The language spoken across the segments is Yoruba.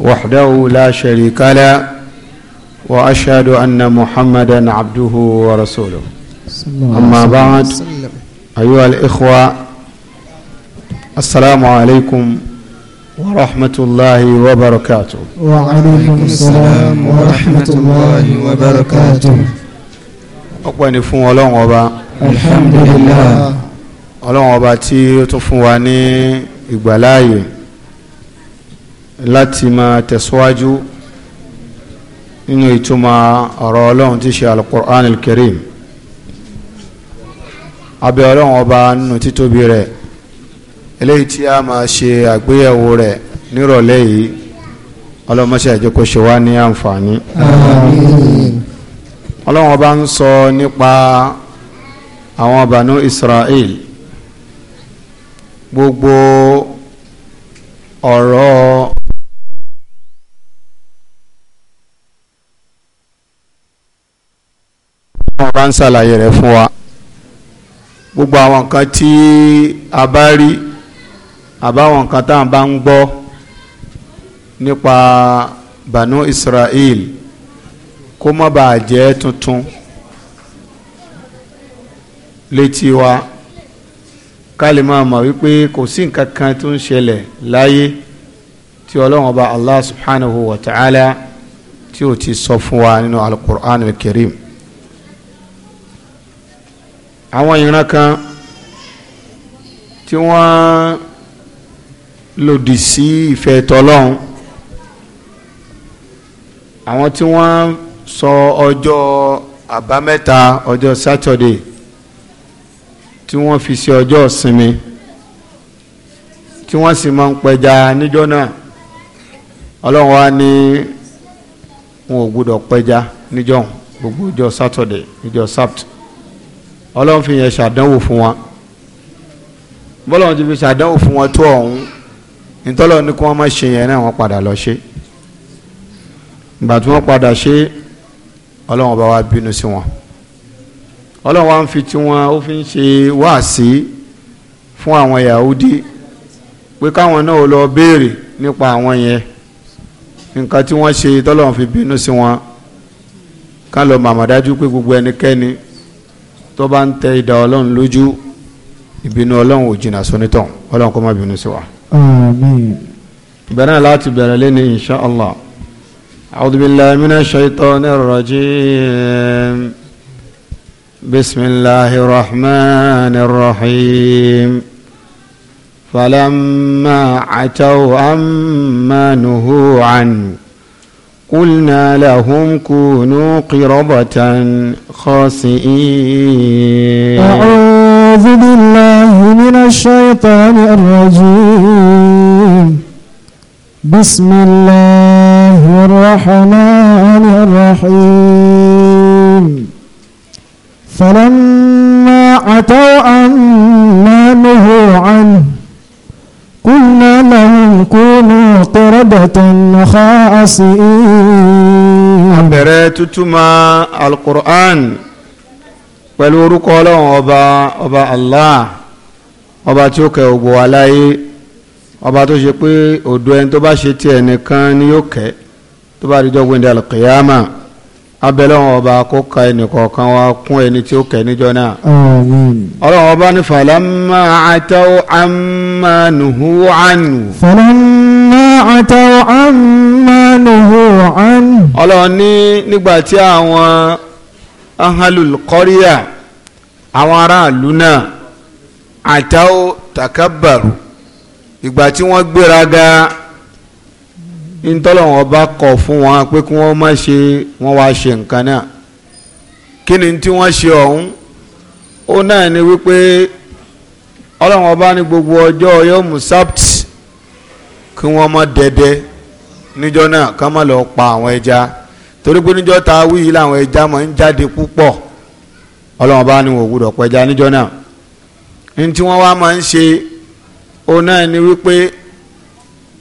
وحده لا شريك له وأشهد أن محمدا عبده ورسوله أما بعد أيها الإخوة السلام عليكم ورحمة الله وبركاته وعليكم السلام ورحمة الله وبركاته ọpẹ́ ni fún ọlọ́run ọba alhamdulillah ọlọ́run ọba tí ó tún láti máa tẹ̀síwájú nínú ìtumọ̀ ọ̀rọ̀ ọlọ́run tí ṣe alukur'an alkarim abẹ́ ọlọ́run ọba nínú títóbi rẹ̀ eléyìí tí a máa ṣe àgbéyẹ̀wò rẹ̀ nírọ̀lẹ́ yìí ọlọ́mọṣẹ́ ìjókòó ṣe wá ní àǹfààní. ọlọ́run ọba ń sọ nípa àwọn bànú Israel gbogbo ọ̀rọ̀ wọn bá ń ṣàlàyé rẹ̀ fún wa gbogbo àwọn nǹkan tí a bá rí àbáwọn nǹkan tá à ń bá ń gbọ́ nípa banu Israel kó má bàa jẹ́ tuntun létí wa ká lè máa mọ̀ wípé kò sí nǹkan kan tó ń ṣẹlẹ̀ láyé tí ọlọ́run ọba Allah subhanahu wa ta'ala tí ó ti sọ fún wa nínú alukur'an al-karim. Al àwọn ìran kan tí wọ́n lòdì sí ìfẹ́ tọlọ́hun àwọn tí wọ́n sọ ọjọ́ àbámẹ́ta ọjọ́ sátọ̀dé tí wọ́n fi ṣe ọjọ́ ìsinmi tí wọ́n sì máa ń pẹja níjọ́ náà ọlọ́run wa ní wọn ò gbọ́dọ̀ pẹja níjọ́ gbogbo ọjọ́ sátọ̀dé níjọ́ sábtì ọlọ́run fi yẹn ṣàdánwò fún wa bọ́lọ́run ti fi ṣàdánwò fún wọn tó ọ̀hún nítọ́lọ́ ní kí wọ́n má ṣe yẹn náà wọ́n padà lọ ṣe ìgbà tí wọ́n padà ṣe ọlọ́run bá wa bínú sí wọn ọlọ́run wa ń fi tiwọn ó fi ń ṣe wáàsí fún àwọn Yahudi pé káwọn náà lọ béèrè nípa àwọn yẹn nǹkan tí wọ́n ṣe tọ́lọ́run fi bínú sí wọn ká lọ màmá pé gbogbo ẹnikẹ́ni tó bá ń tẹ idà ọlọ́run lójú ìbínú ọlọ́run ò jìnnà sọ́nítàn ọlọ́run kó má bínú sí wa. àmín. bẹ̀rẹ̀ náà láti bẹ̀rẹ̀ lẹ́nu insha allah. a'udhu billahi minash shaitanir rajim. bismillahir rahmanir rahim. فلما عتوا عما نهوا عنه قلنا لهم كونوا قربة خاسئين أعوذ بالله من الشيطان الرجيم بسم الله الرحمن الرحيم فلما عتوا أن نهوا عنه قلنا لهم كونوا قردة خاسئين abẹ̀rẹ̀ tutuma alqur'an pẹ̀lú orúkọ أبا ọba ọba allah ọba tí ó kẹ́ ògbò aláyé ọba tó ṣe pé ọ̀dọ̀ ẹni tó bá ṣe tiẹ̀ nìkan ni yóò kẹ́ tó bá rí jọ́ gbẹ̀ndẹ̀ abẹ́lẹ́wọ̀n ọba kó ka ẹnìkọ̀ọ̀kan wa kún ẹni tí ó kẹ́ níjọ́ náà. ọlọ́wọ́n ọba ní falamma àtàwọ̀ àmànuhu ànú. falamma àtàwọ̀ àmànuhu ànú. ọlọ́wọ́n ní nígbà tí àwọn ahalul àwọn aráàlú náà àtàwọ̀ takabaru ìgbà tí wọ́n gbéraga ntọ́lọ́wọ́n bá kọ̀ fún wọn pé kí wọ́n má ṣe wọ́n wá ṣe nǹkan náà kí ni tí wọ́n ṣe ọ̀hún ó náà ni wípé ọlọ́wọ́n bá ní gbogbo ọjọ́ yọ́mù sabt kí wọ́n má dẹdẹ níjọ́ náà ká má lọ pa àwọn ẹja torí pé níjọ́ ta wíyí làwọn ẹja máa ń jáde púpọ̀ ọlọ́wọ́n bá ní wọ́n gbọ́dọ̀ pẹja níjọ́ náà ní tí wọ́n wá máa ń ṣe ó náà ni wípé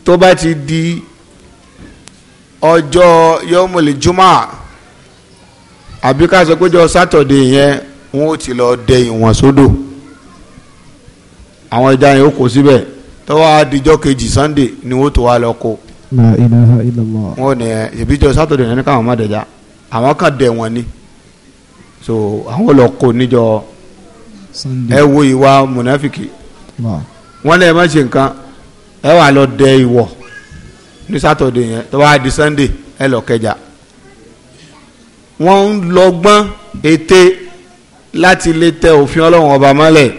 tó bá ti di ọjọ́ yọmọlẹ juma àbí ká sọ pé jọ sátọ̀dé yẹn wọn ò ti lọ dẹ ìwọ̀n sódò àwọn ẹja yẹn ó kó síbẹ̀ tọ́wọ́ adijọ́ kejì sunday ni wọ́n tó wá lọ kó. la ilaha illallah. wọn ò ní ẹ ìbí jọ sátọ̀dé yẹn ní káwọn má dẹja àwọn kan dẹ wọn ni so àwọn lọ kó níjọ ẹ wo ìwà mùnàfìkì wọn lè má ṣe nǹkan ẹ wà lọ dẹ ìwọ̀ ní sátọ̀dé yẹn tó wá di sunday ẹ lọ kẹjà wọ́n ń lọ́gbọ́n ète láti lè tẹ òfin ọlọ́run ọba mọ́lẹ̀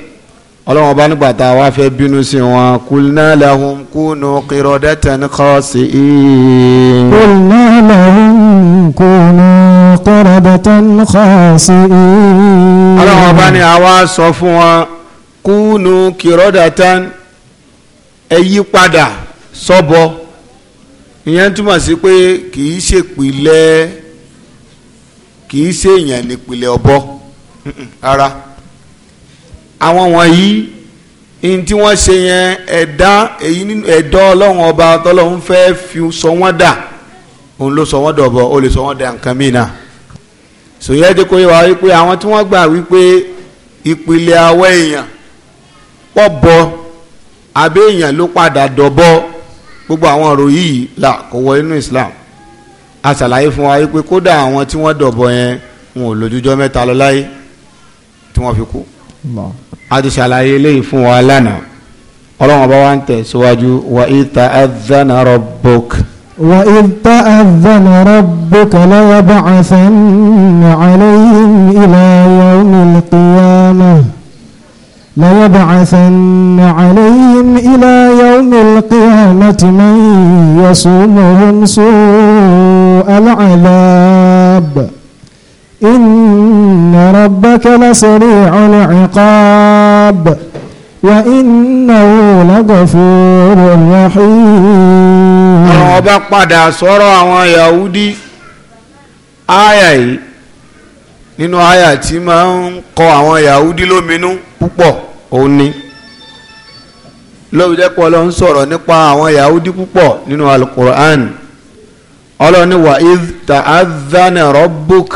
ọlọ́run ọba nígbà tá a wá fẹ́ bínú sí wọn kulna lahum kunu qiradatan khasi'in. kulna lahum kunu qiradatan khasi'in. ọlọ́run ọba ni àwa sọ fún wọn kunu qiradatan ẹ yí padà sọ́bọ̀. So ìyẹn túmọ̀ sí pé kì í ṣèpìlẹ̀ kì í ṣe èèyàn nípìlẹ̀ ọ̀bọ rárá àwọn wọ̀nyí ihun tí wọ́n ṣe yẹn ẹ̀dá èyí nínú ẹ̀dọ́ ọlọ́run ọba tọ́lọ́run fẹ́ fi sọ wọ́n dà òun ló sọ wọ́n dọ̀bọ̀ ó lè sọ wọ́n dà nǹkan mìíràn sòyẹ́ ti kó yẹ wá wípé àwọn tí wọ́n gbà wípé ìpìlẹ̀ àwọ̀ èèyàn pọ̀ bọ abẹ́ èèyàn ló padà dọ̀bọ̀ gbogbo àwọn ọ̀rọ̀ yìí là kò wọ inú Islam a ṣàlàyé fún wa pé kódà àwọn tí wọ́n dọ̀bọ̀ yẹn wọn ò lójújọ́ mẹ́ta lọ láyé tí wọ́n fi kú a ti ṣàlàyé eléyìí fún wa lánàá ọlọ́run ọba wa ń tẹ̀síwájú wa ìta adhana rabbuk. وإذ تأذن ربك ليبعثن عليهم إلى يوم القيامة ليبعثن عليهم إلى يوم القيامة من يصومهم سوء العذاب إن ربك لسريع العقاب وإنه لغفور رحيم àwọn ọba padà sọ̀rọ̀ àwọn Yahudi áyà yìí nínú áyà tí máa ń púpọ̀ òun ni lóòjẹ́pọ̀ ọlọ́run sọ̀rọ̀ nípa àwọn yahudi púpọ̀ nínú alukur'an ọlọ́run ní wa idh ta'adhana rabbuk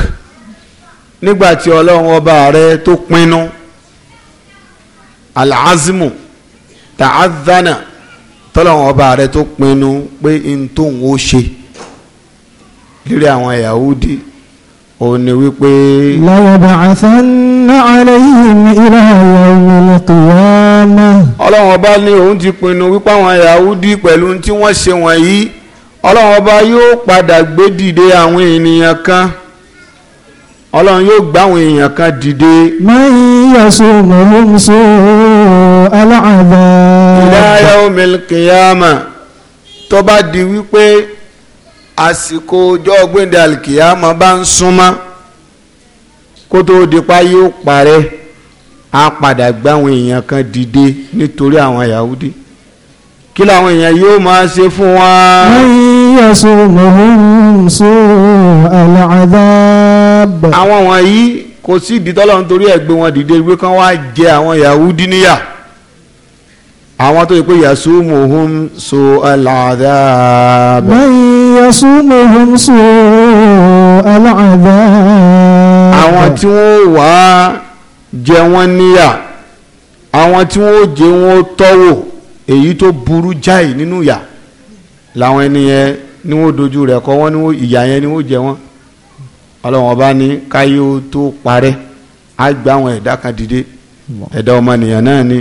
nígbàtí ọlọ́run ọba rẹ tó pinnu alhazimu ta'adhana tọ́lọ́run ọba rẹ tó pinnu pé n ó ṣe lérí àwọn yahudi ó ní wípé. la yab'athanna alayhim ila yawmil qiyamah. ọlọ́run ọba ní òun ti pinnu wípé àwọn Yahudi pẹ̀lú tí wọ́n ṣe wọ̀nyí ọlọ́run ọba yóò padà gbé dìde àwọn ènìyàn kan ọlọ́run yóò gbá àwọn èèyàn kan dìde. man yasumuhum su'al 'adhab. ila yawmil qiyamah tó bá di wípé àsìkò ọjọ́ gbẹ̀ndẹ̀ alikiyama bá ń súnmọ́ kó tó dipa yóò parẹ́ á padà gbá àwọn èèyàn kan dìde nítorí àwọn Yahudi kí làwọn èèyàn yóò máa ṣe fún wa. yasumuhum su al'adab. àwọn wọ̀nyí kò sí ìdítọ́lọ́ nítorí ẹ̀gbẹ́ wọn dìde wí kán wá jẹ àwọn Yahudi níyà àwọn tó yẹ pé yasumuhum su al'adab. báyìí. يصومهم سوء العذاب àwọn tí wọ́n wá jẹ wọ́n níyà àwọn tí wọ́n jẹ wọ́n tọ́wò èyí tó burú jáì nínú ìyà làwọn ẹni yẹn ni wọ́n dojú rẹ̀ kọ wọ́n ni wọ́n ìyà yẹn ni wọ́n jẹ wọ́n ọlọ́run ọba ní káyọ̀ tó parẹ́ á gbà àwọn ẹ̀dá kan dìde ẹ̀dá ọmọnìyàn náà ni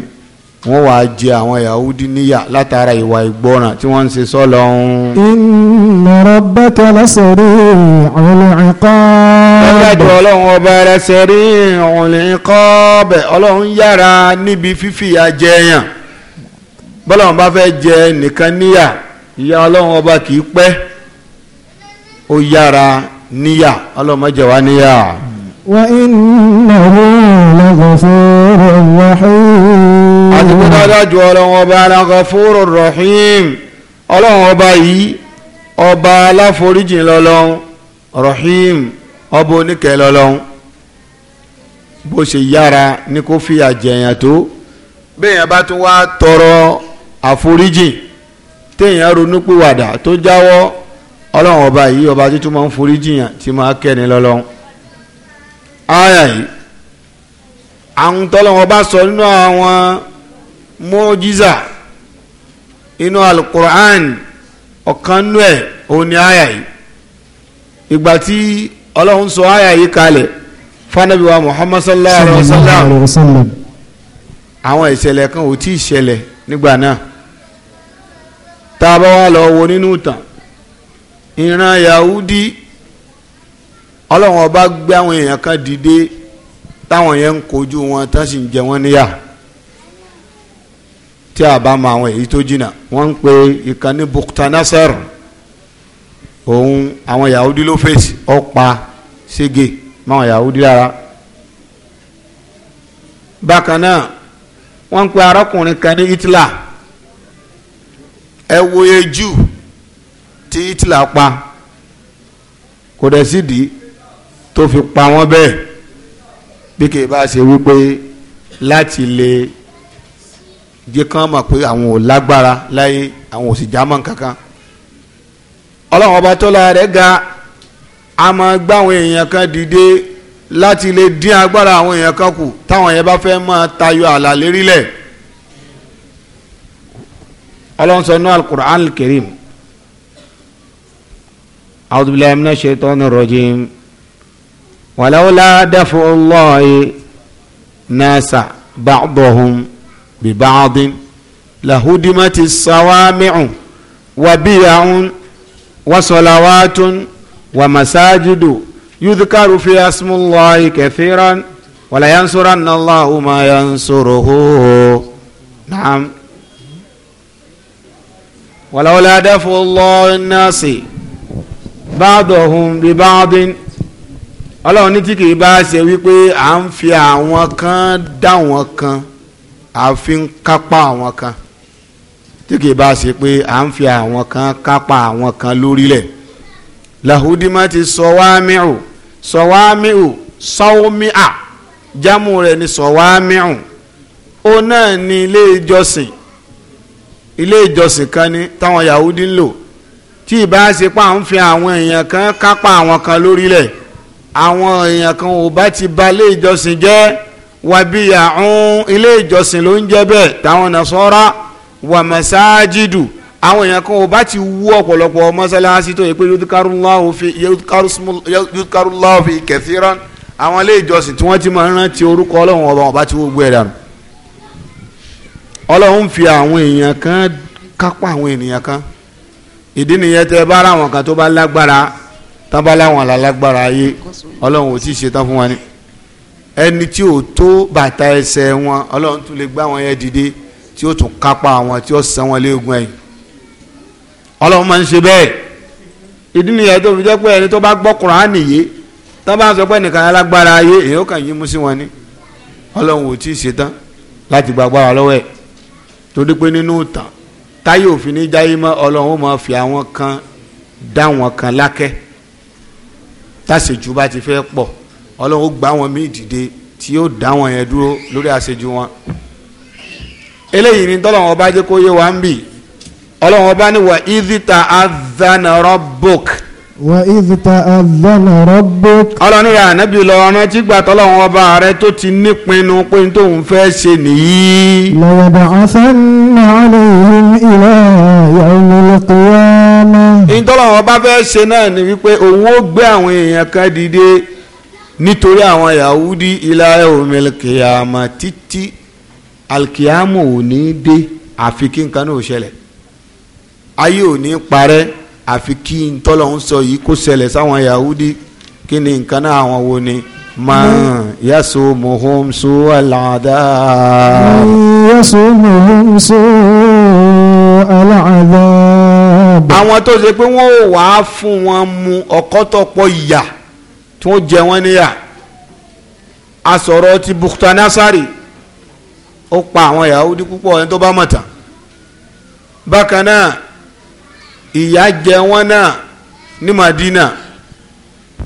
wọ́n wá jẹ àwọn yahudi níyà látara ìwà ìgbọràn tí wọ́n ń ṣe sọ́lọ ń. inna rabbaka lasari'ul iqab. ọlọ́dún ọlọ́run ọba rẹ̀ sari'ul iqab ọlọ́run yára níbi fífìyà jẹyàn bọ́lọ́run bá fẹ́ jẹ nìkan níyà ìyà ọlọ́run ọba kì pẹ́ ó yára níyà ọlọ́run má wá níyà. wa innahu laghafurur rahim àti pé dájú ọlọ́run ọba alágọ́fóró rahim ọlọ́run ọba yìí ọba aláforíjìn lọ́lọ́run rahim ọba oníkẹ́ lọ́lọ́run bó ṣe yára ní kó fìyà jẹ̀yàn tó bẹ́ẹ̀yàn bá tún wá tọrọ àforíjìn téèyàn ronúpìwàdà tó jáwọ́ ọlọ́run ọba yìí ọba tuntun máa ń foríjìyàn tí máa kẹ́ni lọ́lọ́run áyà yìí àwọn tọ́lọ́wọ́n bá sọ nínú àwọn mọ́jísà inú alukur'an ọ̀kan nú ẹ̀ òun ni àyà yìí ìgbà tí ọlọ́run sọ àyà yìí kalẹ̀ fanabiwa muhammad sallallahu alayhi wa sallam àwọn ìṣẹ̀lẹ̀ kan ò tí ì ṣẹlẹ̀ nígbà náà tá a bá wá lọ wo nínú ìtàn ìran yahudi ọlọ́run ọba gbé àwọn èèyàn kan dìde táwọn yẹn ń kojú wọn tá sì ń jẹ wọ́n níyà tí a bá mọ àwọn èyí tó jìnnà wọ́n ń pe ìkan ní Bukhtanasar òun àwọn Yahudi ló fèsì ọ̀pá sége máwọn Yahudi lára bákan náà wọ́n ń pe arákùnrin kan ní Hitler ẹ wòye jù tí Hitler pa kò dẹ̀ sídìí tó fi pa wọ́n bẹ́ẹ̀ bí kì í bá ṣe wípé láti lè jẹ́ kán mọ̀ pé àwọn ò lágbára láyé àwọn ò sì já mọ́ kankan ọlọ́run ọba tọ́lá rẹ̀ ga a máa gbá àwọn èèyàn kan dìde láti lè dín agbára àwọn èèyàn kan kù táwọn yẹn bá fẹ́ máa tayọ àlà lérílẹ̀ ọlọ́run sọ náà al-Qur'an al-Karim a'udhu billahi minash shaitani rrajim walawla nasa ba'dahum. ببعض لهدمت الصوامع وبيع وصلوات ومساجد يذكر فيها اسم الله كثيرا ولا ينصرن الله ما ينصره نعم ولولا دفع الله الناس بعضهم ببعض ọlọ́run ní tí kì í bá ṣe wípé à ń fi àwọn kan dá wọn kan à ń fi ń kápá àwọn kan tí kì í bá ṣe pé à ń fi àwọn kan kápá àwọn kan lórílẹ̀ làhùdímà ti sọ̀wámíù sọ̀wámíù sọ́wọ́míà jámù rẹ̀ ni sọ̀wámíù ó náà ní ilé ìjọsìn ilé ìjọsìn kan ní táwọn Yahudi ń lò tí ì bá ṣe pé à ń fi àwọn èèyàn kan kápá àwọn kan lórílẹ̀ àwọn èèyàn kan ò bá ti bà ilé ìjọsìn jẹ́ wàbíyàún ilé ìjọsìn ló ń jẹ́ bẹ́ẹ̀ táwọn nasọ́ra wà mẹ́sáájìdù àwọn èèyàn kan ò bá ti wú ọ̀pọ̀lọpọ̀ mọ́sálásí tó yẹ pé yudhkarullahu fi kathiran àwọn ilé ìjọsìn tí wọ́n ti máa ń rántí orúkọ ọlọ́run ọba wọn bá ti gbogbo ẹ̀ dànù ọlọ́run fi àwọn èèyàn kan kápá àwọn ènìyàn kan ìdí nìyẹn tẹ bá ara àwọn kan tó bá lágbára tán bá láwọn ayé ọlọ́run ò tí ì ṣetán fún wa ni ẹni tí ò tó bàtà ẹsẹ̀ wọn ọlọ́run tún lè gbá wọn yẹn dìde tí ó tún kápá wọn tí ó sàn wọn léegun ẹ̀yìn ọlọ́run máa ń ṣe bẹ́ẹ̀ ìdí nìyẹn tó fi jẹ́ pé ẹni tó bá gbọ́ Kùránì yé tó bá ń sọ pé nìkan alágbára ayé èèyàn kàn yín mú sí wọn ni ọlọ́run ò tí ì ṣetán láti gba agbára lọ́wọ́ ẹ̀ torí pé nínú ìtàn táyé òfin ní jáyé mọ́ ọlọ́run ó máa fi àwọn kan dá wọn kan lákẹ́ táṣejù bá ti fẹ́ pọ̀ ọlọ́run ó gbá wọn mí dìde tí yóò dá wọn yẹn dúró lórí àṣejù wọn eléyìí ni tọ́lọ́wọ́n bá jẹ́ kó yé wa ń bì ọlọ́wọ́n bá ní wà ízítà àzánarọ́ bòk. wà ízítà àzánarọ́ bòk. ọlọ́ni rẹ̀ ànábì lọ ọ̀rán tí gbà tọ́lọ́wọ́n ọba rẹ tó ti nípinnu pé n tóun fẹ́ ṣe nìyí. lọ́wọ́dà àṣánà àlẹ́yìn ilẹ̀ yàrá ìlẹ̀kùn wa náà. ìtọ́lọ́wọ́n bá fẹ́ ṣe náà ni wípé òun ó gbé àwọn èèyàn kan dìde nítorí àwọn yahudi ilá ẹ̀wọ̀mẹ̀lẹ̀ kìyàmà títí alkiyama ò ní dé àfi kí nǹkan náà ṣẹlẹ̀ ayé ò ní parẹ́ àfi kí ntọ́lọ̀ ń sọ yìí kó ṣẹlẹ̀ sáwọn yahudi kí ni nǹkan náà àwọn wo ni máa yasọ mohom so aláàdá. yasọ mohom so aláàdá. àwọn tó ṣe pé wọ́n ò wá fún wọn mu ọ̀kọ́tọ̀pọ̀ ìyà tí wọ́n jẹ wọ́n níyà asọ̀rọ̀ ti Bukhtanasari ó pa àwọn Yahudi púpọ̀ ẹni tó bá mọ̀ tán bákan náà ìyà jẹ wọ́n náà ní Madina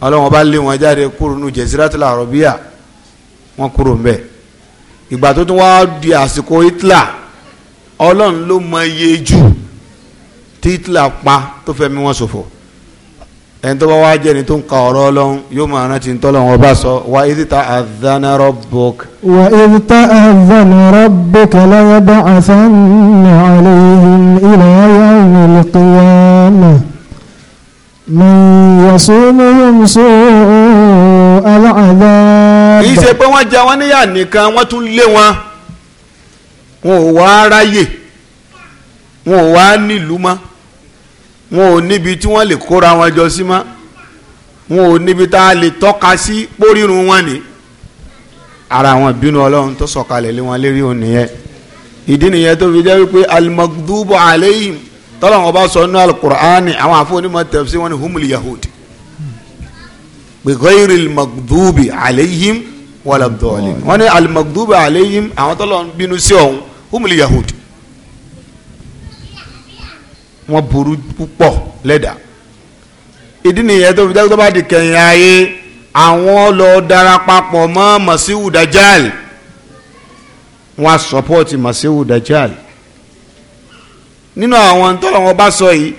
ọlọ́wọ́n bá lé wọn jáde kúrò ní Jaziratul Arabia wọ́n kúrò ń bẹ̀ ìgbà tó tún wá di àsìkò Hitler ọlọ́run ló mọ iye jù tí Hitler pa tó fẹ́ mi wọ́n ṣòfò. So ẹni tó bá wá jẹ́ ni tó ń ka ọ̀rọ̀ ọlọ́run yóò máa rántí ń tọ́lọ̀ wọn bá sọ wa idita adhana rabbuk. wa idita adhana rabbuk la yab'athanna alayhim ila yawmil qiyamah man yasumuhum su'al adhab. kì í ṣe pé wọ́n jẹ wọ́n níyà nìkan wọ́n tún lé wọn wọn ò wá ráyè wọn ò wá nílùú mọ́ wọn ò níbi tí wọ́n lè kóra wọn jọ sí mọ́ wọn ò níbi tá a lè tọ́ka sí pórírun wọn ni ara àwọn ìbínú ọlọ́run tó sọ̀kalẹ̀ lé wọn lérí òun nìyẹn ìdí nìyẹn tó fi jẹ́ wípé al-maghdubu alayhim bá sọ nínú al àwọn àfọwọ́nímọ̀ tafsir wọn ni humul yahudi bi ghayril maghdubi alayhim wala wọn ni al-maghdubu àwọn tọ́lọ́wọ́n bínú sí ọ̀hún humul yahudi wọ́n burú púpọ̀ lẹ́dà ìdí nìyẹn tó fi jẹ́ tó bá di kẹ̀yìn ayé àwọn lọ darapapọ̀ mọ́ masiwu dajal wọ́n á sọpọ́ọ̀tì masiwu dajal nínú àwọn tọ́lọ̀ wọn bá sọ yìí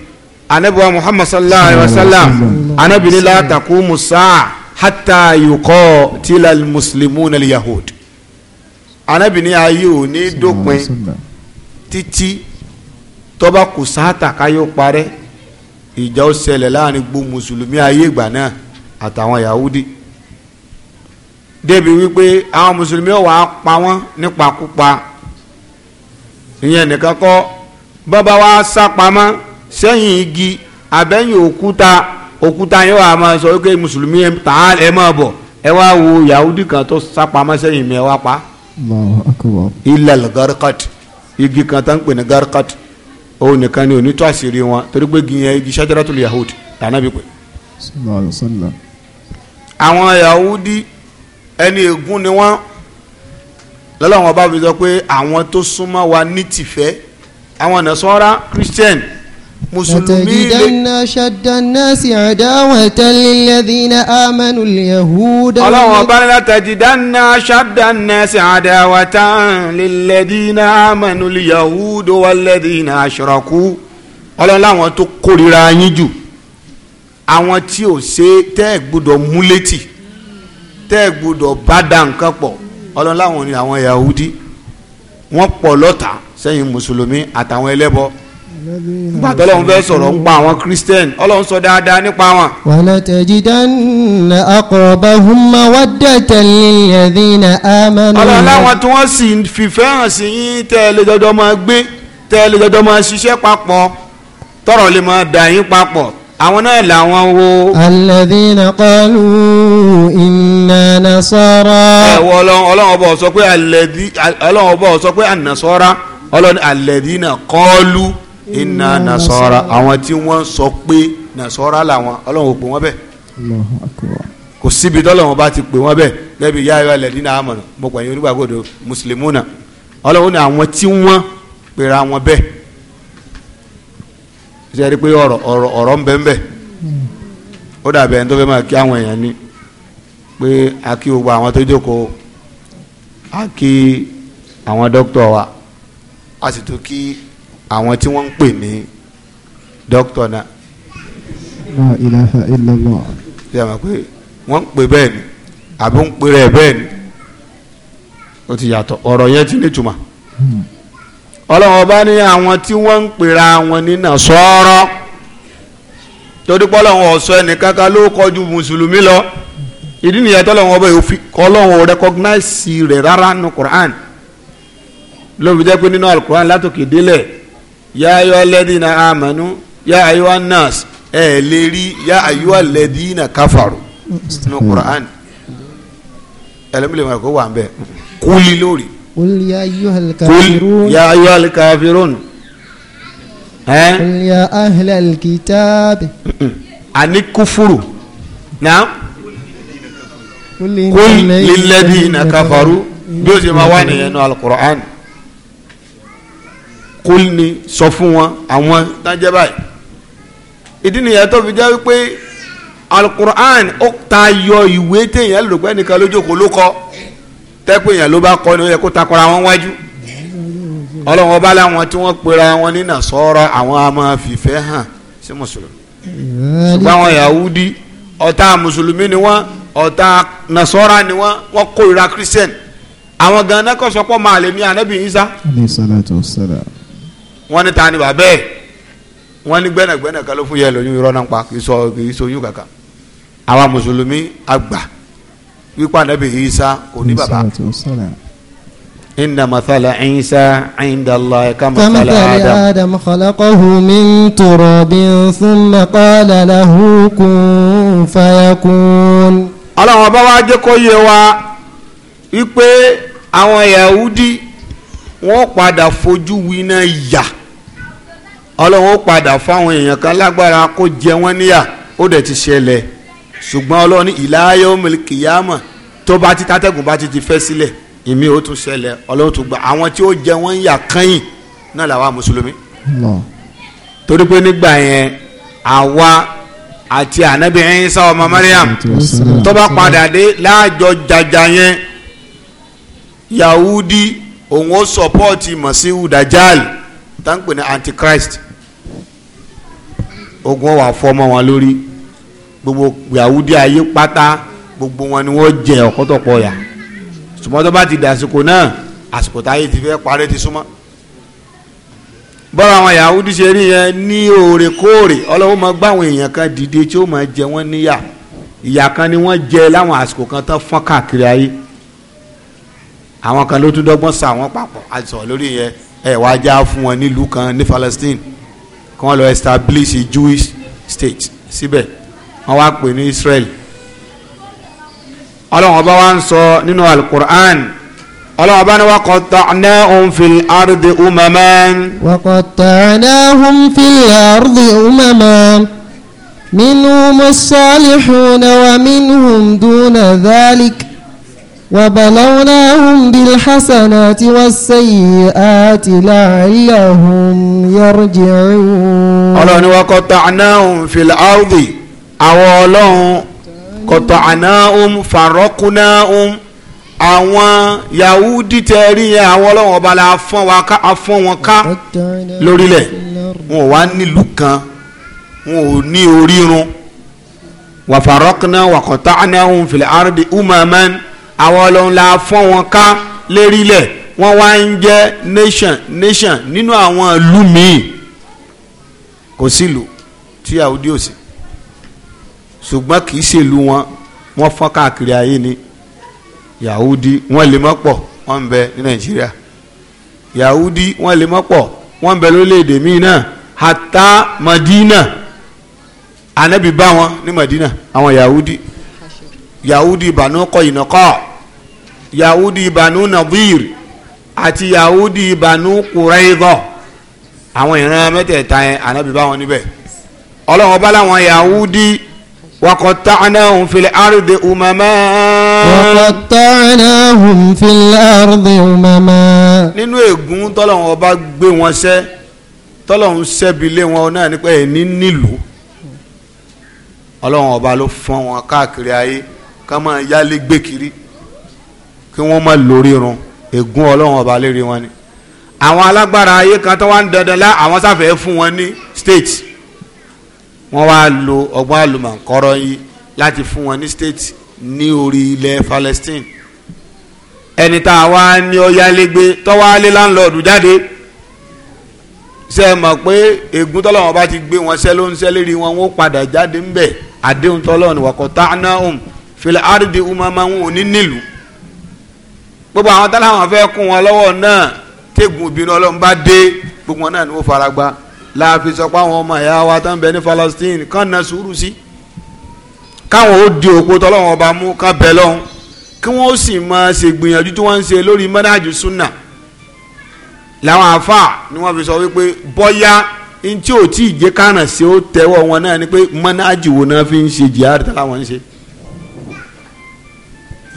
anabiwa muhammad sallallahu alayhi wa sallam anabini la taqumu saa hatta yuqatila muslimun al yahud anabini ayé ò dópin títí tọ́ba kò sáàtà káyọ̀ parẹ́ ìjà ó ṣẹlẹ̀ láàrin gbogbo mùsùlùmí ayé ìgbà náà àtàwọn yahudi débi wípé àwọn mùsùlùmí ọ̀ wá pa wọ́n nípakúpa ìyẹn nìkan kọ́ bàbá wa sá pamọ́ sẹ́yìn igi abẹ́yìn òkúta òkúta yẹn wà máa sọ wípé mùsùlùmí ẹ̀ tà á ẹ̀ máa bọ̀ ẹ wá wo yahudi kan tó sá pamọ́ sẹ́yìn mi ẹ wá pa ilẹ̀ garkat igi kan tó ń pè ní garkat òun nìkan ni òní tó àṣírí wọn torí pé gìyàn igi ṣájaratul yahud tànà bí pé. àwọn yahudi ẹni ègún ni wọ́n lọ́lọ́wọ́n bá fi sọ pé àwọn tó súnmọ́ wa ní tìfẹ́ àwọn nàṣọ́ra christian mùsùlùmí lè. latajidanna shaddannasi adawatan lilladhina amanu alyahuda. ọlọ́wọ́n bá latajidanna shaddannasi adawatan lilladhina amanu alyahuda walladhina ashraku. ọlọ́run láwọn tó kórìíra yín jù àwọn tí ò ṣe tẹ́ ẹ̀ gbọ́dọ̀ mú tẹ́ ẹ̀ gbọ́dọ̀ bá nǹkan pọ̀ ọlọ́run láwọn ni àwọn yahudi wọ́n pọ̀ lọ́tà sẹ́yìn mùsùlùmí àtàwọn ẹlẹ́bọ gbàtọ́ lọ́wọ́ fẹ́ sọ̀rọ̀ nípa àwọn christian ọlọ́run sọ dáadáa nípa wọn. wala tajidanna aqrabahum mawaddatan lilladhina amanu. ọlọ́run láwọn tí wọ́n sì fìfẹ́ hàn sí yín tẹ́lẹ̀ dọ́dọ́ máa gbé tẹ́lẹ̀ dọ́dọ́ máa ṣiṣẹ́ papọ̀ tọ̀rọ̀ lè máa dà yín papọ̀ àwọn náà làwọn wo. alladhina qalu inna nasara. ẹ̀wọ̀ ọlọ́run ọba ọlọ́run ọlọ́run alladhina iná nasọra àwọn tí wọ́n sọ pé nasọra làwọn ọlọ́run ò pè wọ́n bẹ́ẹ̀ kò síbi tọ́lọ́run bá ti pè wọ́n bẹ́ẹ̀ lẹ́bi yá ayọ́ ẹlẹ́dín náà mọ̀nà mo pẹ̀yìn onígbàgbọ́dọ̀ mùsùlùmùnà ọlọ́run ní àwọn tí wọ́n pera wọn bẹ́ẹ̀ ṣe é rí i pé ọ̀rọ̀ ọ̀rọ̀ ọ̀rọ̀ ń bẹ ń bẹ ó dàbẹ̀ ẹni tó fẹ́ máa kí àwọn èèyàn ni pé a kí gbogbo àwọn tó jókòó a kí àwọn dókítà wa a sì tún kí àwọn tí wọ́n ń pè ní dókítà náà. la ilaha illallah. ṣé àwọn pé wọ́n ń pè bẹ́ẹ̀ ni àbí ń pè rẹ̀ bẹ́ẹ̀ ni ó ti yàtọ̀ ọ̀rọ̀ yẹn ti nítumọ̀. Hmm. ọlọ́run ọba ní àwọn tí wọ́n ń pera wọn ní Nasara torí pé ọlọ́run ọ̀sọ́ ẹnìkankan ló kọjú mùsùlùmí lọ ìdí nìyẹn tọ́lọ́run ọba yóò fi ọlọ́run recognize rẹ̀ rárá nu Quran ló fi jẹ́ pé nínú alukuran látòkè délẹ̀ yá ayọ́ lẹ́dínà àmánú yá ayọ́ nọ́ọ̀sì ẹ̀ lè rí yá ayọ́ lẹ́dínà káfàrú sínú Quran ẹlẹ́mìlẹ́mọ̀ kó wà ń bẹ̀ kúlí lórí. kúlí yá ayọ́ alikafirun. kúlí yá ayọ́ alikafirun. kúlí yá ahlẹ̀ alikitaabi. àní kúfúrú náà kúlí lílẹ́dínà káfàrú bí ó ṣe máa wà nìyẹn nù alukur'an kó ní sọ fún wọn àwọn tájẹ́ báyìí ìdí nìyẹn tó fi jẹ́ wípé alukur'an ó tayọ ìwé téèyàn lò pé nìkan lójókòó ló kọ tẹ́pẹ́ èèyàn ló bá kọ ni ó yẹ kó takora wọn wájú ọlọ́run ọba láwọn tí wọ́n pera wọn ní nàṣọ́rọ́ àwọn a máa fìfẹ́ hàn sí mùsùlùmí ṣùgbọ́n àwọn yahudi ọ̀tá mùsùlùmí ni wọ́n ọ̀tá nasọ́ra ni wọ́n wọ́n kórìíra christian àwọn ganan kọ́ sọ pé ọmọ àlè ní anabi isa. alayhi salatu wa salam wọ́n ní ta ni bàbá ẹ̀ wọ́n ní gbẹ́nàgbẹ́nà kan ló fún yẹ lóyún irọ́ náà pa kì í sọ kì í soyún kàkà àwa mùsùlùmí àgbà wípé anabi isa kò ní bàbá. inna mathala isa inda allah kama mathala adam khalaqahu min turabin thumma qala lahu fayakun. ọlọ́run ọba wa jẹ́ kó yé wa wípé àwọn yahudi wọ́n padà fojú winá yà ọlọ́run ó padà fáwọn èèyàn kan lágbára kó jẹ wọ́n níyà ó dẹ̀ ti ṣẹlẹ̀ ṣùgbọ́n ọlọ́run ila yawmil qiyamah tó bá ti tátẹ́gùn bá ti ti fẹ́ sílẹ̀ ìmí ó tún ṣẹlẹ̀ ọlọ́run tún gbà àwọn tí ó jẹ wọ́n ń yà náà làwa mùsùlùmí. torí pé nígbà yẹn àwa àti ànábì Ìsá ọmọ Mariam tó bá padà dé láàjọ jaja yẹn Yahudi òun ó sọpọ́ọ̀tì Masihu Dajjal táǹpẹ̀ ní Antichrist ogun wà fọmọ wọn lórí gbogbo yahudi ayé pátá gbogbo wọn ni wọn jẹ ọkọtọpọ yà ṣùgbọ́n tó bá ti dàsìkò náà àsìkò táyé ti fẹ́ parẹ́ ti súnmọ́ bọ́ra àwọn yahudi ṣe rí yẹn ní òrèkóòrè ọlọ́wọ́ máa gbá àwọn èèyàn kan dìde tí ó máa jẹ wọ́n níyà ìyà kan ni wọ́n jẹ láwọn àsìkò kan tán fọ́n káàkiri ayé àwọn kan ló tún dọ́gbọ́n sa àwọn papọ̀ àti sọ̀rọ̀ lórí yẹn ẹ̀ wá já fún wọn nílùú kan ní Palestine kí wọ́n lọ establish a Jewish state síbẹ̀ wọ́n wá pè ní Israel ọlọ́run ọba wa ń sọ nínú alukur'an ọlọ́run ọba ni wa qata'nahum fil ardi umaman. wa qata'nahum fil ardi umaman. منهم الصالحون ومنهم دون ذلك وبلوناهم بالحسنات والسيئات لعلهم يرجعون ọlọ́run ni في الأرض àwọn قطعناهم فرقناهم àwọn yahudi tẹ rí yẹn àwọn ọlọ́run ọba la fọ́n wa ká afọ́n wọn ká lórílẹ̀ wọn ò wá nílùú kan wọn ò ní orírun wàfàrọ́kùnà wàkọ̀tà náà ń filẹ̀ àrùdí àwọn ọlọ́run la fọ́n wọn ká lérílẹ̀ wọ́n wá ń jẹ́ nation nation nínú àwọn ìlú míì kò sílùú tí àwùjọ ò sí ṣùgbọ́n kì í ṣèlú wọn wọ́n fọ́n káàkiri ayé ni yahudi wọ́n lè mọ́ pọ̀ wọ́n ń bẹ ní nàìjíríà yahudi wọ́n lè mọ́ pọ̀ wọ́n ń bẹ lórílẹ̀‐èdè míì náà hata madina anabi bá wọn ní madina àwọn yahudi yahudi bànú kọ ìnàkọ́ yahudi banu nadir àti yahudi banu kuraigọ àwọn ìran mẹ́tẹ̀ẹ̀ta yẹn ànábì bá wọn níbẹ̀ ọlọ́run bá láwọn yahudi waqatta'nahum fil ardi umama. waqatta'nahum fil ardi umama. nínú ègún tọ́lọ́run ọba gbé wọn sẹ́ tọ́lọ́run sẹ́bi lé wọn náà nípa ẹ̀ ní nílùú ọlọ́run ọba ló fọ́n wọn káàkiri ayé ká máa yálé gbé kiri kí wọ́n má lórí irun ègún ọlọ́run ọba lérí wọn ni àwọn alágbára ayé kan tó wá ń dandan lá àwọn sáfẹ́ fún wọn ní state wọ́n wá lo ọgbọ́n àlùmọ̀ǹkọ́rọ́ yìí láti fún wọn ní state ní orí ilẹ̀ Palestine ẹni tá a wá ní ọyálégbé tó wá lé láńlọ́ọ̀dù jáde ṣe é mọ̀ pé ègún tọ́lọ́wọ́n bá ti gbé wọn ṣẹ́ ló ń ṣẹ́ lérí wọn wọ́n padà jáde ńbẹ̀ àdéhùn tọ́lọ́ọ̀nù wàkọ̀ tá fìlà árídìí umama wọn ò ní nílùú gbogbo àwọn tálà wọn fẹ́ kún wọn lọ́wọ́ náà tẹ́gùn obìnrin ọlọ́run bá dé gbogbo wọn náà ni wọ́n fara gba láàfin sọ pé àwọn ọmọ ìyá wa tó ń bẹ ní Palestine kàn na sùúrù sí káwọn ó di òpó tọ́lọ́wọ́n ọba mú ká bẹ̀ lọ́hùn kí wọ́n sì máa ṣe gbìyànjú tí wọ́n ń ṣe lórí mẹ́nájú súnà làwọn àáfàá ni wọ́n fi sọ wípé bọ́yá ntí ò tí ì jẹ́ kánà sí ó tẹ́wọ́ wọn náà ni pé mẹ́nájú wo náà fi ń ṣe jihad táwọn ń ṣe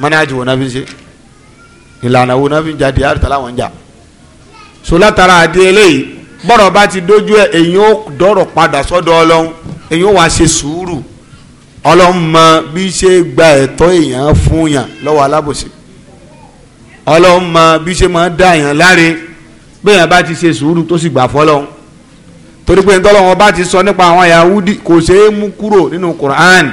mẹ́nájú wo náà fi ń ṣe ìlànà wo náà fi ń ja di àrùtà láwọn ń jà so látara àdé eléyìí bọ́rọ̀ bá ti dójú ẹ̀ èyàn ó dọ̀rọ̀ padà sọ́dọ̀ ọlọ́run èyàn ó wá ṣe sùúrù ọlọ́run mọ bí ṣe gba ẹ̀tọ́ èèyàn fún yàn lọ́wọ́ alábòsí ọlọ́run mọ bí ṣe máa dá èèyàn láre bí èèyàn bá ti ṣe sùúrù tó sì gbà fọlọ́run torí pé nítorí wọn bá ti sọ nípa àwọn Yahudi kò ṣeé mú kúrò nínú Quran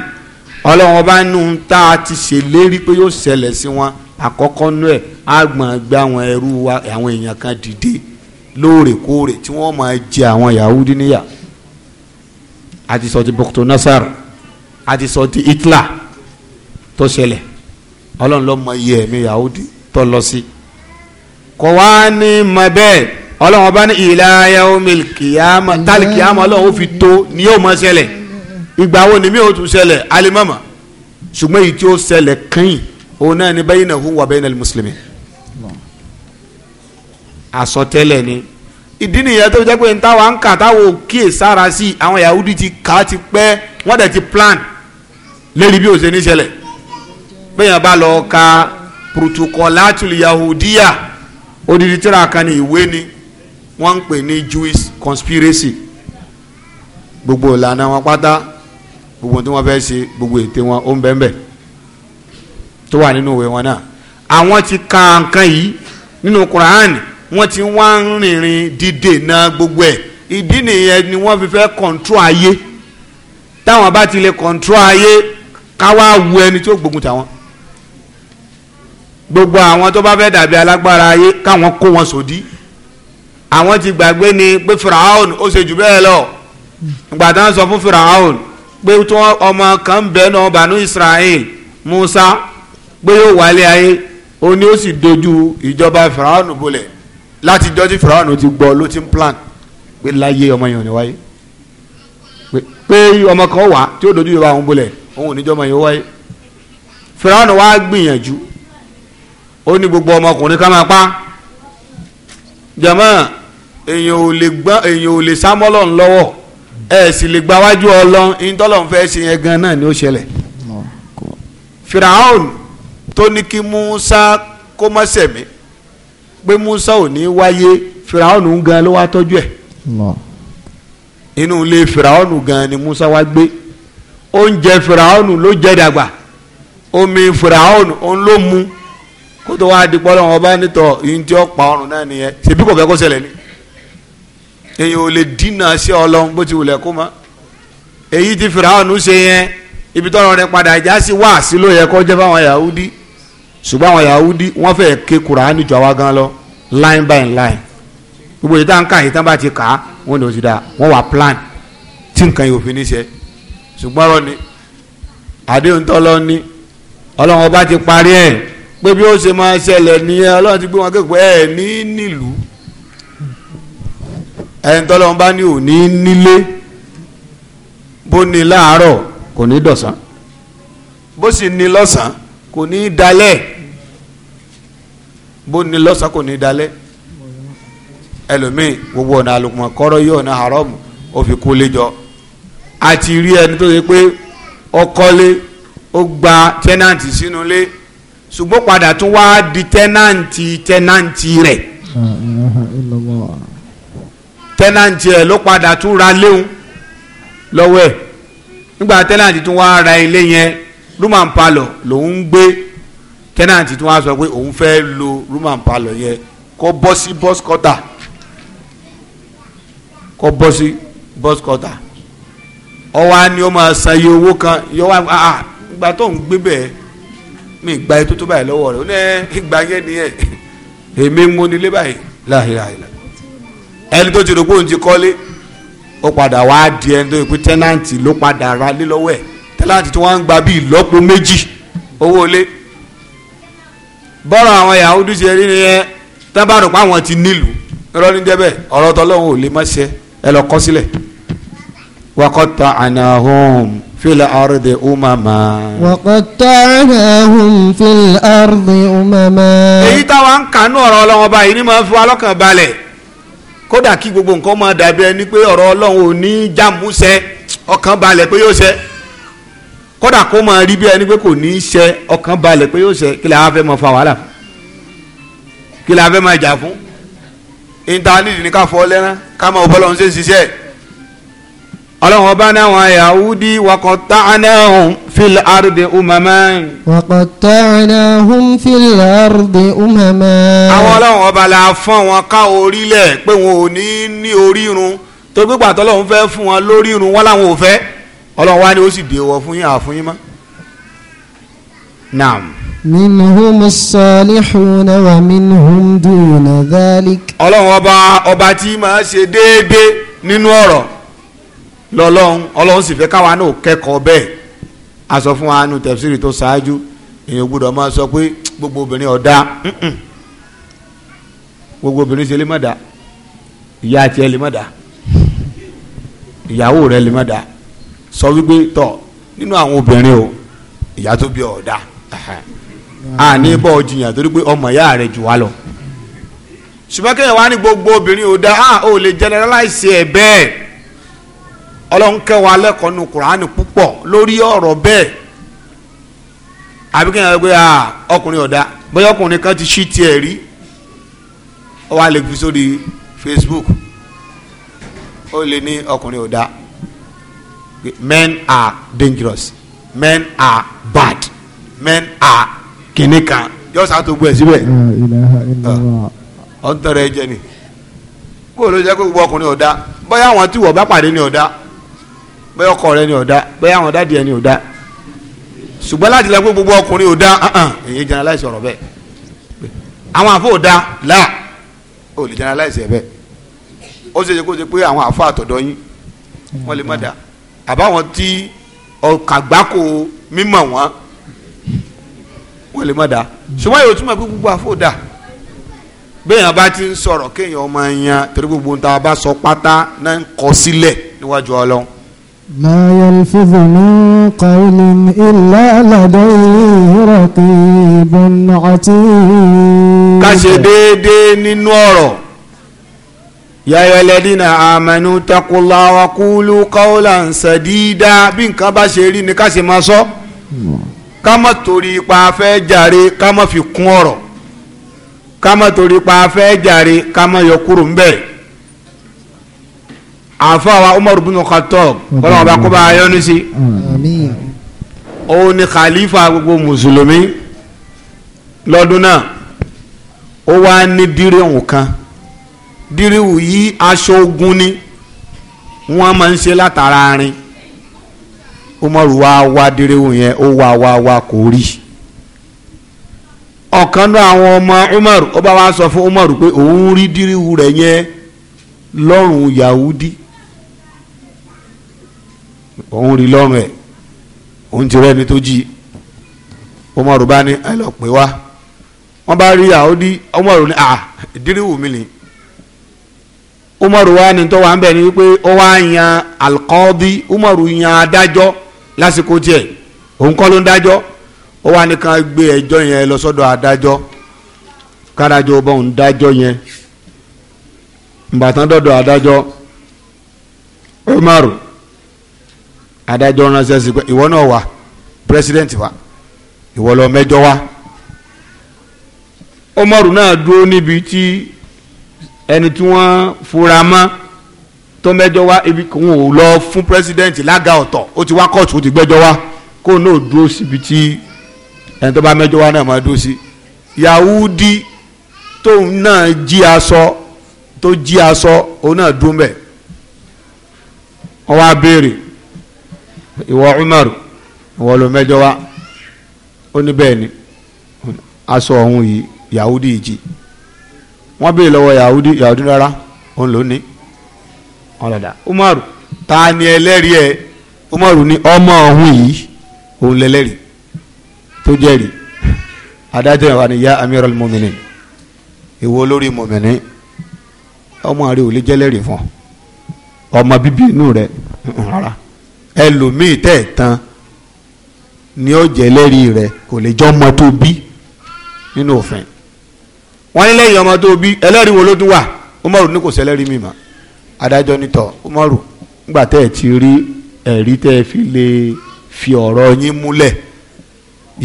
ọlọ́run bá nù tá a ti ṣèlérí pé yóò ṣẹlẹ̀ sí wọn àkọ́kọ́ nú ẹ̀ á gbọ̀n gbé àwọn ẹrú wa àwọn èèyàn kan dìde lóòrèkóòrè tí wọ́n máa jẹ àwọn Yahudi níyà àti sọ ti Bukto Nasar àti sọ ti Hitler tó ṣẹlẹ̀ ọlọ́run ló mọ iye ẹ̀mí Yahudi tó lọ sí. kò wá ní mọ bẹ́ẹ̀ ọlọ́run ọba ní ila yaumil qiyamah tálí kìámà ọlọ́run ó fi tó ni yóò mọ ṣẹlẹ̀ ìgbà wo ni mi ò tún ṣẹlẹ̀ alimọ́mọ́ ṣùgbọ́n èyí tí ó ṣẹlẹ̀ kẹ́yìn òun náà ni baynahu wa baynal muslimin àsọtẹ́lẹ̀ ni ìdí nìyẹn tó jẹ́ pé n táwa ń kà táwa ò kíyè sára sí àwọn yahudi ti kà á ti pẹ́ wọ́n dẹ̀ ti plan lérí bí ó ṣe níṣẹ̀lẹ̀ bá lọ ka protocolatul yahudiya odidi tíra kan ní ìwé ni wọ́n ń pè ní Jewish conspiracy gbogbo ìlànà wọn pátá gbogbo tí wọ́n fẹ́ ṣe gbogbo ète wọn ó ń bẹ́ẹ̀ bẹ́ẹ̀ tó wà nínú ìwé wọn náà àwọn ti ka nǹkan yìí nínú Quran wọ́n ti wá rìnrìn dídè náà gbogbo ẹ̀ ìdí nìyẹn ni wọ́n fi fẹ́ kọ̀ǹtró ayé táwọn bá ti lè kọ̀ǹtró ayé káwá wu ẹni tó gbógun tàwọn gbogbo àwọn tó bá fẹ́ dàbí alágbára ayé káwọn kó wọn sòdí àwọn ti gbàgbé ni pé Firaun ó ṣe jù bẹ́ẹ̀ lọ gbàdán sọ fún Firaun pé ọmọ kan bẹ́ẹ̀ náà bànú Israel Musa pé yóò wálé ayé ó ní ó sì dojú ìjọba fìràwọ̀nù bolẹ̀ láti jọ́ tí ti gbọ́ ló ti ń plan pé láyé ọmọ yẹn ò ní wáyé pé ọmọ kan wà tí ó dojú ìjọba òun bolẹ̀ òun ò ní jọ́ ọmọ yẹn wáyé fìràwọ̀nù wá gbìyànjú ó ní gbogbo ọmọkùnrin ká máa pa jama èèyàn ò lè gbá èèyàn ò lè sámọ́lọ̀ ńlọ́wọ́ ẹ̀ sì lè gbáwájú ọlọ́n ìtọ́lọ́n fẹ́ ṣe yẹn gan náà ni ó ṣẹlẹ̀ fìràwọ̀nù tó ní kí Musa kó má sẹ̀mí pé Musa ò ní wáyé firaonu gan ló wá tọ́jú ẹ̀ inú ilé firaonu gan ni Musa wá gbé oúnjẹ firaonu ló jẹ dàgbà omi firaonu òun ló mu kó tó wá di pọ́lọ́ wọn bá nítọ̀ yín tí ó pa ọrùn náà nìyẹn ṣèbí kò fẹ́ kó ṣẹlẹ̀ ni èyàn ò lè dínà sí Ọlọ́run bó ti wulẹ̀ kó mọ́ èyí tí firaonu ṣe yẹn ibi tọ́lọ́ rẹ padà já wá sí ló yẹ kó jẹ́ fáwọn Yahudi ṣùgbọ́n àwọn Yahudi wọ́n fẹ́ ké Kùránì jù àwa gan lọ line by line gbogbo yìí tá n kà yìí tá n bá ti kà á wọ́n ní o ti da wọ́n wà plan tí nǹkan yìí ò fi ní ṣe ṣùgbọ́n ọ̀rọ̀ ni àdéhùn tọ́lọ́ ní ọlọ́run ọba ti parí ẹ̀ pé bí ó ṣe máa ṣẹlẹ̀ nìyẹn ọlọ́run ti gbé wọn kékeré ẹ̀ ní nílùú ẹ̀yìn tọ́lọ́run bá ní ò ní nílé bó ní láàárọ̀ kò ní dọ̀sán bó sì ní lọ́sàn kò ní dalẹ̀ bó ní lọ́sàn kò ní dalẹ̀ ẹlòmíì gbogbo ọ̀nà àlùkùmọ̀ kọ́rọ́ yóò ná haram ó fi kó lé jọ àti rí ẹni tó ṣe pé ọkọ́lé ó gba tẹ́nàntì sínú lé ṣùgbọ́n padà tún wá di tẹ́nàntì tẹ́nàntì rẹ̀ tẹ́nàntì ẹ̀ ló padà tún ra léwu lọ́wọ́ ẹ̀ nígbà tẹ́nàntì tún wá ra ilé yẹn rúmà ń palọ̀ lòún ń gbé tẹ́nàntì tí wọ́n á sọ pé òun fẹ́ lo room and parlour yẹn kó bọ́ sí bus quarter kó bọ́ sí bus quarter ọwọ́ á ó máa san iye owó kan yọ wá ah, ah ìgbà tó ń gbé bẹ́ẹ̀ mi gba ètò tó báyìí lọ́wọ́ rẹ̀ ó ní eh, ìgbà yẹn nìyẹn èmi ń múni lé báyìí láhìláhìlá ẹni tó ti rò pé ti kọ́lé ó padà wá di ẹni tó yẹ pé tẹ́nàntì ló padà ra lé lọ́wọ́ ẹ̀ tẹ́nàntì tí wọ́n ń gba bíi ìlọ́po méjì owó lé bọ́rọ̀ àwọn yahudu ṣe rí nìyẹn tán bá rò pé àwọn ti nílùú irọ́ ní débẹ̀ ọ̀rọ̀ ò lè má ṣe ẹ lọ kọ́ sílẹ̀. وقطعناهم في الأرض أمما وقطعناهم في الأرض أمما èyí táwa ń kà ọ̀rọ̀ ni fi wa lọ́kàn balẹ̀ kódà kí gbogbo nǹkan máa dàbí ẹni pé ọ̀rọ̀ ò ní ọkàn balẹ̀ pé yóò kódà kó máa rí bí ẹni pé kò ní í ṣe ọkàn balẹ̀ pé yóò ṣe kí la fẹ́ máa fa wàhálà fún kí la fẹ́ máa jà fún intanẹ́ẹ̀tì ní ká fọ́ lẹ́rán ká máa bọ́ ṣe ń ṣiṣẹ́ ọlọ́run ọba náà wọn yahudi wakọ̀ tánahùn fil ardi umama. wakọ̀ tánahùn fil ardi umama. àwọn ọlọ́run ọba la fọ́n wọn ká orílẹ̀ pé wọn ò ní ní orírun tó gbégbà tọ́lọ́run fẹ́ fún wọn lórírun wọn làwọn ò fẹ́ ọlọ́run wá ní ó sì dé wọ fún yín àfún yín mọ́. naam. minhum as-salihun wa minhum duna dhalik. ọlọ́run ọba ọba tí màá ṣe déédéé nínú ọ̀rọ̀ lọ́lọ́run ọlọ́run sì fẹ́ káwa náà kẹ́kọ̀ọ́ bẹ́ẹ̀ a sọ fún wa nù tẹ̀síìrì tó ṣáájú èèyàn gbọ́dọ̀ máa sọ pé gbogbo obìnrin ọ̀dà gbogbo obìnrin ṣe lè má dà ìyá àti ẹ lè má dà ìyàwó rẹ lè má dà sọ wípé tọ nínú àwọn obìnrin o ìyá tó bí ọ̀dà àní bọ́ ọ jiyàn torí pé ọmọ ìyá rẹ̀ jù wá lọ. ṣùgbọ́n kéèyàn wá ní gbogbo obìnrin ò da ah ò lè generalize ẹ̀ bẹ́ẹ̀ ọlọ́run kẹwàá lẹ́kọ̀ọ́ nu kùránì púpọ̀ lórí ọ̀rọ̀ bẹ́ẹ̀ àbí kéèyàn gbé ah ọkùnrin ọ̀dà bóyá ọkùnrin kan ti ṣí tiẹ̀ rí ó wá lè fi sórí Facebook ó lè ní ọkùnrin ọ̀dà men are dangerous men are bad men are kìnìkan yọ sá tó gbẹ síbẹ̀ ọ̀ ń tọrọ ẹ jẹ ni bó ló jẹ́ pé gbogbo ọkùnrin ọ̀dá bóyá àwọn tí wọ́n bá pàdé ni ọ̀dá bóyá ọkọ rẹ ni ọ̀dá bóyá àwọn dáàdì ẹ ni ọ̀dá ṣùgbọ́n láti lọ pé gbogbo ọkùnrin ọ̀dá èyí generalize ọ̀rọ̀ bẹ́ẹ̀ àwọn àfọ ọ̀dá là ó lè generalize ẹ̀ bẹ́ẹ̀ ó ṣe é ṣe kó ṣe pé àwọn àfọ àtọ̀dọ̀ yín wọ́n lè má dáa àbáwọn tí ọ̀kàgbákò mímọ̀ wọn wọ́n lè má da ṣùgbọ́n yóò túmọ̀ pé gbogbo àfọ̀ dà bá ti ń sọ̀rọ̀ kéèyàn ọmọ yẹn torí gbogbo ń ta bá sọ pátá náà ń kọ sílẹ̀ níwájú ọlọ́run. ma yalfidhu min qawlin illa ladayhi raqibun atid. ká ṣe déédéé nínú ọ̀rọ̀ يا أيها الذين آمنوا اتقوا الله وقولوا قولا سديدا bí nǹkan bá ṣe rí ni ká ṣe máa sọ ká má torí ipa fẹ́ jàre ká má fi kún ọ̀rọ̀ ká má torí ipa fẹ́ jàre ká má yọ kúrò ń bẹ̀. àfa wa Umar bin Khattab kọ́lá ọba kó bá a òun ni khalifa gbogbo mùsùlùmí lọ́dún náà ó wá ní dírẹ̀hùn kan. dírìwù yi aṣọ ogun ni máa ń ṣe látara rin wa wá dírìwù yẹn ó wá wa wá kò rí ọ̀kan náà àwọn ọmọ umaru ó bá wa sọ fún umaru pé òun rí dírìwù rẹ̀ yẹn yahudi òun rí lọ́rùn ẹ̀ òun ti ni tó jí umaru bá ní ẹ lọ pè wá wọ́n bá rí yahudi umaru ní à mi umaru wa ni tó wà ń bẹ̀ ni wípé ó wá yan umaru yan adájọ́ lásìkò tiẹ̀ òun kọ́ ló ń dájọ́ ó lọsọdụ nìkan gbé ẹjọ́ yẹn lọ sọ́dọ̀ adájọ́ kádájọ́ bá òun dájọ́ yẹn ìbátan dọ̀dọ̀ adájọ́ umaru wa ìwọ lọ mẹjọ wa umaru náà dúró níbi ẹni tí wọ́n fura mọ́ tó mẹ́jọ wá ibi kò ń lọ fún pírẹsidẹ́ǹtì lága ọ̀tọ̀ ó ti wá kóòtù ó ti gbẹ́jọ́ wá kó náà dúró síbi tí ẹni tó bá mẹ́jọ wá náà máa dúró sí yahudi tóun náà jí aṣọ tó jí aṣọ òun náà dún bẹ́ẹ̀ wọ́n wá béèrè ìwọ Umar ìwọ ló mẹ́jọ wá ó ní bẹ́ẹ̀ ni aṣọ ọ̀hún yìí yahudi yìí jí wọ́n béèrè lọ́wọ́ yahudi yahudi rárá òun ló ní ọlọ́dà umaru ta ni ẹlẹ́rìí ẹ umaru ní ọmọ ọ̀hún yìí òun lẹ́lẹ́rìí tó jẹ́rìí adájọ́ ìwà ni ya amiral muminin ìwọ olórí mumini ọmọ rẹ ò lè jẹ́lẹ́rìí fún ọmọ bíbí inú rẹ rárá ẹlòmíì tẹ̀ tán ni ó jẹ́lẹ́rìí rẹ kò lè jọ́ ọmọ bí nínú òfin. wọ́n ní lẹ́yìn ọmọ tó bí ẹlẹ́rìí wo ló tún wà umaru ní kò sẹ́lẹ́rìí mi adájọ́ nítọ̀ umaru tẹ́ ẹ ti rí ẹ̀rí tẹ́ fi lè fi ọ̀rọ̀ yín múlẹ̀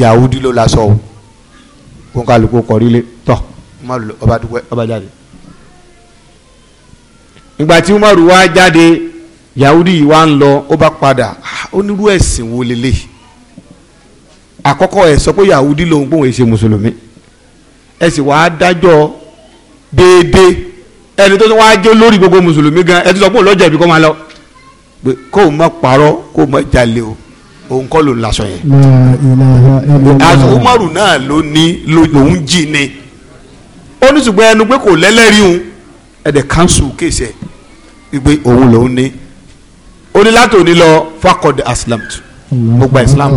yahudi ló la sọ o kó kálukú kọrí lé ọba dúpẹ́ ẹ sì wá dájọ́ déédéé ẹni tó wá jẹ́ olórí gbogbo mùsùlùmí gan ẹ ti sọ pé òun lọ́jà ibi kọ́ máa lọ pé kó o má parọ́ kó o má jalè o òun kọ́ ló ń lasọ yẹn. aṣọ umaru náà ló ní lòun jì ní ṣùgbọ́n ẹnu pé kò lẹ́lẹ́rìí òun ẹ̀dẹ̀ kánṣu kéṣẹ̀ wípé òun lòun ní ó ní lọ fakọd aslam mo gba islam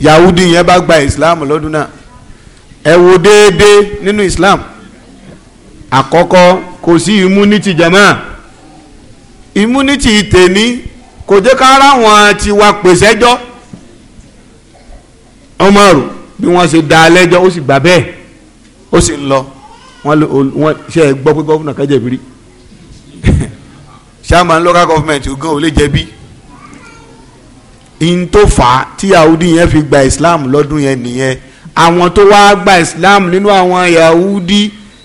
yahudi yẹn bá gba islam lọ́dún náà ẹ wo déédéé nínú Islam àkọ́kọ́ kò sí immunity jama immunity tèmi kò jẹ́ ká ráwọn tiwa pèsẹ́jọ́ Umaru bí wọ́n ṣe dá a lẹ́jọ́ ó sì gbà bẹ́ẹ̀ ó sì ń lọ wọ́n ṣe gbọ́ pé gọ́fúnà kájẹ̀bi rí chairman local government gan ò lè jẹ̀bi in tó fà á tí yahudi yẹn fi gba Islam lọ́dún yẹn nìyẹn àwọn tó wá gba islam nínú àwọn yahudi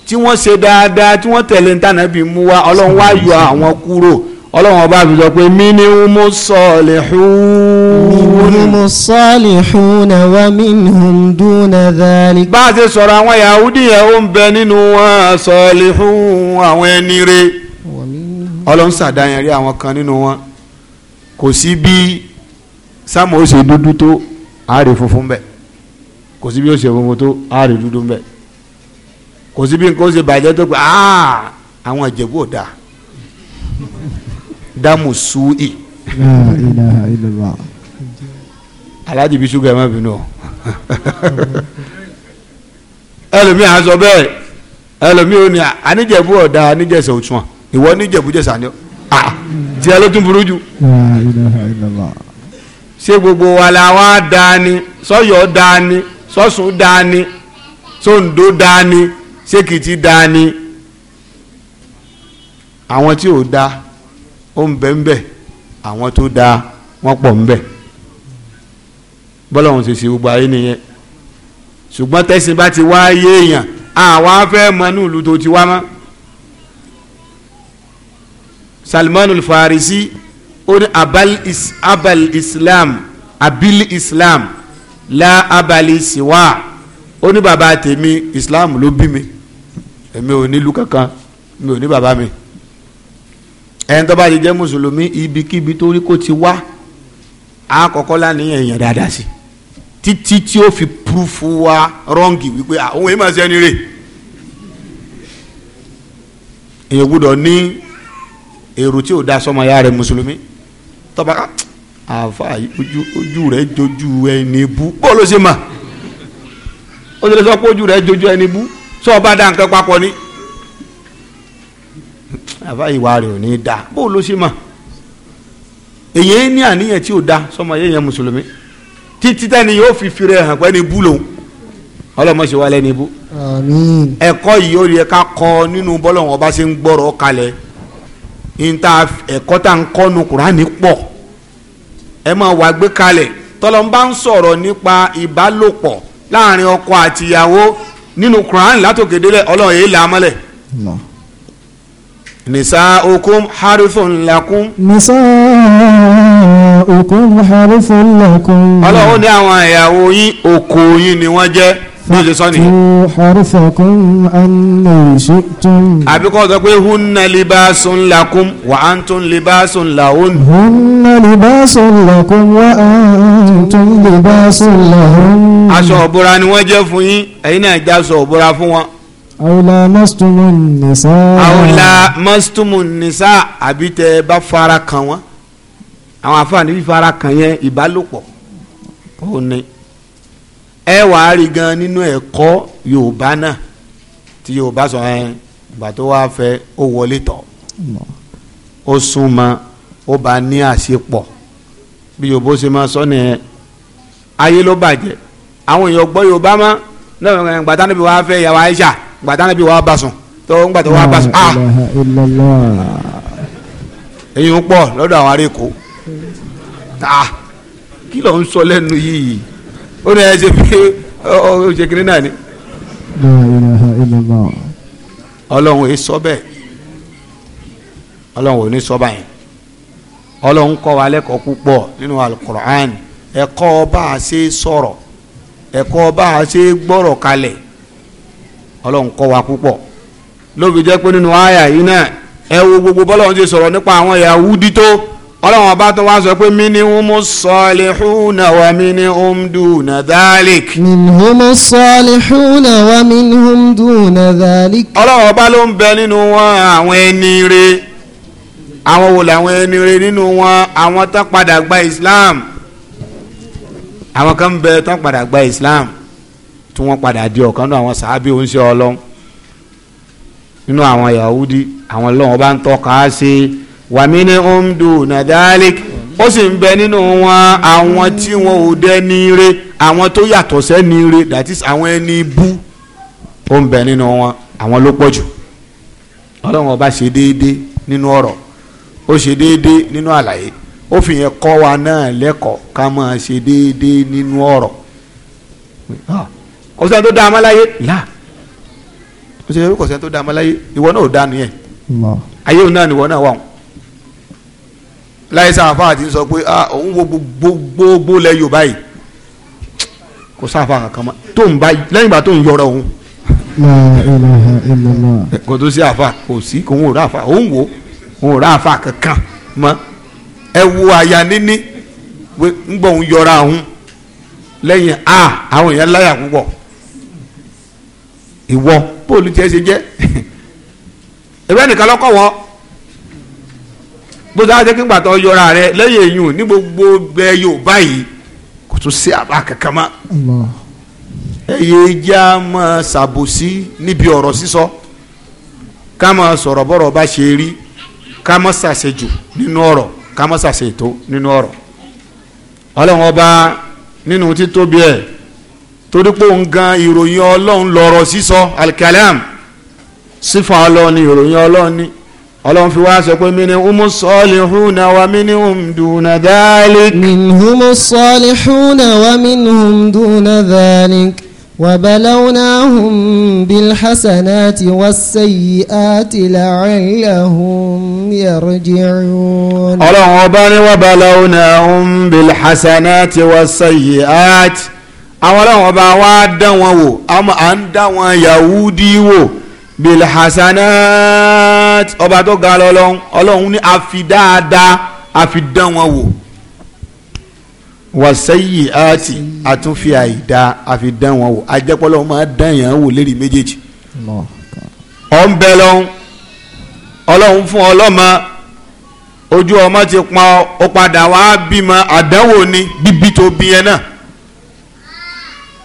tí wọ́n ṣe dáadáa tí wọ́n tẹ̀lé ntànà bí mú wa ọlọ́run wá yọ àwọn kúrò ọlọ́run ọba àbí sọ pé mí ni mo salihun. mí ni mo salihun wa minhum duna dhalik. bá a ṣe sọ̀rọ̀ àwọn yahudi yẹn ó ń bẹ nínú wọn salihun àwọn ẹni re ọlọ́run ṣàdáyẹn rí àwọn kan nínú wọn kò sí bí sámúhóṣe dúdú tó àárẹ̀ funfun bẹ́ẹ̀ kò sí bí ó ṣe funfun tó àárẹ̀ dúdú ń bẹ kò sí bí nǹkan ó ṣe bàjẹ́ tó pé àwọn ìjẹ̀bú ò dáa dáàmú sùúì. aláàjì bí ṣúgà ẹ má bínú o ẹlòmíì à ń sọ bẹ́ẹ̀ ẹlòmíì ò ní àníjẹ̀bú ọ̀dà àníjẹ̀sẹ̀ òtún ìwọ níjẹ̀bú jẹ̀sà ni tí ẹ ló tún burú jù. ṣé gbogbo wa la wá dáa ni sọ́yọ̀ dáa ni sọ́sùn dáa ni sóńdó dáa ni sékìtì dáa ni àwọn tí ò dáa ó ń bẹ ń bẹ àwọn tó dáa wọ́n pọ̀ ń bẹ bọ́lá òun sì sí gbogbo ayé nìyẹn ṣùgbọ́n tẹ̀sìn bá ti wá yé èèyàn àwa fẹ́ mọ ní ìlú tó ti wá mọ́ Salmanul Farisi ó ní abal islam abil islam la abali siwa ó ní bàbá tèmi islam ló bí mi èmi ò nílùú kankan mi ò ní bàbá mi ẹni tó bá ti jẹ́ mùsùlùmí ibikíbi tó rí kó ti wá á kọ́kọ́ lánìyàn èèyàn dáadáa sí títí tí ó fi púrúfù wa rọ́ǹgì wípé àwọn ah, èèyàn máa ṣe ẹni rè èèyàn gbúdọ̀ ní èrò tí ò da sọmọ ya rẹ̀ mùsùlùmí tọ́ba ká ah, àfa ojú rẹ jojú ẹni bú bó ló ṣe mà ó ṣe lè sọ pé ojú rẹ jojú ẹni bú sọ ọba dá nǹkan papọ̀ ni àfa ìwà rẹ ò ní da bó ló ṣe mà èyí ní àníyàn tí ò da sọmọ yẹn yẹn mùsùlùmí títí tẹni yóò fi fi rẹ hàn pé ẹni bú lòun ọlọmọ ṣe wà lẹni bú ẹ̀kọ́ yìí ó yẹ ká kọ́ nínú bọlọ wọn bá ṣe ń gbọ́rọ̀ kalẹ̀ ẹ̀kọ́ tá ń kọ́ nu kùránì pọ̀. ẹ máa wà gbé kalẹ̀ tọ́lọ́mbà ń sọ̀rọ̀ nípa ìbálòpọ̀ láàrin ọkọ àtìyàwó nínú Quran látòkèdélẹ̀ ọlọ́run èyí amọ́lẹ̀ nisa'ukum harithun lakum. nisa'ukum harithun lakum. ọlọ́run ní àwọn ìyàwó yín oko yín ni wọ́n jẹ́ bí o ṣe sọ nìyí. harithakum anna shi'tum. àbí kò sọ pé hunna libasun lakum wa antum libasun lahun. hunna libasun lakum wa antum libasun lahun. aṣọ òbúra ni wọ́n jẹ́ fún yín ẹ̀yin náà jẹ́ aṣọ òbúra fún wọn àwòlà mọ́sítúmù nìsá. àwòlà mọ́sítúmù nìsá àbí tẹ ẹ bá fara kan wọn àwọn àfààní fífara kan yẹn ìbálòpọ̀ ó ní ẹ wàá rí gan nínú ẹ̀kọ́ Yorùbá náà tí Yorùbá sọ ẹ ìgbà tó wàá fẹ́ ó wọlé tọ̀ ó súnmọ́ ó bá ní àṣepọ̀ bí Yorùbá ṣe máa sọ nìyẹn ayé ló bàjẹ́ àwọn èèyàn gbọ́ Yorùbá mọ́ náà gbàtà níbi wàá fẹ́ ìyàwó Aisha gbàtà nàbí wàá bá sùn tó ń gbàtà wàá bá sùn ah èyí ń pọ̀ lọ́dọ̀ àwọn ará èkó ah kí ló ń sọ lẹ́nu yìí ó ní ẹ ṣe pé ó ṣe kiri náà ni. ọlọ́run èyí sọ bẹ́ẹ̀ ọlọ́run ò ní sọ báyìí ọlọ́run kọ́ wa lẹ́kọ̀ọ́ púpọ̀ nínú alukur'an ẹ̀kọ́ bá a ṣe sọ̀rọ̀ ẹ̀kọ́ bá a ṣe gbọ́rọ̀ kalẹ̀ ọlọ́run kọ́ wa púpọ̀ ló fi jẹ́ pé nínú àyà yìí náà ẹ wo gbogbo bọ́lọ́run ti sọ̀rọ̀ nípa àwọn Yahudi tó ọlọ́run ọba tó wá sọ pé minihumu salihuna wa minihum duna dhalik. minihumu salihuna wa minihum duna dhalik. ọlọ́run ọba ló ń bẹ nínú wọn àwọn ẹni re àwọn wò làwọn ẹni re nínú wọn àwọn tán padà gba Islam àwọn kan ń bẹ tán padà gba Islam tí wọ́n padà di ọ̀kan náà àwọn sàábì oúnjẹ ọlọ́run nínú àwọn yahudi àwọn lọ́wọ́ bá ń tọ́ka sí wàmíní omdu nadalik ó sì ń bẹ nínú wọn àwọn tí wọn ò dẹ ní ire àwọn tó yàtọ̀ sẹ́ni ire that is àwọn ẹni bú ó ń bẹ nínú wọn àwọn ló pọ̀ ọba ṣe déédéé nínú ọ̀rọ̀ ó ṣe déédéé nínú àlàyé fi yẹn kọ́ wa náà lẹ́kọ̀ọ́ ká máa ṣe déédéé nínú ah. ọ̀sẹ̀ tó dá amáláyé là ọ̀sẹ̀ tó kọ̀sẹ̀ tó dá amáláyé ìwọ náà ò dá nìyẹn ayé òun náà nìwọ náà wà wọn. láyé sáfà àti sọ pé ah, òun wo gbogbo lẹ yorùbá yìí kò sáfà kankan mọ tó ń bá lẹ́yìn ìgbà tó ń yọrọ òun. kò tó sí àfà kò sí kò ń wò rà àfà òun wò òun rà àfà kankan mọ ẹ wo àyà níní ń gbọ́ òun yọra òun lẹ́yìn a ah, àwọn èèyàn láyà púpọ̀ ìwọ bóòlù tiẹ̀ ṣe jẹ́ ìwé nìkan lọ́kọ̀ wọ́ bó dáa jẹ́ kí n gbà tó yọra rẹ lẹ́yìn eyín o ní gbogbo bẹ Yorùbá yìí kò tún sí àbá kankan mọ́ ẹ̀yẹ já máa ṣàbòsí níbi ọ̀rọ̀ sísọ ká máa sọ̀rọ̀ bọ́rọ̀ bá ṣe rí ká máa ṣàṣejù nínú ọ̀rọ̀ ká máa ṣàṣètò nínú ọ̀rọ̀ ọlọ́run ọba nínú títóbi ẹ̀ torí pé òun gan ìròyìn ọlọ́run lọ́rọ̀ sísọ alikalam sífà ọlọ́run ni ìròyìn ọlọ́run ni ọlọ́run fi wá sọ pé mini umu salihuna wa mini umduna dhalik. min umu salihuna wa mini umduna dhalik. وبلوناهم بالحسنات والسيئات لعلهم يرجعون. ọlọ́run ọba ni وبلوناهم بالحسنات والسيئات àwọn ọlọ́run ọba wa dán wọn wò àmọ́ à ń dá wọn yahudi wò bilhassanat ọba tó ga lọ́lọ́run ọlọ́run ní àfi dáadáa àfi dán wọn wò wàsẹ́yì àti àtúnfi àìdá àfi dán wọn wò ajẹ́pọ́lọ́ máa dán yàn wò lérí méjèèjì ọ̀ ń bẹ lọ́hún ọlọ́run fún ọlọ́mọ ojú ọmọ ti pa ọ padà wá bímọ àdánwò ni bíbí tó bí yẹn náà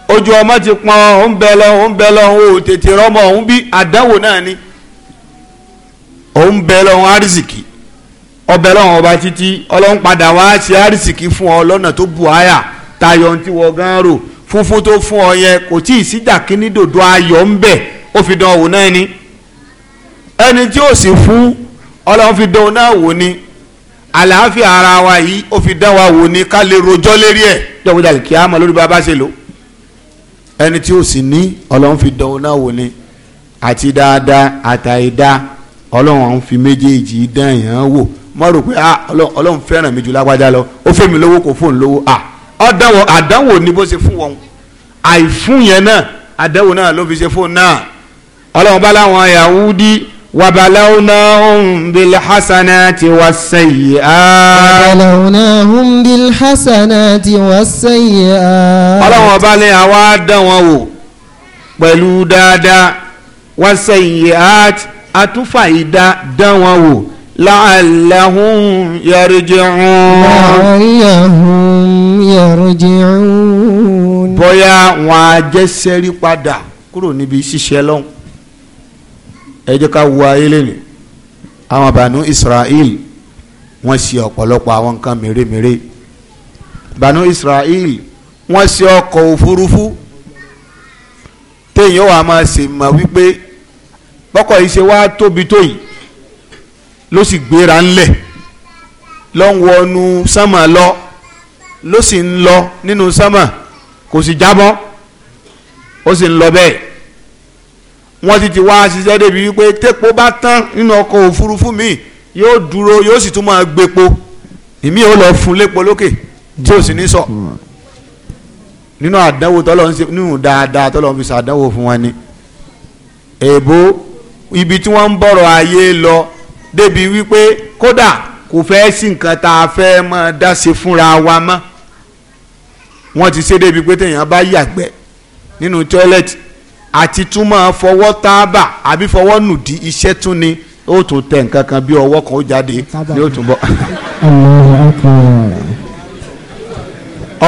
ojú ọmọ ti pọn òun bẹ lọ òun bẹ lọ òun ò tètè rọmọ òun bí àdánwò náà ni òun bẹ lọ òun arísìkì ọbẹ lọ́wọ́n ọba títí ọlọ́run padà wá ṣe arísìkì fún ọ lọ́nà tó bu àyà tayọ ti wọ gan rò funfun tó fún ọ yẹn kò tí ì síjà kíní dòdò ayọ̀ ń bẹ̀ ó fi dán òun náà ni ẹni tí ó sì fún ọlọ́run fi dán òun náà wò ni àlàáfíà ara wa yìí ó fi dán wa wò ni ká lè rojọ́ lérí ẹ̀ jọ̀wọ́ jàlè kí á mọ̀ lórí bá a bá ṣe lò ẹni tí ó sì ní ọlọ́run fi dán oná wò ni àti dáadáa àtàìdá ọlọ́run àwọn fi méjèèjì dán èèyàn wò mo rò pé ah, ọlọ́run fẹ́ràn mi jù lágbájá lọ ó fẹ́ mi lówó kò fóun lówó à ah, ọ̀dánwò àdánwò ni bó ṣe fún wọn àìfún yẹn náà àdánwò náà ló fi ṣe fóun náà ọlọ́run bá láwọn Yahudi وبلوناهم بالحسنات والسيئات وبلوناهم بالحسنات والسيئات ọlọ́run ọba ní àwa dán wọn wò pẹ̀lú dáadáa والسيئات àtúfàyídá dán wọn wò لعلهم يرجعون لعلهم يرجعون bóyá wọn á jẹ́ sẹ́rí padà kúrò níbi ṣíṣe lọ́hùn ẹ jẹ́ ká wo ayé lẹ́nu àwọn bànú Israel wọ́n ṣe ọ̀pọ̀lọpọ̀ àwọn nǹkan mèremère bànú Israel wọ́n ṣe ọkọ̀ òfurufú téèyàn wà máa ṣe mọ̀ wípé bọ́kọ̀ yìí ṣe wá tóbi tó yìí ló sì gbéra ńlẹ̀ ló sánmà lọ ló sì ń lọ nínú sánmà kò sì jábọ́ ó sì ń lọ bẹ́ẹ̀ wọ́n ti ti wá ṣiṣẹ́ débi wípé tépo bá tán nínú ọkọ̀ òfurufú mi yóò dúró yóò sì tún máa gbépo ìmí ò lọ fún lépo lókè tí ò sì ní sọ nínú àdánwò tọ́lọ́ ń ṣe nínú dáadáa tọ́lọ́ ń fi ṣàdánwò fún wọn ni èèbó ibi tí wọ́n ń bọ̀rọ̀ ayé lọ débi wípé kódà kò fẹ́ sí nǹkan tá a fẹ́ máa dá ṣe fúnra wa mọ́ wọ́n ti ṣe débi pé téèyàn bá yàgbẹ́ nínú tọ́ílẹ̀tì àti tún máa fọwọ́ tábà àbí fọwọ́ nùdí iṣẹ́ tún ni ó tún tẹ nǹkan kan bí ọwọ́ kan ó jáde ni ó tún bọ́.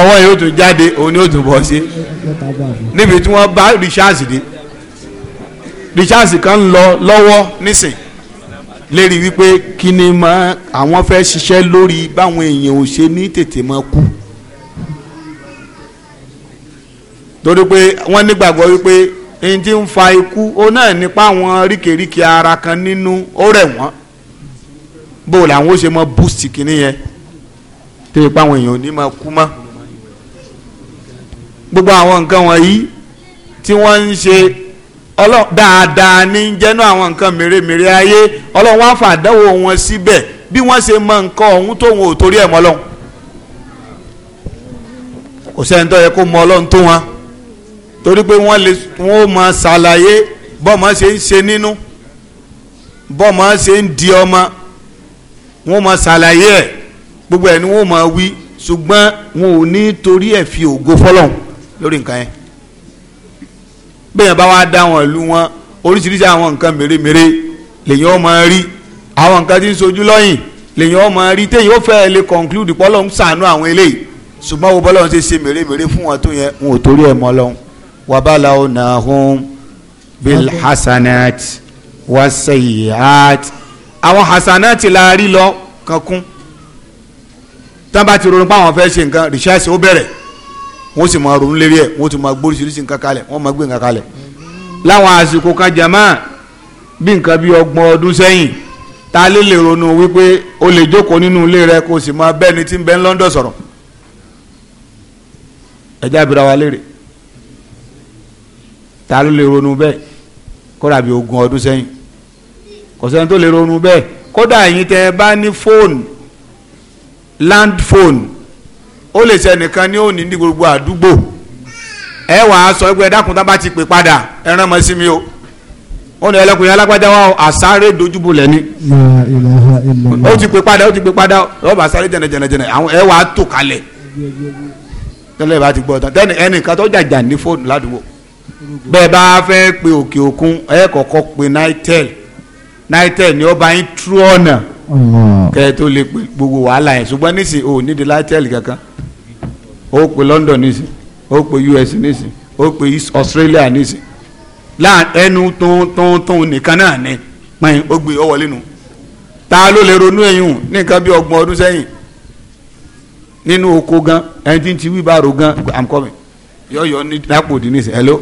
ọwọ́ yìí tún jáde òun ni ó tún bọ́ sí níbi tí wọ́n bá rìṣáàsì dé rìṣáàsì kan ń lọ lọ́wọ́ nísìn lérí wípé kí ni mọ àwọn fẹ́ ṣiṣẹ́ lórí báwọn èèyàn ò ṣe ní tètè mọ kú torí pé wọ́n nígbàgbọ́ wípé ní ti ń fa ikú ó náà nípa àwọn ríkèríkè ara kan nínú ó rẹ̀ wọ́n bó làwọn ó ṣe mọ boost yẹn tó ipa àwọn èèyàn ò ní máa kú gbogbo àwọn nǹkan wọ̀nyí tí wọ́n ń ṣe dáadáa ní jẹ́nu àwọn nǹkan mèremère ayé ọlọ́run wá fàdánwò wọn síbẹ̀ bí wọ́n ṣe mọ nǹkan ọ̀hún tóun ò torí ẹ̀ mọ́ lọ́hùn kò sẹ́ni tó yẹ mọ ọlọ́run tó torí pé wọ́n lè wọ́n ó máa ṣàlàyé bọ́ọ̀mọ ṣe ń ṣe nínú bọ́ọ̀mọ ṣe ń di ọmọ wọ́n máa ṣàlàyé ẹ̀ gbogbo ẹ̀ ni wọ́n máa wí ṣùgbọ́n wọn ò ní torí ẹ̀ fi ògo fọlọ́hún lórí nǹkan yẹn bẹ́ẹ̀ bá wá dá wọn lu wọn oríṣiríṣi àwọn nǹkan mèremère lèyìn ó máa rí àwọn nǹkan tí ń sojú lọ́yìn lèyìn ó máa rí téyìn ó fẹ́ lè conclude pọ́lọ́hún ṣàánú àwọn eléyìí ṣùgbọ́n wo bọ́lọ́hún ṣe ṣe mèremère fún wọn tó yẹn wọn ò torí ẹ̀ mọ́ lọ́hún وبلوناهم بالحسنات والسيئات àwọn hasanati la rí lọ kankun tán bá ti ronú pé àwọn fẹ́ ṣe nǹkan rìṣáàṣì ó bẹ̀rẹ̀ wọ́n sì máa ronú lérí ẹ̀ wọ́n sì máa gbóríṣiríṣi nǹkan kalẹ̀ wọ́n máa gbé nǹkan kalẹ̀ láwọn àsìkò kan jàmáà bí nǹkan bí ọgbọ̀n ọdún sẹ́yìn ta lè lè ronú wípé o lè jókòó nínú ilé rẹ kó o sì máa bẹ́ẹ̀ ni tí ń bẹ ń London sọ̀rọ̀ ẹ̀já ìbíra wa léèrè ta ló lè ronú bẹ́ẹ̀ kódà bí ogun ọdún sẹ́yìn kò tó lè ronú bẹ́ẹ̀ kódà yín tẹ́ bá ní fóònù land phone ó lè ṣe nìkan ní òní ní gbogbo àdúgbò ẹ sọ pé dákun tá ti pè padà o ó ní wa àsáré ó ti pè padà ó ti pè padà àwọn ẹ tò kalẹ̀ ti gbọ́ tán ẹnìkan tó jàjà ní fóònù ládùúgbò bẹ́ẹ̀ bá fẹ́ pe òkè òkun ẹ kọ́kọ́ pe nitel nitel ni ó bá yín tú ọ̀nà kẹ́ ẹ tó lè pe gbogbo wàhálà yẹn ṣùgbọ́n nísìnyí o nídìí nitel kankan ó pe London nísìnyí ó pe US nísìnyí ó pe Australia nísìnyí láà ẹnu tóntóntón nìkan náà ni pẹ́yìn ó gbé ọwọ́ lẹ́nu ta ló lè ronú ẹ̀yìn nìkan bí ọgbọ̀n ọdún sẹ́yìn nínú oko gan ẹni tí ń ti wíbàrò gan i'm coming yọ̀ọ̀yọ̀ ní dápò dínísì hello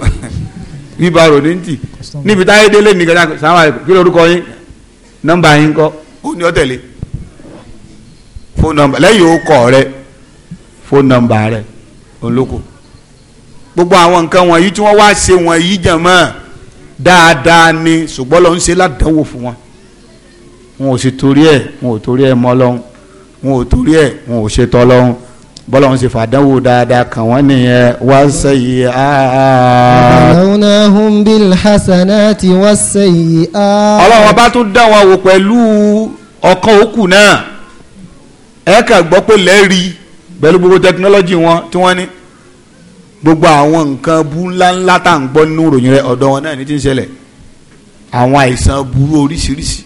bíbá rò ní ntì níbi táyé délé nìkan náà sàmà kí lórúkọ yín nọ́mbà yín kọ. ó ní ọ tẹ̀lé fóònù nọ́mbà lẹ́yìn ó kọ rẹ fóònù nọ́mbà rẹ olóko gbogbo àwọn nǹkan wọ̀nyí tí wọ́n wá ṣe wọ̀nyí jàmọ́ dáadáa ni ṣùgbọ́n lọ́n ń ṣe ládánwò fún wọn wọn ò sì torí ẹ̀ wọn ò torí ẹ̀ mọ́ lọ́hún wọn ò torí ẹ̀ wọn ò ṣe tọ́ lọ́hún bọ́lá wọn sì fàdánwò dáadáa kàn wọ́n nìyẹn wá sẹ́yìí áá. àwọnàhùn bíl hasanati wá sẹ́yìí áá. ọlọ́run ọba tún dá wọn wò pẹ̀lú ọkàn òkú náà ẹ kà gbọ́ pé lẹ́ẹ̀rí pẹ̀lú gbogbo tẹkinọ́lọ́jì wọn tí wọ́n ní gbogbo àwọn nǹkan bú ńláńlá tá à ń gbọ́ nínú ìròyìn rẹ ọ̀dọ̀ wọn náà ní ti ń ṣẹlẹ̀ àwọn àìsàn burú oríṣiríṣi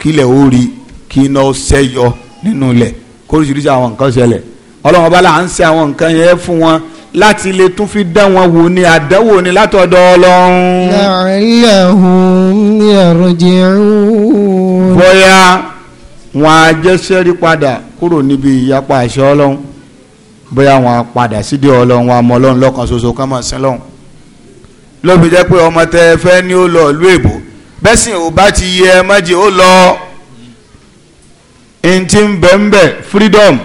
kílẹ̀ ó rí kí ó ṣẹ́yọ nínú ilẹ̀ kóríṣiríṣi àwọn nǹkan ṣẹlẹ̀ ọlọ́run ọba là ń ṣe àwọn nǹkan yẹn fún wọn láti lè tún fi dán wọn wò ní àdánwò ní látọ̀dọ̀ ọlọ́run. la'allahum yarji'un. bóyá wọn á jẹ́ sẹ́rí padà kúrò níbi ìyapa àṣẹ ọlọ́run bóyá wọn á padà sídìí ọlọ́run wọn á mọ ọlọ́run lọ́kàn ṣoṣo ká máa sin lọ́hùn. lóbi jẹ́ pé ọmọ tẹ fẹ́ ni ó lọ ìlú èbó bẹ́sìn ò bá ti yẹ ẹ mọ́jì ó lọ. ntí ń bẹ̀ ń bẹ̀ freedom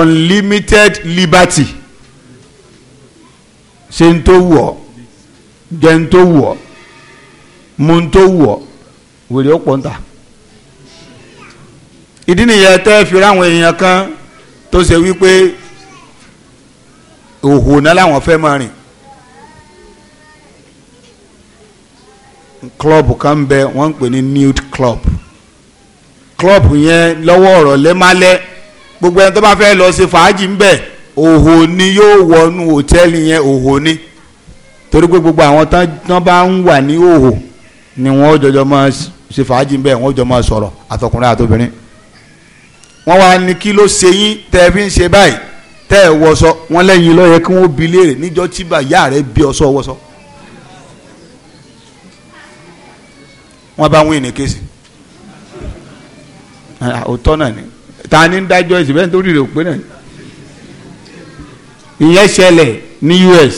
unlimited liberty ṣe ń tó wù ọ́ jẹ́ ń tó wù ọ́ mu ń tó wù ọ́ wèrè ó pọ̀ ń tà ìdí nìyẹn tẹ́ fi ráwọn èèyàn kan tó ṣe wípé òhò náà làwọn fẹ́ máa rìn club kan bẹ wọ́n ń pè ní nude club club yẹn lọ́wọ́ ọ̀rọ̀ lẹ́málẹ́. Le gbogbo ẹni tó bá fẹ́ lọ ṣe fàájì ń bẹ̀ òhò ni yóò wọnú hòtẹ́ẹ̀lì yẹn òhò ni torí pé gbogbo àwọn tán bá ń wà ní òhò ni wọ́n jọjọ́ máa ṣe fàájì ń bẹ̀ wọ́n jọ máa sọ̀rọ̀ àtọkùnrin àtobìnrin wọ́n wá ní kí ló ṣe yín tẹ́ ẹ fi ń ṣe báyìí tẹ́ ẹ wọṣọ wọ́n lẹ́yìn ló yẹ kí wọ́n bi léèrè níjọ́ tí bàyá rẹ̀ bí ọṣọ wọṣọ. wọ́n bá wín ní kéésì òótọ́ náà ni ta ni ń dájọ́ ìsìn bẹ́ẹ̀ nítorí rẹ̀ ò pé náà ìyẹn ṣẹlẹ̀ ní US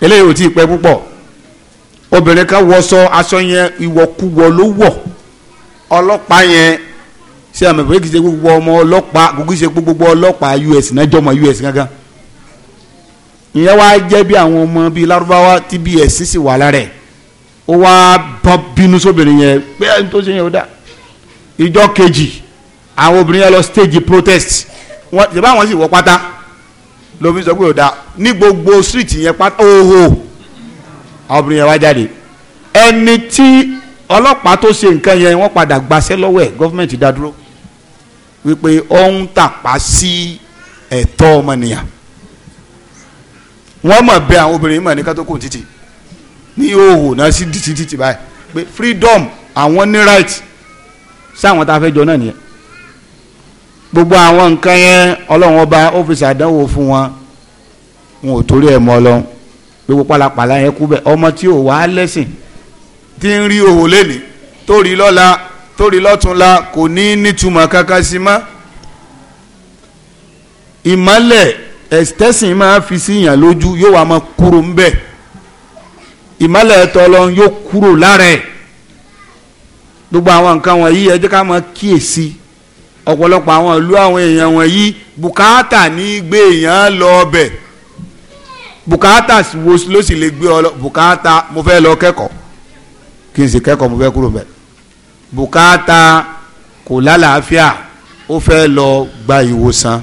eléyìí ò tí ì pẹ́ púpọ̀ obìnrin kan wọṣọ aṣọ yẹn ìwọ̀kuwọ̀ ló wọ̀ ọlọ́pàá yẹn ṣé àmì pé kìí ṣe gbogbo ọmọ ọlọ́pàá kìí ṣe gbogbo ọlọ́pàá US náà jọmọ US gangan ìyẹn wá jẹ́ bí àwọn ọmọ bíi Lárúbáwá tí bí ẹ̀sìn sì wà lára ẹ̀ ó wá bínú sóbìnrin yẹn pé ẹni tó ṣe yẹn ó dà ìjọ kejì àwọn obìnrin yẹn lọ stage protest wọn ṣe báwọn sì wọ pátá ló fi sọ pé òda ní gbogbo street yẹn pátá oho àwọn obìnrin yẹn wá jáde ẹni tí ọlọ́pàá tó ṣe nǹkan yẹn wọ́n padà gbaṣẹ́ lọ́wọ́ ẹ̀ gọ́fìmẹ̀ntì dá dúró wípé ó ń tàpá sí ẹ̀tọ́ ọmọnìyàn wọ́n mọ̀ bẹ àwọn obìnrin mọ̀ ní kátó kò títì ní òhò náà sí títì títì báyìí pé freedom àwọn ní right sáwọn tá a fẹ́ jọ náà nìyẹn gbogbo àwọn nǹkan yẹn ọlọ́run ọba ó fi ṣàdánwò fún wọn wọn ò torí ẹ̀ mọ́ ọlọ́run gbogbo pàlàpàlà yẹn kú bẹ́ẹ̀ ọmọ tí ò wá lẹ́sìn tí ń rí òhò lẹ́nì tó rí lọ́la tó rí lọ́túnla kò ní nítumọ̀ kankan sí mọ́ ìmọ̀lẹ̀ ẹ̀sítẹ́sìn máa fi síyàn lójú yóò wá máa kúrò ń bẹ̀ ìmọ̀lẹ̀ tọ́lọ́run yóò kúrò lára ẹ̀ gbogbo àwọn nǹkan wọ̀nyí ẹ jẹ́ ká máa kíyèsí ọ̀pọ̀lọpọ̀ àwọn ìlú àwọn èèyàn wọ̀nyí bùkátà ní gbé èèyàn lọ ọbẹ̀ bùkátà wo ló sì lè gbé ọ lọ bùkátà mo fẹ́ lọ kẹ́kọ̀ọ́ kí n sì kẹ́kọ̀ọ́ mo fẹ́ kúrò bẹ̀ bùkátà kò lálàáfíà ó fẹ́ lọ gba ìwòsàn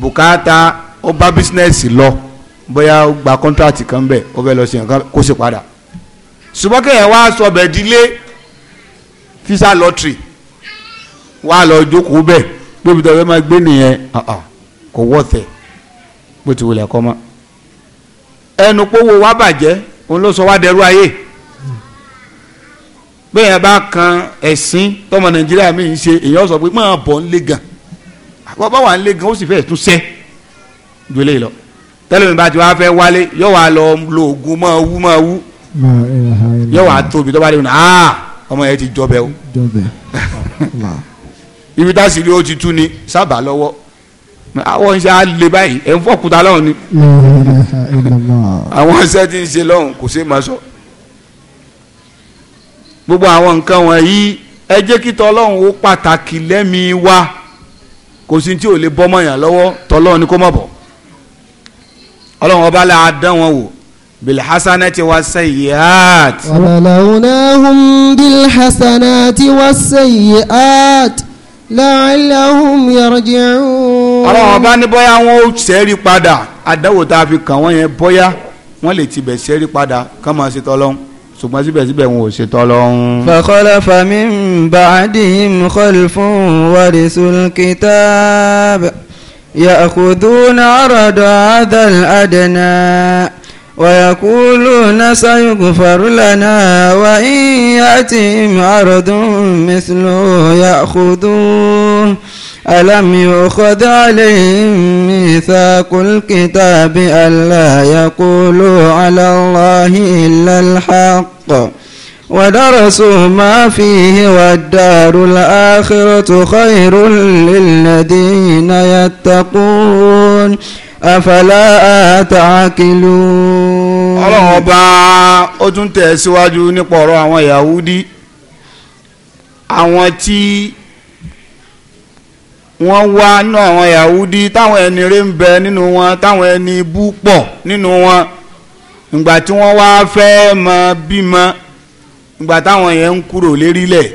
bùkátà ó bá bísínẹ́sì lọ bóyá ó gba kọ́ńtrátì kan bẹ̀ ó fẹ́ lọ sí nǹkan kó sì padà ṣùgbọ́n kéèyàn wá sọ bẹ̀ fisa lottery wá lọ jókòó bẹ́ẹ̀ gbóbi tó fẹ́ máa gbé nìyẹn kò wọ́tẹ̀ bó ti wulẹ̀ kọ́ mọ́ ẹnu pọ́wọ́ wa bàjẹ́ òun ló sọ wá dẹrú ayé bẹ́ẹ̀ yẹn bá kan ẹ̀sìn tọmọ nàìjíríà mi ń ṣe èèyàn sọ pé máa bọ̀ ń lé gan àwọn bá wà ń lé gan ó sì fẹ́ tún sẹ́ ju eléyìí lọ tẹ́lẹ̀mí bá ti wá fẹ́ wálé yóò wá lọ lo oògùn máa wú máa wú yóò wá tóbi tó bá dé ah! ọmọ yẹn ti jọbẹ o. ibi tásìrí ó ti tú ni sábà lọ́wọ́ àwọn iṣẹ́ á le báyìí ẹ̀ ń fọ́kúta lọ́hùn ni àwọn iṣẹ́ tí ń ṣe lọ́hùn kò ṣe é máa sọ gbogbo àwọn nǹkan wọ̀nyí ẹ jẹ́ kí tọ́lọ́hùn ó pàtàkì lẹ́mìí wa kò sí tí ò lè bọ́ mọ̀yàn lọ́wọ́ tọ́lọ́hùn ni kó mọ̀ bọ̀ ọlọ́run ọba la dán wọn wò bilhasanati wasayiat. wàlàlàhùn náà hùm bilhasanati wasayiat la'allahum yarji'un. ọlọ́run ọba ní bóyá wọn ò ṣẹ́rí padà àdáwò tá a fi kàn wọ́n yẹn bóyá wọ́n lè tibẹ̀ ṣẹ́rí padà kán máa ṣe tọ́lọ́hún ṣùgbọ́n síbẹ̀síbẹ̀ wọn ò ṣe tọ́lọ́hún. fa khalafa min ba'dihim khalfun warisul kitab ya'khuduna 'arada 'hadha al-adna. ويقولون سيغفر لنا وإن يأتيهم عرض مثله يأخذوه ألم يؤخذ عليهم ميثاق الكتاب ألا يقولوا على الله إلا الحق ودرسوا ما فيه والدار الآخرة خير للذين يتقون afala ta'qilun. Ọlọ́wọ́n bá ó tún tẹ̀ síwájú nípa ọ̀rọ̀ àwọn Yahudi àwọn tí wọ́n wá nínú àwọn Yahudi táwọn ẹni rẹ̀ ń bẹ nínú wọn táwọn ẹni bú pọ̀ nínú wọn ìgbà tí wọ́n wá fẹ́ mọ bímọ ìgbà táwọn yẹn ń kúrò lérílẹ̀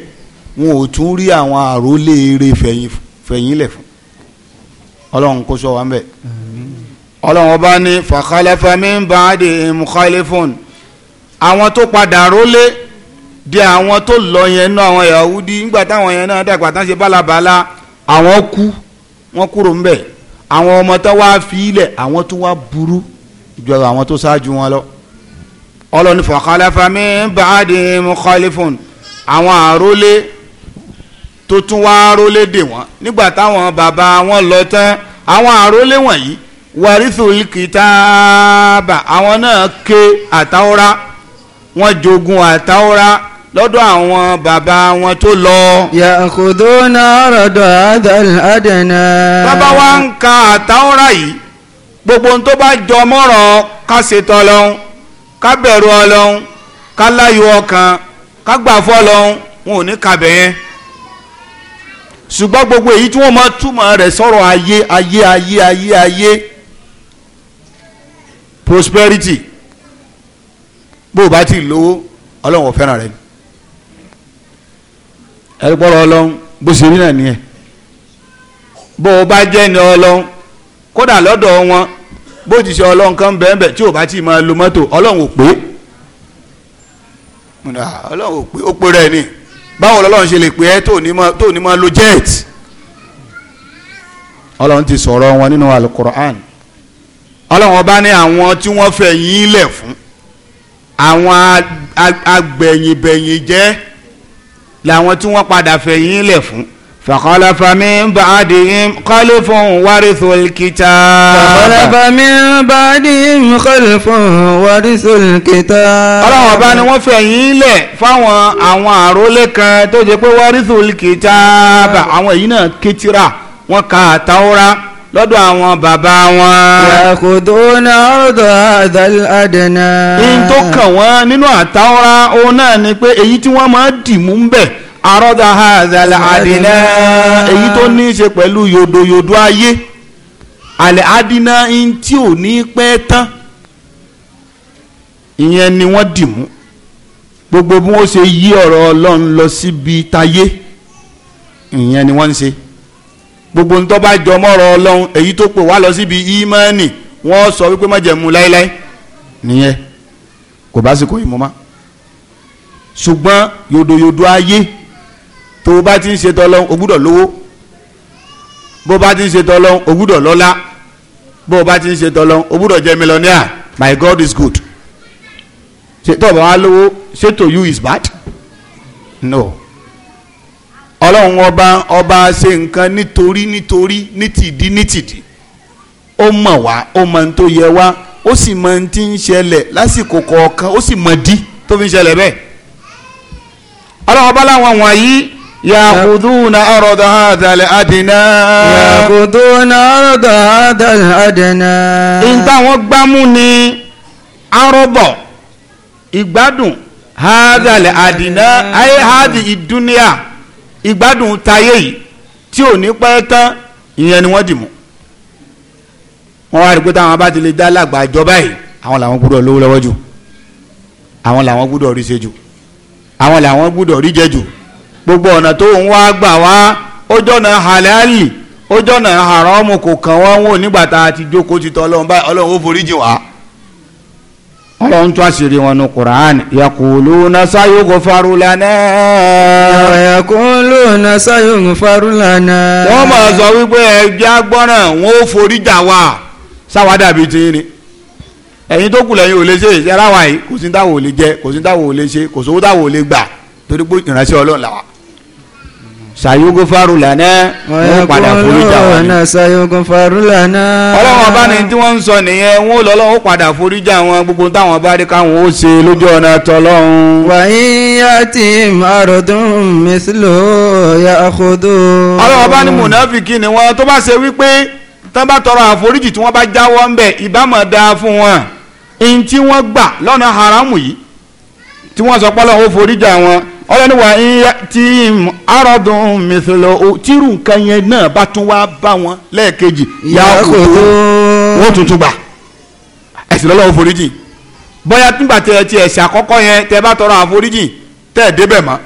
wọn ò tún rí àwọn àrólé eré fẹ̀yìn fẹ̀yìn lẹ̀ fún ọlọ́run kó sọ wa ń bẹ̀. Mm -hmm. ọlọ́run ọba ní fàkàlẹ́fẹ́ mi ń bá àdè mùkálífọ́n àwọn tó padà rólé di àwọn tó lọ yẹn náà àwọn Yahudi nígbà táwọn yẹn náà dàgbà tán ṣe bálabàla àwọn kú wọn kúrò ń bẹ̀ àwọn ọmọ tó wá fi ilẹ̀ àwọn tó wá burú ju àwọn tó ṣáájú wọn lọ ọlọ́run fàkàlẹ́fẹ́ mi ń bá àdè mùkálífọ́n àwọn àrólé tó tún wá rólé dè wọ́n nígbà táwọn bàbá wọn lọ tán àwọn àrólé wọ̀nyí warithul kitaaba àwọn náà ké àtàwọ́rá wọ́n jogun àtàwọ́rá lọ́dọ̀ àwọn bàbá wọn tó lọ. ya'khuduna arada adal adana. bàbá wa ń ka àtàwọ́rá yìí gbogbo ohun tó bá jọ mọ́rọ̀ ká ṣètò ọlọ́run ká bẹ̀rù ọlọ́run ká láyọ̀ ọkàn ká gbà fọ́ ọlọ́run wọn ò ní kàbẹ̀ yẹn ṣùgbọ́n gbogbo èyí tí wọ́n máa túmọ̀ rẹ̀ sọ̀rọ̀ ayé ayé ayé ayé ayé. ayé prosperity bó o bá ti lówó ọlọ́run ò fẹ́ràn rẹ ni ẹ̀rí ọlọ́run bó ṣe rí náà nìyẹn bó o bá jẹ́ ni ọlọ́run kódà lọ́dọ̀ wọn bó ti ṣe ọlọ́run kan bẹ́ẹ̀ bẹ́ẹ̀ tí o bá ti máa lo mọ́tò ọlọ́run ò pé ọlọ́run ò pé ó pé rẹ̀ ni báwo lọ́lọ́run ṣe lè pé ẹ́ tó ní máa lo jet ọlọ́run ti sọ̀rọ̀ wọn nínú alukur'an ọlọ́run ọba ní àwọn tí wọ́n fẹ́ yín lẹ̀ fún àwọn agbẹ̀yìnbẹ̀yìn jẹ́ làwọn tí wọ́n padà fẹ́ yín lẹ̀ fún فخلف من بعدهم خلف ورثوا الكتاب فخلف من بعدهم خلف ورثوا الكتاب ọlọ́run ọba ni wọ́n fẹ̀yìn lẹ̀ fáwọn àwọn àrólé kan tó jẹ́ pé warithul kitab àwọn èyí náà kétira wọ́n ka àtàwọ́ra lọ́dọ̀ àwọn bàbá wọn. yàkùdó náà ọ̀dọ̀ àdàl àdènà. in tó kàn wọ́n nínú àtàwọ́ra òun náà ni pé èyí tí wọ́n máa dì mú ń bẹ̀ àròdà àdàl àdènà. èyí tó ní í ṣe pẹ̀lú yòdòyòdò ayé àlẹ́ àdínà in tí ò ní pẹ́ tán ìyẹn ni wọ́n dì mú gbogbo bí wọ́n ṣe yí ọ̀rọ̀ ọlọ́run lọ síbi tayé ìyẹn ni wọ́n ń ṣe gbogbo ń tọ́ba jọ mọ́rọ̀ ọlọ́run èyí tó pè wá lọ síbi ímánì wọ́n sọ wípé má jẹ̀mú láéláé nìyẹn kò bá sì kó ìmọ̀ má ṣùgbọ́n yòdòyòdò ayé tó bá ti ń ṣe tọ́lọ́ o gbúdọ̀ lówó bó bá ti ń ṣe tọ́lọ́ o gbúdọ̀ lọ́lá bó bá ti ń ṣe tọ́lọ́ o gbúdọ̀ jẹ́ millionaire my God is good ṣètò ọ̀bà wa lówó ṣètò you is bad no. ọlọ́run ọba ọba ṣe nǹkan nítorí nítorí nítìdí nítìdí ó mọ̀ wá ó mọ̀ tó yẹ wá ó sì mọ̀ ní ti ń ṣẹlẹ̀ lásìkò kọ̀ọ̀kan ó sì mọ̀ dí tó fi ń ṣẹlẹ̀ bẹ́ẹ̀ ọlọ́run ọba láwọn wọ̀nyí. gbámú ìgbádùn tayé yìí tí ò ní pẹ́ tán ìyẹn ni wọ́n dì mú wọ́n wá rí pé táwọn bá ti lè dá lágbàá ìjọba yìí àwọn làwọn gbúdọ̀ lówó lọ́wọ́ jù àwọn làwọn gbúdọ̀ rí ṣe jù àwọn làwọn gbúdọ̀ rí jẹ jù gbogbo ọ̀nà tó ń wá gbà wá ó jọ̀nà halali ó jọ̀nà haramu kò kàn wọ́n wò nígbà tá a ti jókòó ti tọ́ ọlọ́run báyìí ọlọ́run ó forí jì wá ọlọ́run tó àṣírí wọn ní quran yakuluna sayughfaru lana. yakuluna sayughfaru lana. wọ́n máa sọ wípé ẹgbẹ́ agbọ́ràn wọn ò forí jà wá sáwá dàbí tí ni ẹ̀yin tó kù lẹ́yìn ò lè ṣe ìṣẹ́ ráwa yìí kò sí táwọn ò lè jẹ kò sí táwọn ò lè ṣe kò sówó táwọn ò lè gbà torí pé ìránṣẹ́ ọlọ́run làwà sàyógún farulana wọn padà forí jà wọn ni. sàyógún farulana. ọlọ́run ọba ni tí wọ́n ń sọ nìyẹn wọn ò lọ́lọ́run padà forí jà wọn gbogbo táwọn bá rí káwọn ó ṣe lójú ọ̀nà tọ́lọ́run. wàyí yàtì márùndún mísìlò ya àkódò. ọlọ́run ọba ni mùnàfíkì ni wọn tó bá ṣe wípé tán bá tọrọ àforíjì tí wọ́n bá jáwọ́ ń bẹ̀ ìbámu fún haramu yìí tí wọ́n sọ ọlọ́ni wà ń yá tí arọ́dún mìsìlò tírù nǹkan yẹn náà bá tún wá bá wọn lẹ́ẹ̀kejì yà kò tó wọ́n tuntun gbà ẹ̀sìn lọ́lọ́wọ́ foríjì bóyá nígbà tẹ ẹ ti ẹ̀sìn àkọ́kọ́ yẹn tẹ bá tọrọ àforíjì tẹ ẹ débẹ̀ mọ́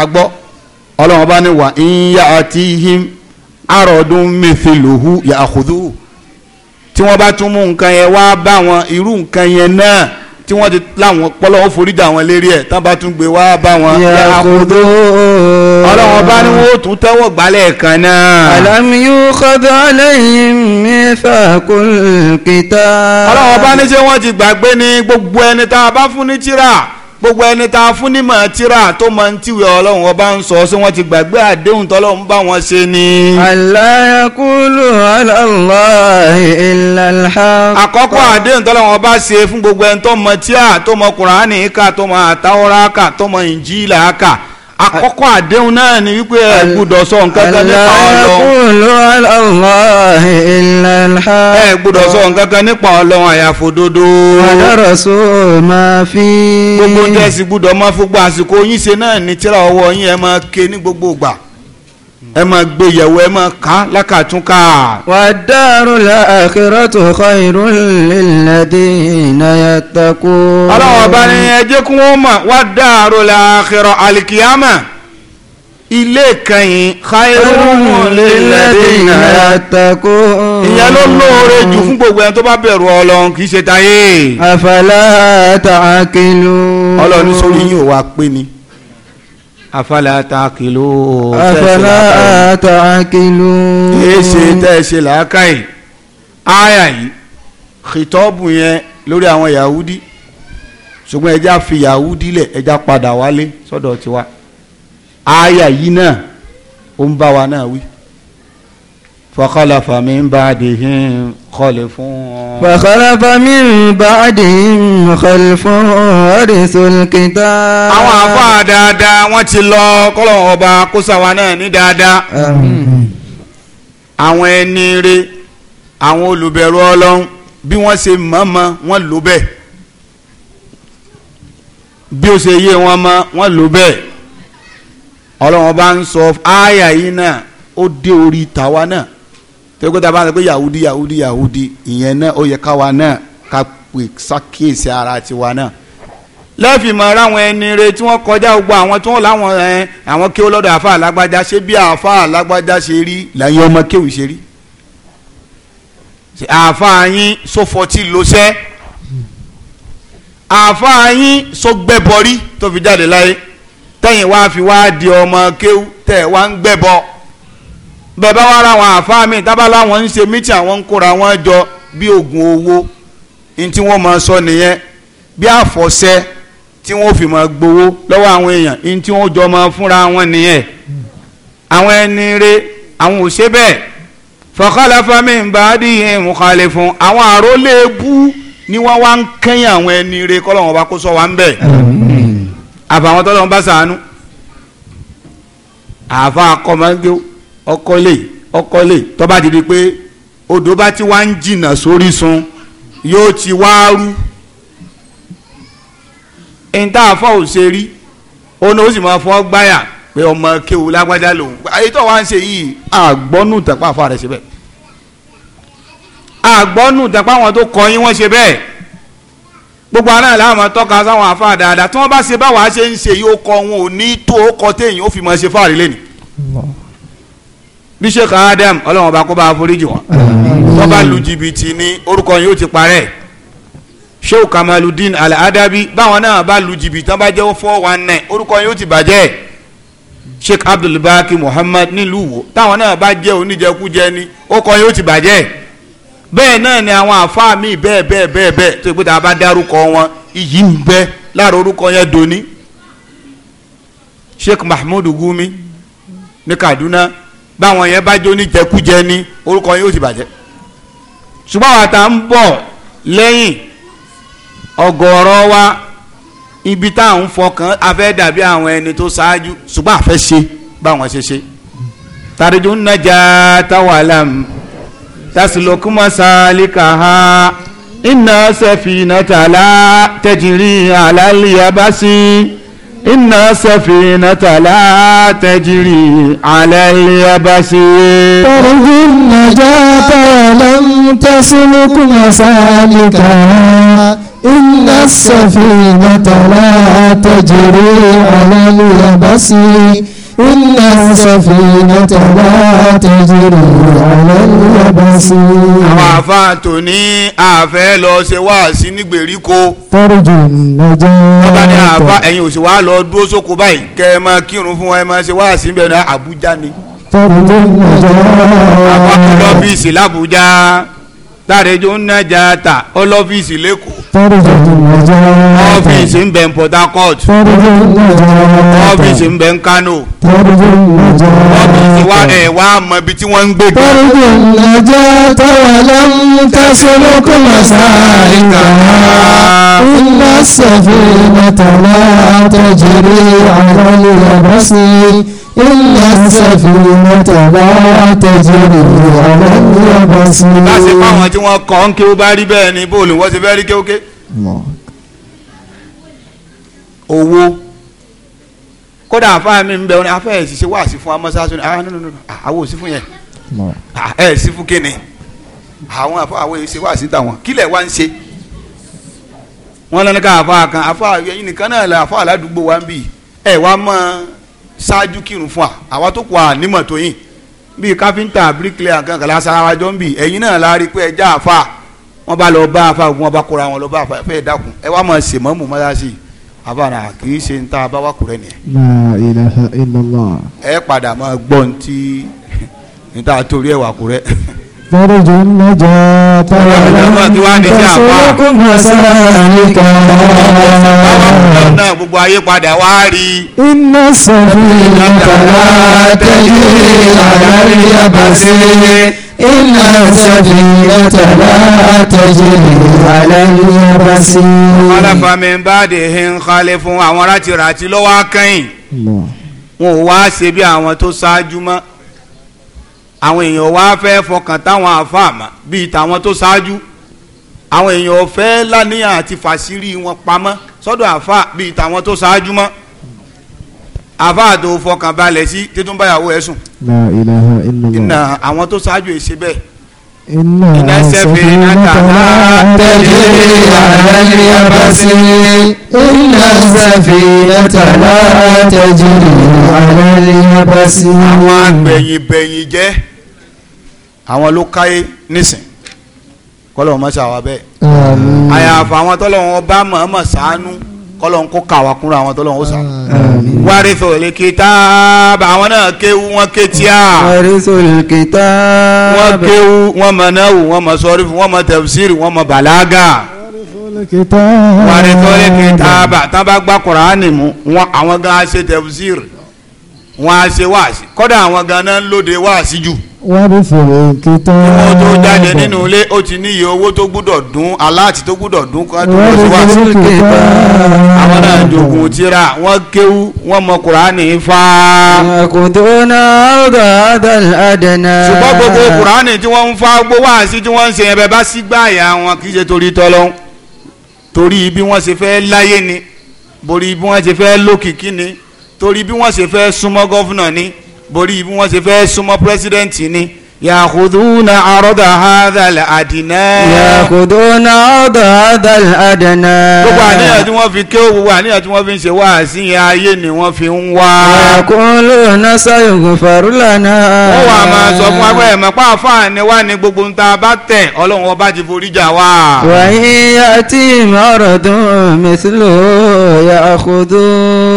agbọ́ ọlọ́wọ́n bá ní wà ń yá tí arọ́dún mìsìlò yà kò tó tí wọ́n bá tún mú nǹkan yẹn wá bá wọn irú nǹkan yẹn náà tí wọ́n ti láwọn pọ́lọ́ wọn foríjà wọn lérí ẹ̀ tán bá tún gbé wá bá wọn. yàgòdò ọlọ́wọ́n bá ní wọ́n tún tẹ́wọ̀ gbálẹ̀ kan náà. alam yukhad alayhim mithaqul kitab. ọlọ́wọ́n bá ní ṣé wọ́n ti gbàgbé ní gbogbo ẹni tá a bá fún ní tírà gbogbo ẹni tá a fún nímọ̀ tíra tó máa ń tíwèé ọlọ́run ọba ń sọ sí wọ́n ti gbàgbé àdéhùn tọ́lọ́run bá wọn ṣe ni. aláyàkúlù aláàlọ́hì ìlàlá. àkọ́kọ́ àdéhùn tọ́lọ́run ọba ṣe fún gbogbo ẹni tó mọ tíra tó mọ kùránì ká tó mọ àtàwọ́rá ká tó mọ ìnjílà ká àkọ́kọ́ àdéhùn náà ni wípé ẹ gbọ́dọ̀ sọ nǹkan kan nípa Ọlọ́run ẹ gbọ́dọ̀ sọ nǹkan kan nípa Ọlọ́run àyàfò dodo ọ̀dọ́rọ̀sọ máa fi. gbogbo tẹ́sí gbọ́dọ̀ máa fọgbọ́ àsìkò yín ṣe náà ní tíra ọwọ́ yín ẹ máa ké ní gbogbo ìgbà. ẹ máa gbé yẹ̀wò ẹ máa ká lákàtúnkà. wà á dárò la akhiratu khairul lilladhina yattaqun. ọlọ́wọ́ bá ní ẹjẹ́ kí wọ́n mọ̀ wà á dárò la akhiratu alikiyama ilé ìkẹyìn khairul lilladhina yattaqun. ìyẹn ló lóore jù fún gbogbo ẹni tó bá bẹ̀rù ọlọ́run kì í ṣe táyé. àfàlà ta'qilun. ọlọ́run sórí yín ò wá pé ni afala taakilu. afala taakilu. èsè tẹ́ ẹ ṣe làákàyè áyà yìí xitọ́ọ̀bù yẹn lórí àwọn yahudi ṣùgbọ́n ẹja fi yahudi lẹ̀ ẹja padà wálé sọ́dọ̀ tiwa áyà yìí náà ó ń bá wa náà wí. فخلف من بعدهم خلف فخلف من بعدهم خلف ورثوا الكتاب àwọn àfáà dáadáa wọ́n ti lọ kọ́lọ̀ ọba kóṣàwá náà ní dáadáa àwọn ẹni rẹ̀ àwọn olùbẹ̀rù ọlọ́run bí wọ́n ṣe mọ̀ọ́mọ̀ wọ́n lò bẹ́ẹ̀ bí ó ṣe yé wọn mọ́ wọ́n lò bẹ́ẹ̀ ọlọ́run ọba ń sọ ááyà yìí náà ó dé orí tàwa náà torí pé tá a bá sọ pé yahudi yahudi yahudi ìyẹn náà ó yẹ káwa náà ká pè sákèsí ara tiwa náà lẹ́fìmọ̀ ráwọn ẹni re tí wọ́n kọjá gbogbo àwọn tí wọ́n láwọn ẹ̀ àwọn kí ó lọ́dọ̀ àfa àlágbájá ṣé bí àfa àlágbájá ṣe rí làyẹn ọmọ kéwì ṣe rí àfa yín sófọtí lóṣẹ́ àfa yín sógbẹ́bọrí tó fi jáde láyé tẹ̀yìn wá fi wá di ọmọ kéwù tẹ̀ wá ń gbẹ́bọ bẹ́ẹ̀ bá wá ra àwọn àáfàá mi tábà láwọn ń ṣe mítì àwọn ń kóra wọn jọ bí oògùn owó ní tí wọ́n máa sọ nìyẹn bí àfọ̀ṣẹ tí wọ́n fi máa gbowó lọ́wọ́ àwọn èèyàn ní tí wọ́n jọ máa fúnra wọn nìyẹn àwọn ẹni re àwọn ò ṣe bẹ́ẹ̀ fọkàlàfà mi ń bá dìhìn mùkàlẹ̀ fún àwọn àrólé bú ni wọ́n wá ń kẹ́yìn àwọn ẹni re kọ́lọ́wọ́n bá kó sọ wá ń bẹ̀ àbàwọn tọ́lọ́wọ́n bá sàánú àfa akọ́mọ́gbẹ́wò ọkọ lè ọkọ lè tó bá ti di pé odò bá ti wá ń jìnnà sórísun yóò ti wá rú ẹni tá a fọ ò ṣe rí òun ó sì máa fọ gbáyà pé ọmọ kéwu lágbájá lòun ayé tó wá ń ṣe yìí àgbọ́nù tẹ̀pá àfa rẹ̀ ṣe bẹ́ẹ̀ àgbọ́nù tẹ̀pá àwọn tó kọ yín wọ́n ṣe bẹ́ẹ̀ gbogbo aná làwọn tọ́ka sáwọn àfa dáadáa tí wọ́n bá ṣe báwa ṣe ń ṣe yìí ó kọ wọn ò ní tó ó kọ téèyàn ó fi máa ṣe fáàrí lẹ́nu bí adam ọlọ́run ọba kó bá a foríjì wọn wọ́n bá lu jìbìtì ní orúkọ yìí ti parẹ́ sheikh kamaludin al-adabi báwọn náà bá lu jìbìtì tán bá jẹ́ four one nine orúkọ yìí ó ti bàjẹ́ sheikh abdulbaki muhammad nílùú wo táwọn náà bá jẹ́ oníjẹkújẹ ni orúkọ yìí ó ti bàjẹ́ bẹ́ẹ̀ náà ni àwọn àfáà míì bẹ́ẹ̀ bẹ́ẹ̀ bẹ́ẹ̀ bẹ́ẹ̀ tó ìpè tá a bá dárúkọ wọn iyì ń bẹ láàrọ̀ orúkọ yẹn dòní sheikh mahmud gumi ní kaduna báwọn yẹn bá jó ní jẹkújẹ ní orúkọ yóò ti bàjẹ́ ṣùgbọ́n àwọn àtà ń bọ̀ lẹ́yìn ọ̀gọ̀ọ̀rọ̀ wa ibi tá à ń fọkàn afẹ́ dàbí àwọn ẹni tó ṣáájú ṣùgbọ́n àfẹ́ ṣe báwọn ṣe ṣe tàrídù nàjà tàwàlàm tàṣìlókùmọ̀ sàlìkà ha iná sẹ́fìnà tàlà tẹ̀jìrì àlàlì abásí inna safinata la tajiri ala al-yabasi. tarju an-najata wa lam tasluk masalikaha inna safinata la tajiri ala yabasi إلا سفينة لا تجري على اليبس. àwọn àáfàá tòní àfẹ́ lọ ṣe wá sí ní gbèríko. tọ́rọ̀jù lọ́jọ́ tó. wọ́n bá ní àáfàá ẹ̀yin òsì wàá lọ dúró sóko báyìí kẹ́ ẹ máa kírun fún wa ẹ máa ṣe wá sí bẹ̀rẹ̀ Àbújá ni. tọ́rọ̀jù lọ́jọ́. àbákùnrin tàrẹjọ nàjà ta ọlọ́fíìsì lẹ́kọ̀ọ́. tàrẹjọ nàjà ta ọ́fíìsì ń bẹ Port Harcourt. tàrẹjọ nàjà ta ọ́fíìsì ń bẹ Kano. tàrẹjọ nàjà ta ọ́fíìsì wa ẹ̀ wá mọ ibi tí wọ́n ń gbé. tàrẹjọ nàjà ta wà lẹ́nu tẹ́sílẹ̀ kó mà sáàyè kàá. iná sẹ̀fẹ̀ mẹ́tàlá tẹ̀jẹ̀rẹ̀ àwọn olùyàbọ̀ ilé ṣẹ́fì mọ́tò bá tẹ̀sí ìlú ọ̀rọ̀ ní ọ̀bọ̀ sí i. láti fáwọn tí wọ́n kọ́ ń kí ó bá rí bẹ́ẹ̀ ni bóòlù wọ́n ti fẹ́ rí kéwké. owó kódà àfáà ń bẹ ọ ní afẹ́ ẹ̀ ṣiṣẹ́ wá sí fún amọ́sáṣú ni ah no no ah, sí fún yẹn ah, ẹ̀ sí fún kíni àwọn àfọ àwọn èyí wá sí tàwọn kílẹ̀ wá ń ṣe wọ́n lọ́nà ká àfáà kan àfáà yẹn nìkan náà àfáà aládùúgbò wa ń bì ẹ̀ wá mọ́ ọ ṣáájú kírun fún wa àwa tó kù à nímọ̀ tó yìn bíi káfíńtà bíríkìlẹ̀ kankan lásán jọ ń bì ẹ̀yin náà la rí pé ẹ já àfa wọn bá lọ bá àfa ogun wọn bá kóra wọn lọ bá àfa fẹ́ẹ́ dákun ẹ wá mọ̀ ṣe mọ́mú mọ́sáàsì àbára kì í ṣe ń ta abáwá kúrẹ́ nìyẹn. illallah. ẹ padà máa gbọ́ ní ti ní ta torí ẹ̀ wà kúrẹ́. tẹ́rẹ̀jù mẹ́jọ tẹ́rẹ̀ ìdásọ́lọ́kùn àṣàríkà náà gbogbo ayé padà wá rí iná sọ̀rọ̀ ìlàkàlá tẹ́jú àgbárí àbàṣẹ́ iná sọ̀rọ̀ ìlàkàlá tẹ́jú àgbárí àbàṣẹ́. alábàámi bá dè hin kálẹ̀ fún àwọn rátìrátì lọ́wọ́ akẹ́yìn wọn ò wá ṣe bí àwọn tó ṣáájú mọ́ àwọn èèyàn wá fẹ́ fọkàn táwọn àfàmà bíi tàwọn tó ṣáájú àwọn èèyàn fẹ́ lánìyàn àti fàṣírí wọn pamọ́ sọ́dọ̀ àfà bíi tàwọn tó ṣáájú mọ́ àfà tó fọkàn balẹ̀ sí títún báyàwó ẹ̀ sùn. la ilaha illallah. iná àwọn tó ṣáájú ẹ̀ ṣe bẹ́ẹ̀. iná sẹ́fì nàkàlà tẹ̀lé àlàyé abasi. iná sẹ́fì nàkàlà tẹ̀lé àlàyé abasi. àwọn agbẹ̀yìn bẹ̀yìn jẹ́ àwọn ló káyé nísìn kọ́lọ̀ mọ́ sàwà bẹ́ẹ̀ àyàfà àwọn tọ́lọ́wọ́n bá mọ̀ọ́mọ̀ sàánú kọ́lọ̀ ń kó kàwá kúnra àwọn tọ́lọ́wọ́n ó sàn. wàrísò lìkìtàbà àwọn náà kéwu wọn ké tíá. wàrísò lìkìtàbà. wọ́n kéwu wọ́n mọ̀ náwó wọ́n mọ̀ sọ́rífù wọ́n mọ̀ tẹ̀fsírì wọ́n mọ̀ bàlágà. wàrísò lìkìtàbà tán bá gbá kùránì mú wọn àwọn gan á ṣe tẹ̀fsírì wọn á ṣe wáàsí kọ́dà àwọn gan náà ń lóde wáàsí jù wá bí fèrè kíntàn. owó tó jáde nínú ilé ó ti níye owó tó gbúdọ̀ dún aláàtì tó gbúdọ̀ dún ká tó lọ sí wá sí ìgbà àwọn náà jogun tíra wọ́n kéwú wọ́n mọ kùránì fa. àkùdúnà ọgá àdàládẹ́nà. ṣùgbọ́n gbogbo kùránì tí wọ́n ń fa gbogbo àṣì tí wọ́n ń ṣe ẹ̀bẹ̀ bá sí gbáàyà wọn kì í ṣe torí tọ́lọ́ torí bí wọ́n ṣe fẹ́ láyé ni borí bí wọ́n ṣe fẹ́ lókìkí ni torí bí wọ́n ṣe fẹ́ súnmọ́ gọ́fúnà ni borí bí wọ́n ṣe fẹ́ súnmọ́ pírẹ́sídẹ́ǹtì ni yàkùdúnà àrọ́dà àdàlẹ̀ àdìnà. yàkùdúnà àrọ́dà àdàlẹ̀ àdìnà. gbogbo àníyàn tí wọ́n fi ké gbogbo àníyàn tí wọ́n fi ń ṣe wá sí ayé ni wọ́n fi ń wá. yàkùnlò nasa yòókù farúlànà. wọ́n wà máa sọ fún agbẹ́ ẹ̀ mọ́pá àfààní wa ni gbogbo nta bá tẹ̀ ọlọ́run ọba ti forí jà wá. wàyí àti ìmọ̀ràn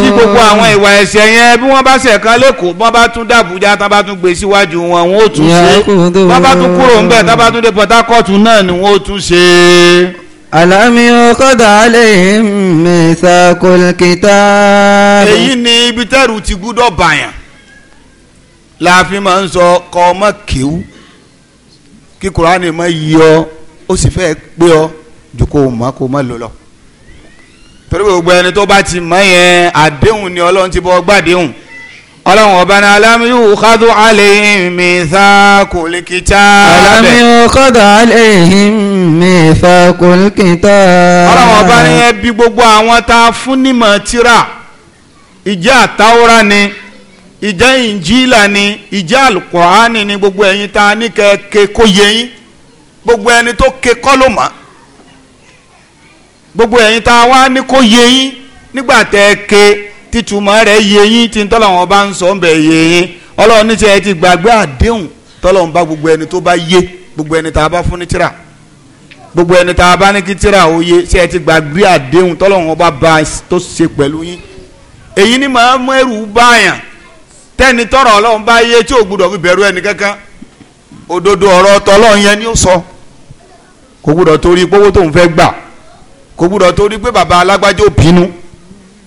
tí gbogbo àwọn ìwà ẹ̀ṣẹ̀ yẹn bí wọ́n bá ṣẹ̀ kan lẹ́kọ̀ọ́ bá tún dàbújá tá bá tún gbé síwájú wọn wọn ò tún ṣe bọ́n bá tún kúrò ńbẹ̀ tá bá tún dé Port Harcourt náà ni wọ́n ò tún ṣe. Àlámì ọkọ̀dà aléhìn mẹ́sàkùn kìtà. Èyí ni ibi tẹ́rù ti gbúdọ̀ bàyàn láàfin máa ń sọ kọ́ ọmọ kéwú kí Kùránì máa yí ọ ó sì fẹ́ pé ọ jù kó o mọ̀ kó o má lò lọ torí gbogbo ẹni tó bá ti mọ̀ yẹn àdéhùn ni ọlọ́run ti bọ́ gbàdéhùn ọlọ́run ọba ní alámiyú kádùn àlẹ́yìn mìíta kòlìkìtà. alámiyú kádùn àlẹ́yìn mìíta kòlìkìtà. ọlọ́run ọba ní ẹ bí gbogbo àwọn tá a fún nímọ̀ tíra ìjẹ́ àtàwọ́rá ni ìjẹ́ ìnjílà ni ìjẹ́ àlùkọ́ánì ni gbogbo ẹ̀yin tá a ní kẹ́ẹ̀kẹ́ kó yẹ yín gbogbo ẹni tó ke kọ́ ló mọ̀ gbogbo ẹ̀yin tá a wá ní kó yé yín nígbà tẹ́ ẹ ké títúmọ̀ rẹ̀ yé yín tí ń tọ́lọ́wọ́n bá ń sọ ń bẹ̀ yé yín ọlọ́run ní tiẹ̀ ti gbàgbé àdéhùn tọ́lọ́wọ́n bá gbogbo ẹni tó bá yé gbogbo ẹni tá a bá fún ní tíra gbogbo ẹni tá a bá ní kí tíra ó yé tí ẹ ti gbàgbé àdéhùn tọ́lọ́wọ́n bá ba tó ṣe pẹ̀lú yín èyí ni màá mú ẹrù báyàn tẹ́ni tọ́rọ̀ ọlọ́run bá yé tí ò gbúdọ̀ fi bẹ̀rù ẹni kankan òdodo ọ̀rọ̀ tọ́lọ́run yẹn ni ó sọ kò gbúdọ̀ torí pówó tóun fẹ́ gbà kò gbúdọ̀ torí pé bàbá alágbájá ò bínú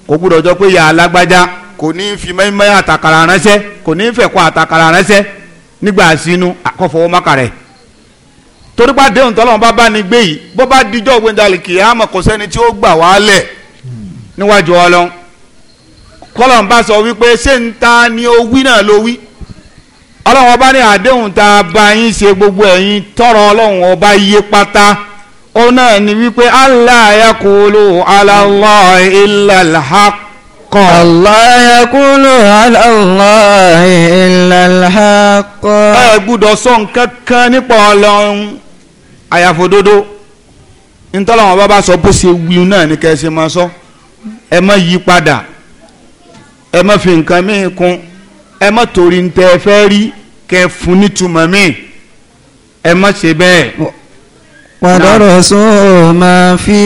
kò gbúdọ̀ jọ pé ya alágbájá kò ní fi mẹ́mẹ́ àtàkàrà ránṣẹ́ kò ní àtàkàrà ránṣẹ́ nígbà sínú àkọ́fọwọ́ mákàrẹ̀ torí pé àdéhùn bá bá ní gbé yìí bó bá kì í sẹ́ni tí ó gbà ta ni ó wí gbogbo tọ́rọ ọba yé ó náà ni wípé allah yakulu alallah illa alhaq allah yakulu alallah illa ẹ gbúdọ̀ sọ nǹkan kan nípa ọlọ́run àyàfòdodo ntọ́lọ́wọ́n bá bá sọ bó ṣe wíwú náà ní kẹ́ ẹ ṣe máa sọ ẹ má yí padà ẹ má fi nǹkan míì kún ẹ má torí ntẹ́ fẹ́ rí kẹ́ fún nítumọ̀ míì ẹ má ṣe bẹ́ẹ̀. wàdàrọ̀sọ́ máa fi.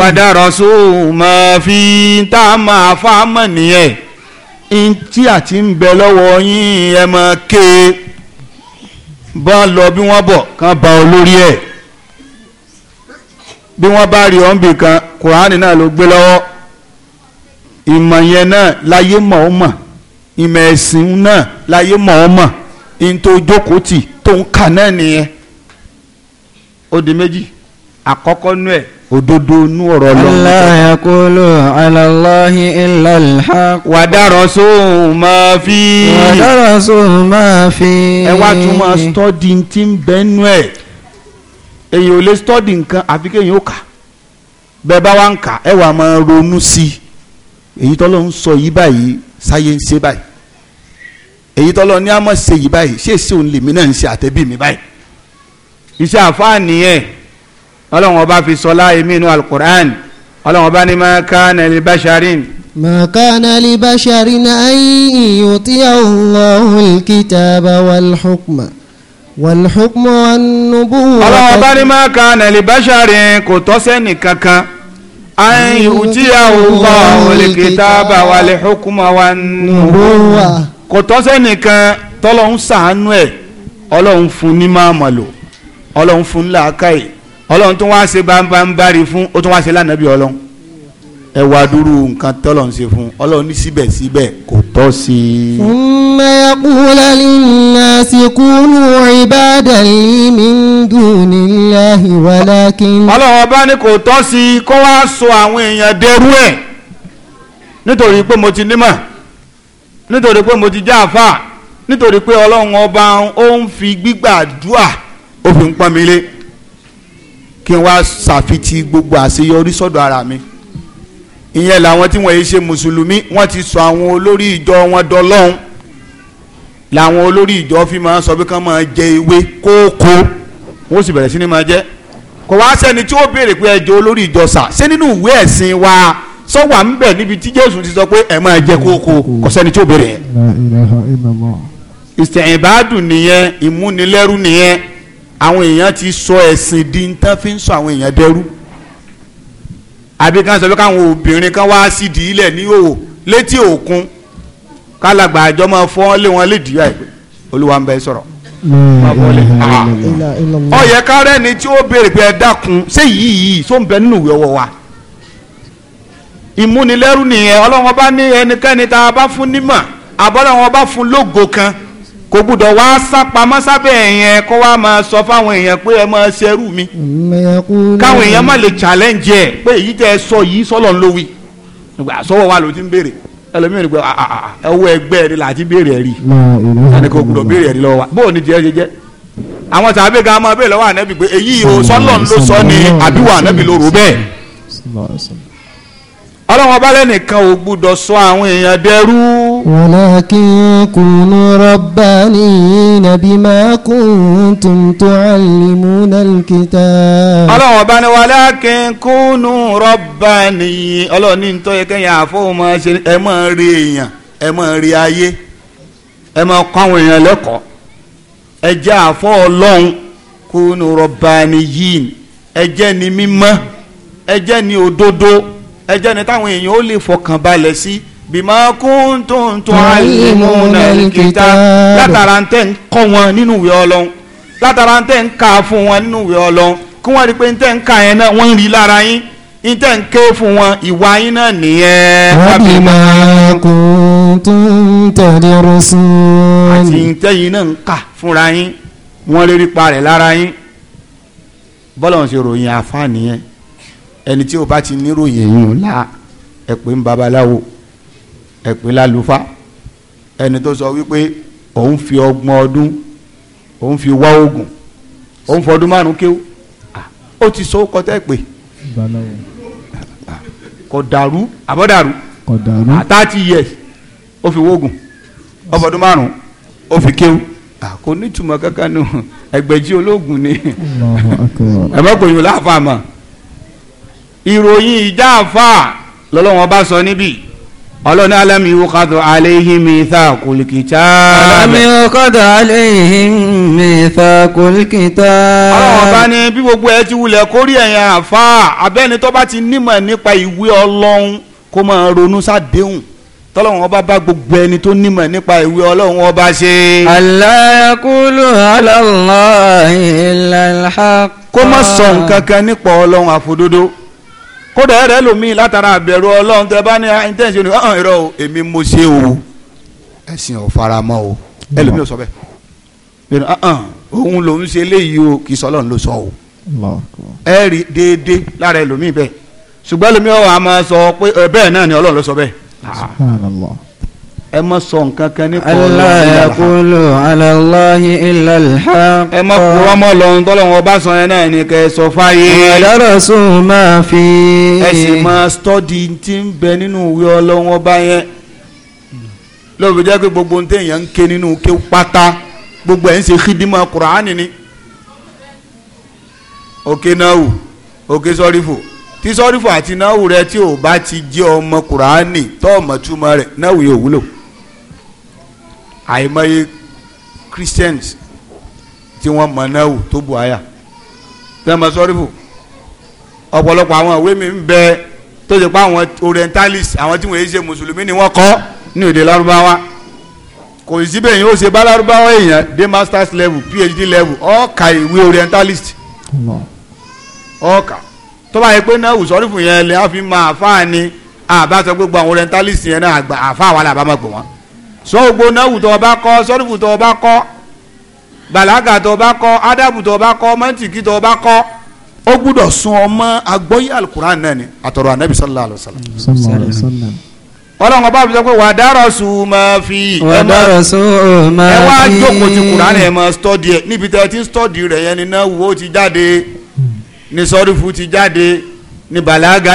wàdàrọ̀sọ́ máa fi tá a máa fa mọ̀ nìyẹn ntí àti ń bẹ lọ́wọ́ yín ẹ máa ké bá lọ bí wọ́n bọ̀ kán ba olórí ẹ̀ bí wọ́n bá rí ọ̀nbì kan kùránì náà ló gbé lọ́wọ́ ìmọ̀ yẹn náà láyé mọ̀ ọ́ mọ̀ ìmọ̀ ẹ̀sìn náà láyé mọ̀ ọ́ mọ̀ ní tó jókòó tó ń kà náà nìyẹn ó di méjì àkọ́kọ́ nú ẹ̀ òdodo nú ọ̀rọ̀ lọ. Allah yaqulu ala Allahi illa al-haq. wàdàrọ̀sọ máa fi. wàdàrọ̀sọ máa fi. ẹ wá tún máa stọ́dì tí ń bẹ́ nú ẹ̀ èyí ò lè stọ́dì nǹkan àfi kéèyàn ó kà bẹ́ẹ̀ bá wá ń kà ẹ wà máa ronú sí i èyí tọ́lọ́ ń sọ yìí báyìí sáyé ń ṣe báyìí èyí tọ́lọ́ ní àmọ́ ṣe yìí báyìí ṣé èsì òun lèmi náà ń ṣe àtẹ̀bí mi báyìí iṣẹ́ àfáà nìyẹn ọlọ́run ọba fi sọ láàyè mínú alukur'an ọlọ́run ọba ní ma kana li basharin. ma kana li basharin an yu'tiya Allahu al-kitaba wal-hukma wal-hukma wan-nubuwwa. ọlọ́run ọba ní ma kana li kò tọ́ sẹ́ni kankan an yu'tiya Allahu kitaba wal-hukma kò tọ́ sẹ́ni kan tọ́lọ́ sàánú ẹ̀ ọlọ́run fún ní máa mọ̀ lò ọlọ́run fún ńlá akáyè ọlọ́run tó wá ṣe bámbámbárì fún ó tó wá ṣe lánàbí ọlọ́run ẹ wá dúró nǹkan tọ́lọ̀ ń ṣe fún ọlọ́run ní síbẹ̀síbẹ̀ kò tọ́ sí i. thumma yaqulu linnasi kunu ibadan li min dunillahi walakin. ọlọ́run ọba ni kò tọ́ sí i kó wá sọ àwọn èèyàn dẹrú ẹ̀ nítorí pé mo ti nímọ̀ nítorí pé mo ti jáfa nítorí pé ọlọ́run ọba ó ń fi gbígbàdúà ó fi ń pọ́n mi lé kí n wá ṣàfitì gbogbo àṣeyọrí sọ́dọ̀ ara mi ìyẹn làwọn tí wọ́n yìí ṣe mùsùlùmí wọ́n ti sọ àwọn olórí ìjọ wọn dọlọ́hun làwọn olórí ìjọ fi máa sọ pé kán máa jẹ ewé kókó wọ́n sì bẹ̀rẹ̀ sí ni máa jẹ kò wá sẹ́ni tí ó béèrè pé ẹjọ́ olórí ìjọ sà ṣé nínú ìwé ẹ̀sìn wa sọ́wà ń bẹ̀ níbi tí Jésù ti sọ pé ẹ máa jẹ kókó kò sẹ́ni tí ó béèrè yẹn ìsẹ̀yìnbádùn nìyẹn ìmúnilẹ́rú nìyẹn àwọn èèyàn ti sọ ẹ̀sìn di nǹkan fi ń sọ àwọn èèyàn dẹrú àbí kan sọ pé káwọn obìnrin kan wá sídìí ilẹ̀ ní òwò létí òkun kálàgbà àjọ máa fọ́ lé wọn lè dìyà ìpè olúwa ń bẹ sọ̀rọ̀ ọyẹ ah. kárẹ́ ni tí ó béèrè pé ẹ dákun ṣé yìí yìí tó ń bẹ nínú ìwé ọwọ́ wa ìmúnilẹ́rú nìyẹn ọlọ́run ọba ní ẹnikẹ́ni tá a bá fún nímọ̀ àbọ̀lọ́run ọba fún lógo kan kò gbúdọ̀ wá sápamọ́ sábẹ́ èèyàn kó wá máa sọ fáwọn èèyàn pé ẹ máa ṣerú mi káwọn èèyàn má lè challenge ẹ pé èyí tẹ ẹ sọ yìí sọlọ ń lówì àsọwọ́ wa ló ti ń béèrè ẹlòmíràn ni pé ọwọ́ ah, ah, ah, ẹgbẹ́ rẹ láti béèrè ẹ rí ẹni kò gbúdọ̀ béèrè ẹ rí lọ́wọ́ wa bóò ni jẹ́ jẹ́jẹ́ àwọn tàbí gan máa béèrè lọ́wọ́ ànẹ́bí pé èyí o sọlọ ń ló sọ ni àbí wà ànẹ́bí ló bẹ́ẹ̀ ọlọ́run ọba lẹ́nìkan ò gbúdọ̀ sọ àwọn èèyàn dẹrú. walakin kunu rabbanina bima kuntum tuallimuna alkitab. ọlọ́run ọba ní walakin kunu ní nítorí kẹ́yìn àfọwọ́mọ ṣe ẹ rí èèyàn ẹ rí ayé ẹ kọ́ àwọn èèyàn lẹ́kọ̀ọ́ ẹ jẹ́ àfọ́ ọlọ́run kunu ẹ jẹ́ ni mímọ́ ẹ jẹ́ ni ẹjẹ́ ni táwọn èèyàn ó lè fọkàn balẹ̀ sí bima kuntum tuallimuna al-kitab látara tẹ́ ń kọ́ wọn nínú ìwé ọlọ́run látara tẹ́ ń kà fún wọn nínú ìwé ọlọ́run kí wọ́n rí pé tẹ́ ń kà yẹn náà wọ́n ń rí lára yín tẹ́ ń ké fún wọn ìwà yín náà nìyẹn. bima kuntum tadrusun. àti tẹ́yìn náà ń kà fúnra yín wọ́n rí rí rẹ̀ lára yín bọ́lá ń ṣe ròyìn àfa nìyẹn ẹni tí o bá ti níròyìn èèyàn la ẹ pè ń babaláwo ẹ pè lálùfá ẹni tó sọ wípé òun fi ọgbọ̀n ọdún òun fi wá oògùn òun fọdún márùn kéwò ó ti sọ kọtẹ́ pé kò dàrú àbọ̀dàrú àtàtì yẹ ó fi wóògùn ó fọdún márùn ó fi kéwò kò nítumọ̀ kankan nù ẹgbẹ̀jì olóògùn ni ẹ má yín láàfáà mọ́ ìròyìn ìjà àfà bá sọ níbí ọlọ́ni alámi ìwòkàtọ̀ aléhìmí ìtàkùlùkìtà alámi ìwòkàtọ̀ aléhìmí ìtàkùlùkìtà ọlọ́wọ́n bá ní bí gbogbo ẹ ti wulẹ̀ kórí ẹ̀yàn àfà abẹ́ni tó bá ti nímọ̀ nípa ìwé ọlọ́run kó máa ronú sádéhùn tọ́lọ́run ọba bá gbogbo ẹni tó nímọ̀ nípa ìwé ọlọ́run ọba ṣe. aláyàkúlù aláàlá ìlànà. kó má sọ nǹkan kan nípa ọlọ́run àfòdodo kódà ẹ̀rẹ́ lomi látara àbẹ̀rù ọlọ́run tẹ bá ní intention ni ọ̀hún irọ́ o èmi mo ṣe o ẹ̀sìn ò fara mọ́ o ẹlòmíì ò sọ bẹ́ẹ̀ bẹ́ẹ̀ ni ọ̀hún òun lòún ṣe eléyìí o kì í sọ ọlọ́run ló sọ o ẹ rí déédéé lára ẹlòmíì bẹ́ẹ̀ ṣùgbọ́n ẹlòmíì ọ̀ àmọ́ sọ pé bẹ́ẹ̀ náà ni ọlọ́run ló sọ bẹ́ẹ̀ ẹ má sọ nǹkan kan ní kọlọ Allah yaqulu ala Allahi illa al ẹ má kúrọ́ mọ́ lọ́run tọ́lọ́run ọba sọ yẹn náà ni kẹ́ ẹ sọ fáyé. ọ̀dọ́rọ̀ sùn máa fi. ẹ sì máa stọ́dì tí ń bẹ nínú ìwé ọlọ́run ọba yẹn. lọ́ọ̀bù jẹ́ pé gbogbo ní tẹ̀yàn ń ké nínú ké pátá gbogbo ẹ̀ ń ṣe xidima kùránì ni. òkè náwù òkè sọ́rífò tí sọ́rífò àti náwù rẹ tí ò bá ti jẹ́ ọmọ kùránì tọ́ ọmọ túmọ̀ rẹ̀ náwù yóò wúlò àìmọye christians tí wọ́n mọ̀ náà wò tó bu àyà tẹ́lẹ̀mọ sọ́rífù ọ̀pọ̀lọpọ̀ àwọn ìwé mi ń bẹ tó ṣe pé àwọn orientalist àwọn tí wọ́n yé ṣe mùsùlùmí ni wọ́n kọ́ ní èdè lárúbáwá kò sí bẹ́ẹ̀ yóò ṣe bá lárúbáwá èèyàn dé masters level phd level ọ̀ọ́ka ìwé orientalist ọ̀ọ́ka tó bá yẹ pé náà sọ́rífù yẹn lè á fi máa fáà àbá sọ gbogbo àwọn orientalist yẹn náà àgbà àfáà wà lábàá máa gbọ̀ wọ́n sọ ògbó náwù tó o bá kọ́ ọba tó o bá kọ, bàlágà tó o bá kọ ádàbù tó o bá mọ́tìkì tó o bá sun ọmọ agbóyè náà ni anabi sallallahu alayhi ọlọ́run ọba àbújá pé wà á dára sùn fi. wà á dára sùn fi. ẹ wá jókòó ti níbi ni ti jáde ni ti jáde ni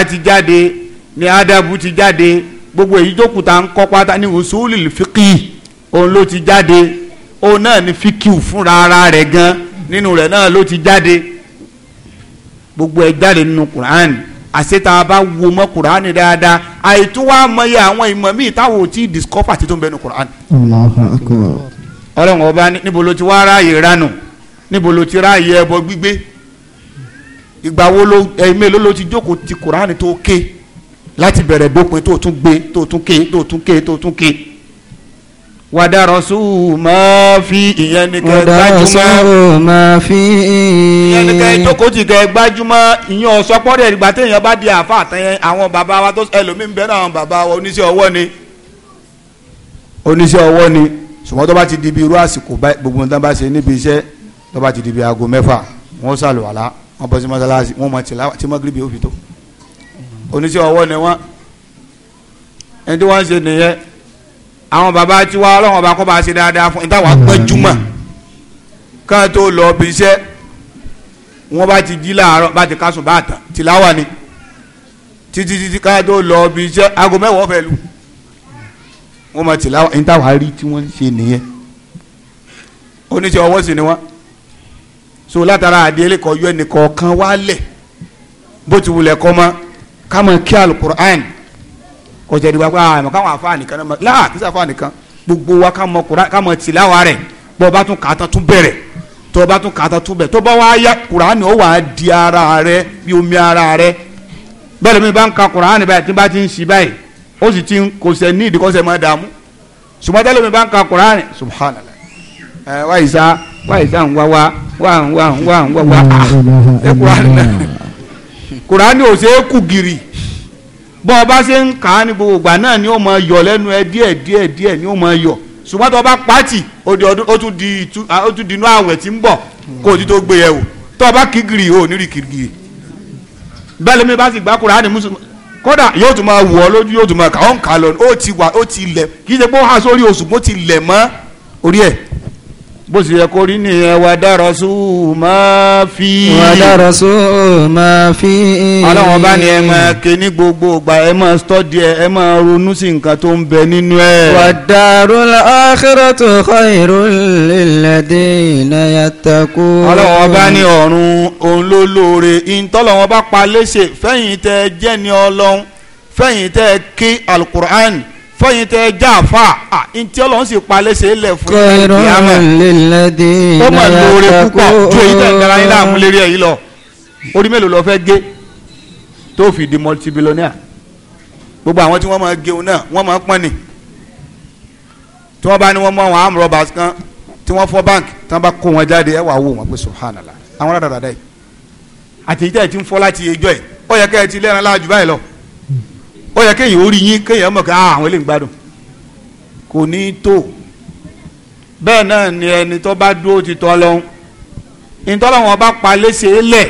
ti jáde ni ádàbù ti jáde gbogbo èyí tó kù tá ń kọ́ pátá ní usulil fiqi òun ló ti jáde òun náà ni fikiu fúnra ara rẹ̀ gan nínú rẹ̀ náà ló ti jáde gbogbo ẹ̀ jáde nínú Qur'an àṣetà bá wo mọ́ Qur'an dáadáa àìtún wá mọyì àwọn ìmọ̀ míì táwọn ò tí discover títún bẹ́ẹ̀ nu Qur'an. ọlọ́run ọba níbo ló ti wá ráàyè ránù níbo ló ti ráàyè ẹbọ gbígbé ìgbà wo ló ẹ̀mí ló ló ti jókòó ti Qur'an tó ké. Okay láti bẹ̀rẹ̀ dópin tó tún gbé tó tún ké tó tún ké tó tún ké. wàdàrọ̀sù máa fi ìyẹn nìkan gbájúmọ́ wàdàrọ̀sù máa fi ìyẹn nìkan ìjókòó ti kẹ́ gbájúmọ́ ìyẹn ọ̀sọ́pọ̀ rẹ̀ ìgbà téèyàn bá di àfa àtẹ̀yẹn àwọn bàbá wa tó ẹlòmíín bẹ́ẹ̀ náà àwọn bàbá wa oníṣẹ́ ọwọ́ ni oníṣẹ́ ọwọ́ ni ṣùgbọ́n tó bá ti di bi irú àsìkò gbogbo nǹkan bá wọ́n sàlùwàlá wọ́n bọ́ sí wọ́n mọ̀ tí mọ́gírìbì fi tó oníṣẹ́ ọwọ́ ni wọ́n ẹni tí wọ́n ń ṣe nìyẹn àwọn bàbá tiwa ọlọ́run ọba kọ́ bá ṣe dáadáa fún ìta wàá pẹ́ júmọ̀ ká tó lọ bí iṣẹ́ wọ́n bá ti jí láàárọ̀ bá ti kásùn bá àtàn tìláwà ni títí títí ká tó lọ bí iṣẹ́ aago mẹ́wàá fẹ́ lu wọ́n máa tìláwà ìta wàá rí tí wọ́n ṣe nìyẹn oníṣẹ́ ọwọ́ sì ni wọ́n so látara àdéhélé kọ́ yọ ẹnì kọ̀ọ̀kan wálẹ̀ bó ti wulẹ̀ kọ́ máa. Kama kí alukur'an kọjá ìdìbò àpò àmọ́ káwọn afa nìkan náà láà kí sáfà nìkan gbogbo wa kámọ kur'an kámọ tìláwa rẹ̀ bọ́ ọba tún kàtà tún bẹ̀rẹ̀ tọ́ ọba tún kàtà tún bẹ̀rẹ̀ tó bá wá yá kur'an ó wà á di ara rẹ̀ bí omi ara rẹ̀ bẹ́ẹ̀ lómi bá ń ka kur'an báyìí tí bá ti ń ṣí báyìí ó sì ti kò sẹ́ ní ìdíkọ́sẹ́ máa dààmú sùmọ́tẹ́ lómi bá ń ka kur'an subhanallah ẹ̀ wáyé sá wáyé sá ń wá wá wá ń wá ń wá ń wá wá ẹ̀ kur'an náà. Kurani ò ṣeé kù gìrì bọ́ ọ bá ṣe ń kà á ní gbogbo ìgbà náà ni ó mọ yọ lẹ́nu ẹ díẹ̀ díẹ̀ díẹ̀ ni ó mọ yọ ṣùgbọ́n tó bá pàtì ó tún di ó tún di inú àwẹ̀ tí ń bọ̀ kó o ti tó gbé yẹ o tó bá kígìrì o ní rí kígìrì bẹ́ẹ̀ lómi bá sì gbá kùránì mùsùlùmí kódà yóò tún máa wù ọ lójú yóò tún máa kà ọ́ ń kà lọ ó ti wà ó ti lẹ̀ kì í ṣe pé ó há sórí oṣù kó ti lẹ̀ mọ́ orí ẹ̀ bó sì yẹ kó rí nìyẹn wà dára sóò máa fi. wà dára sóò máa fi. ọlọ́wọ́n bá ní ẹ máa ké ní gbogbo ìgbà ẹ máa stọ́dí ẹ ẹ máa ronú sí nǹkan tó ń bẹ nínú ẹ. wà darul akhiratu khairul lilladina yattaqun. ọlọ́wọ́n bá ní ọ̀run òun ló lóore ìtọ́lọ́wọ́n bá pa léṣe fẹ́yìn tẹ́ jẹ́ ní ọlọ́run fẹ́yìn tẹ́ ké fọyín tẹ já fa ntí ọlọ́run sì palẹ̀ ṣe é lẹ̀ fún yín ní ó mọ̀ lóore púpọ̀ ju èyí tẹ̀ ń dara yín láàmú lérí ẹ̀ lọ orí mélòó lọ fẹ́ gé tó fi di multibillionaire gbogbo àwọn tí wọ́n máa géun náà wọ́n máa pọ́n tí wọ́n bá ní wọ́n mọ àwọn arm robbers kan tí wọ́n fọ́ bank tí wọ́n bá kó wọn jáde ẹ̀ wà wò wọ́n pé subhanallah àwọn rádàràdà yìí àtẹ̀yìntẹ̀ ti ń fọ́ láti ẹjọ́ yìí ó ti lẹ́ran láàjù báyìí lọ ó yẹ kéèyàn orí yín kéèyàn mọ̀ ká ah, àwọn eléyìí gbádùn kò ní tó bẹ́ẹ̀ náà ni ẹni tó bá dúró ti tọ́ lọ́hún ìtọ́lọ́wọ́n bá pa léṣe lẹ̀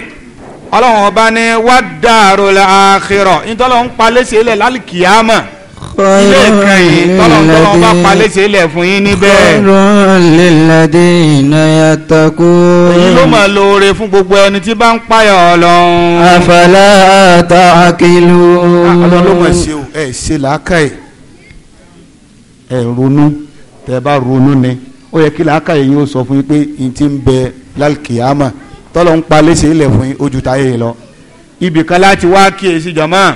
ọlọ́wọ́n bá ní wá dàrú làákìrọ̀ ìtọ́lọ́wọ́n pa léṣe lẹ̀ lálìkìyàmọ̀ ilé kan yìí tọ́lọ́ntọ́lọ́ bá palẹ̀ ṣe ilẹ̀ fún yín níbẹ̀. kọ́rọ̀ lélẹ́dẹ́ ìnáyà takó. èyí ló mọ̀ lóore fún gbogbo ẹni tí bá ń páyà ọlọ́run. àfàlà àtà àkìlú. Ah, ọlọ́run ló mọ̀ ṣe o ẹ ṣe làákàyè ẹ ronú tẹ bá ronú ni ó yẹ kí làákàyè yín ó sọ fún yín pé n ti ń bẹ lálkìyàmà tọ́lọ́ ń palẹ̀ ṣe ilẹ̀ fún yín ojú táyé lọ ibìkan láti wá kíyèsí jọ̀mọ́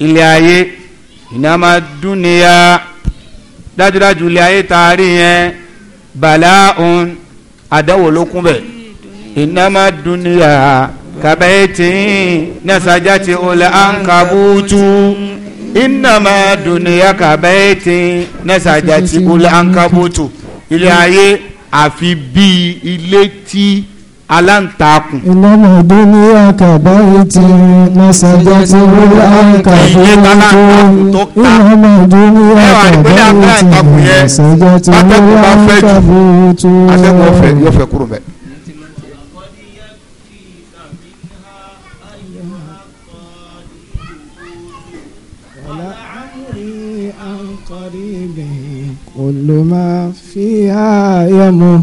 ilé ayé ìnáma dúnìyà dájúdájú ilé ayé taari yẹn bàlá òun àdáwò ló kún bẹ̀ ìnáma dúnìyà kàbẹ́ẹ̀tì nàṣàjáde olè ànkàbùtù ìnáma dúnìyà kàbẹ́ẹ̀tì nàṣàjáde olè ànkàbùtù ilé ayé àfi bíi ilé tí aláǹtakùn. ìlànà ìdúnìyà kàbá ètí mọ́sàájá tí ó láǹkà fún ojú ìlànà ìdúnìyà kàbá ètí mọ́sàájá tí ó láǹkà fún ojú. atẹ́kùn ọ̀fẹ́ yóò fẹ́ kúrò bẹ́ẹ̀. كل ما فيها يموت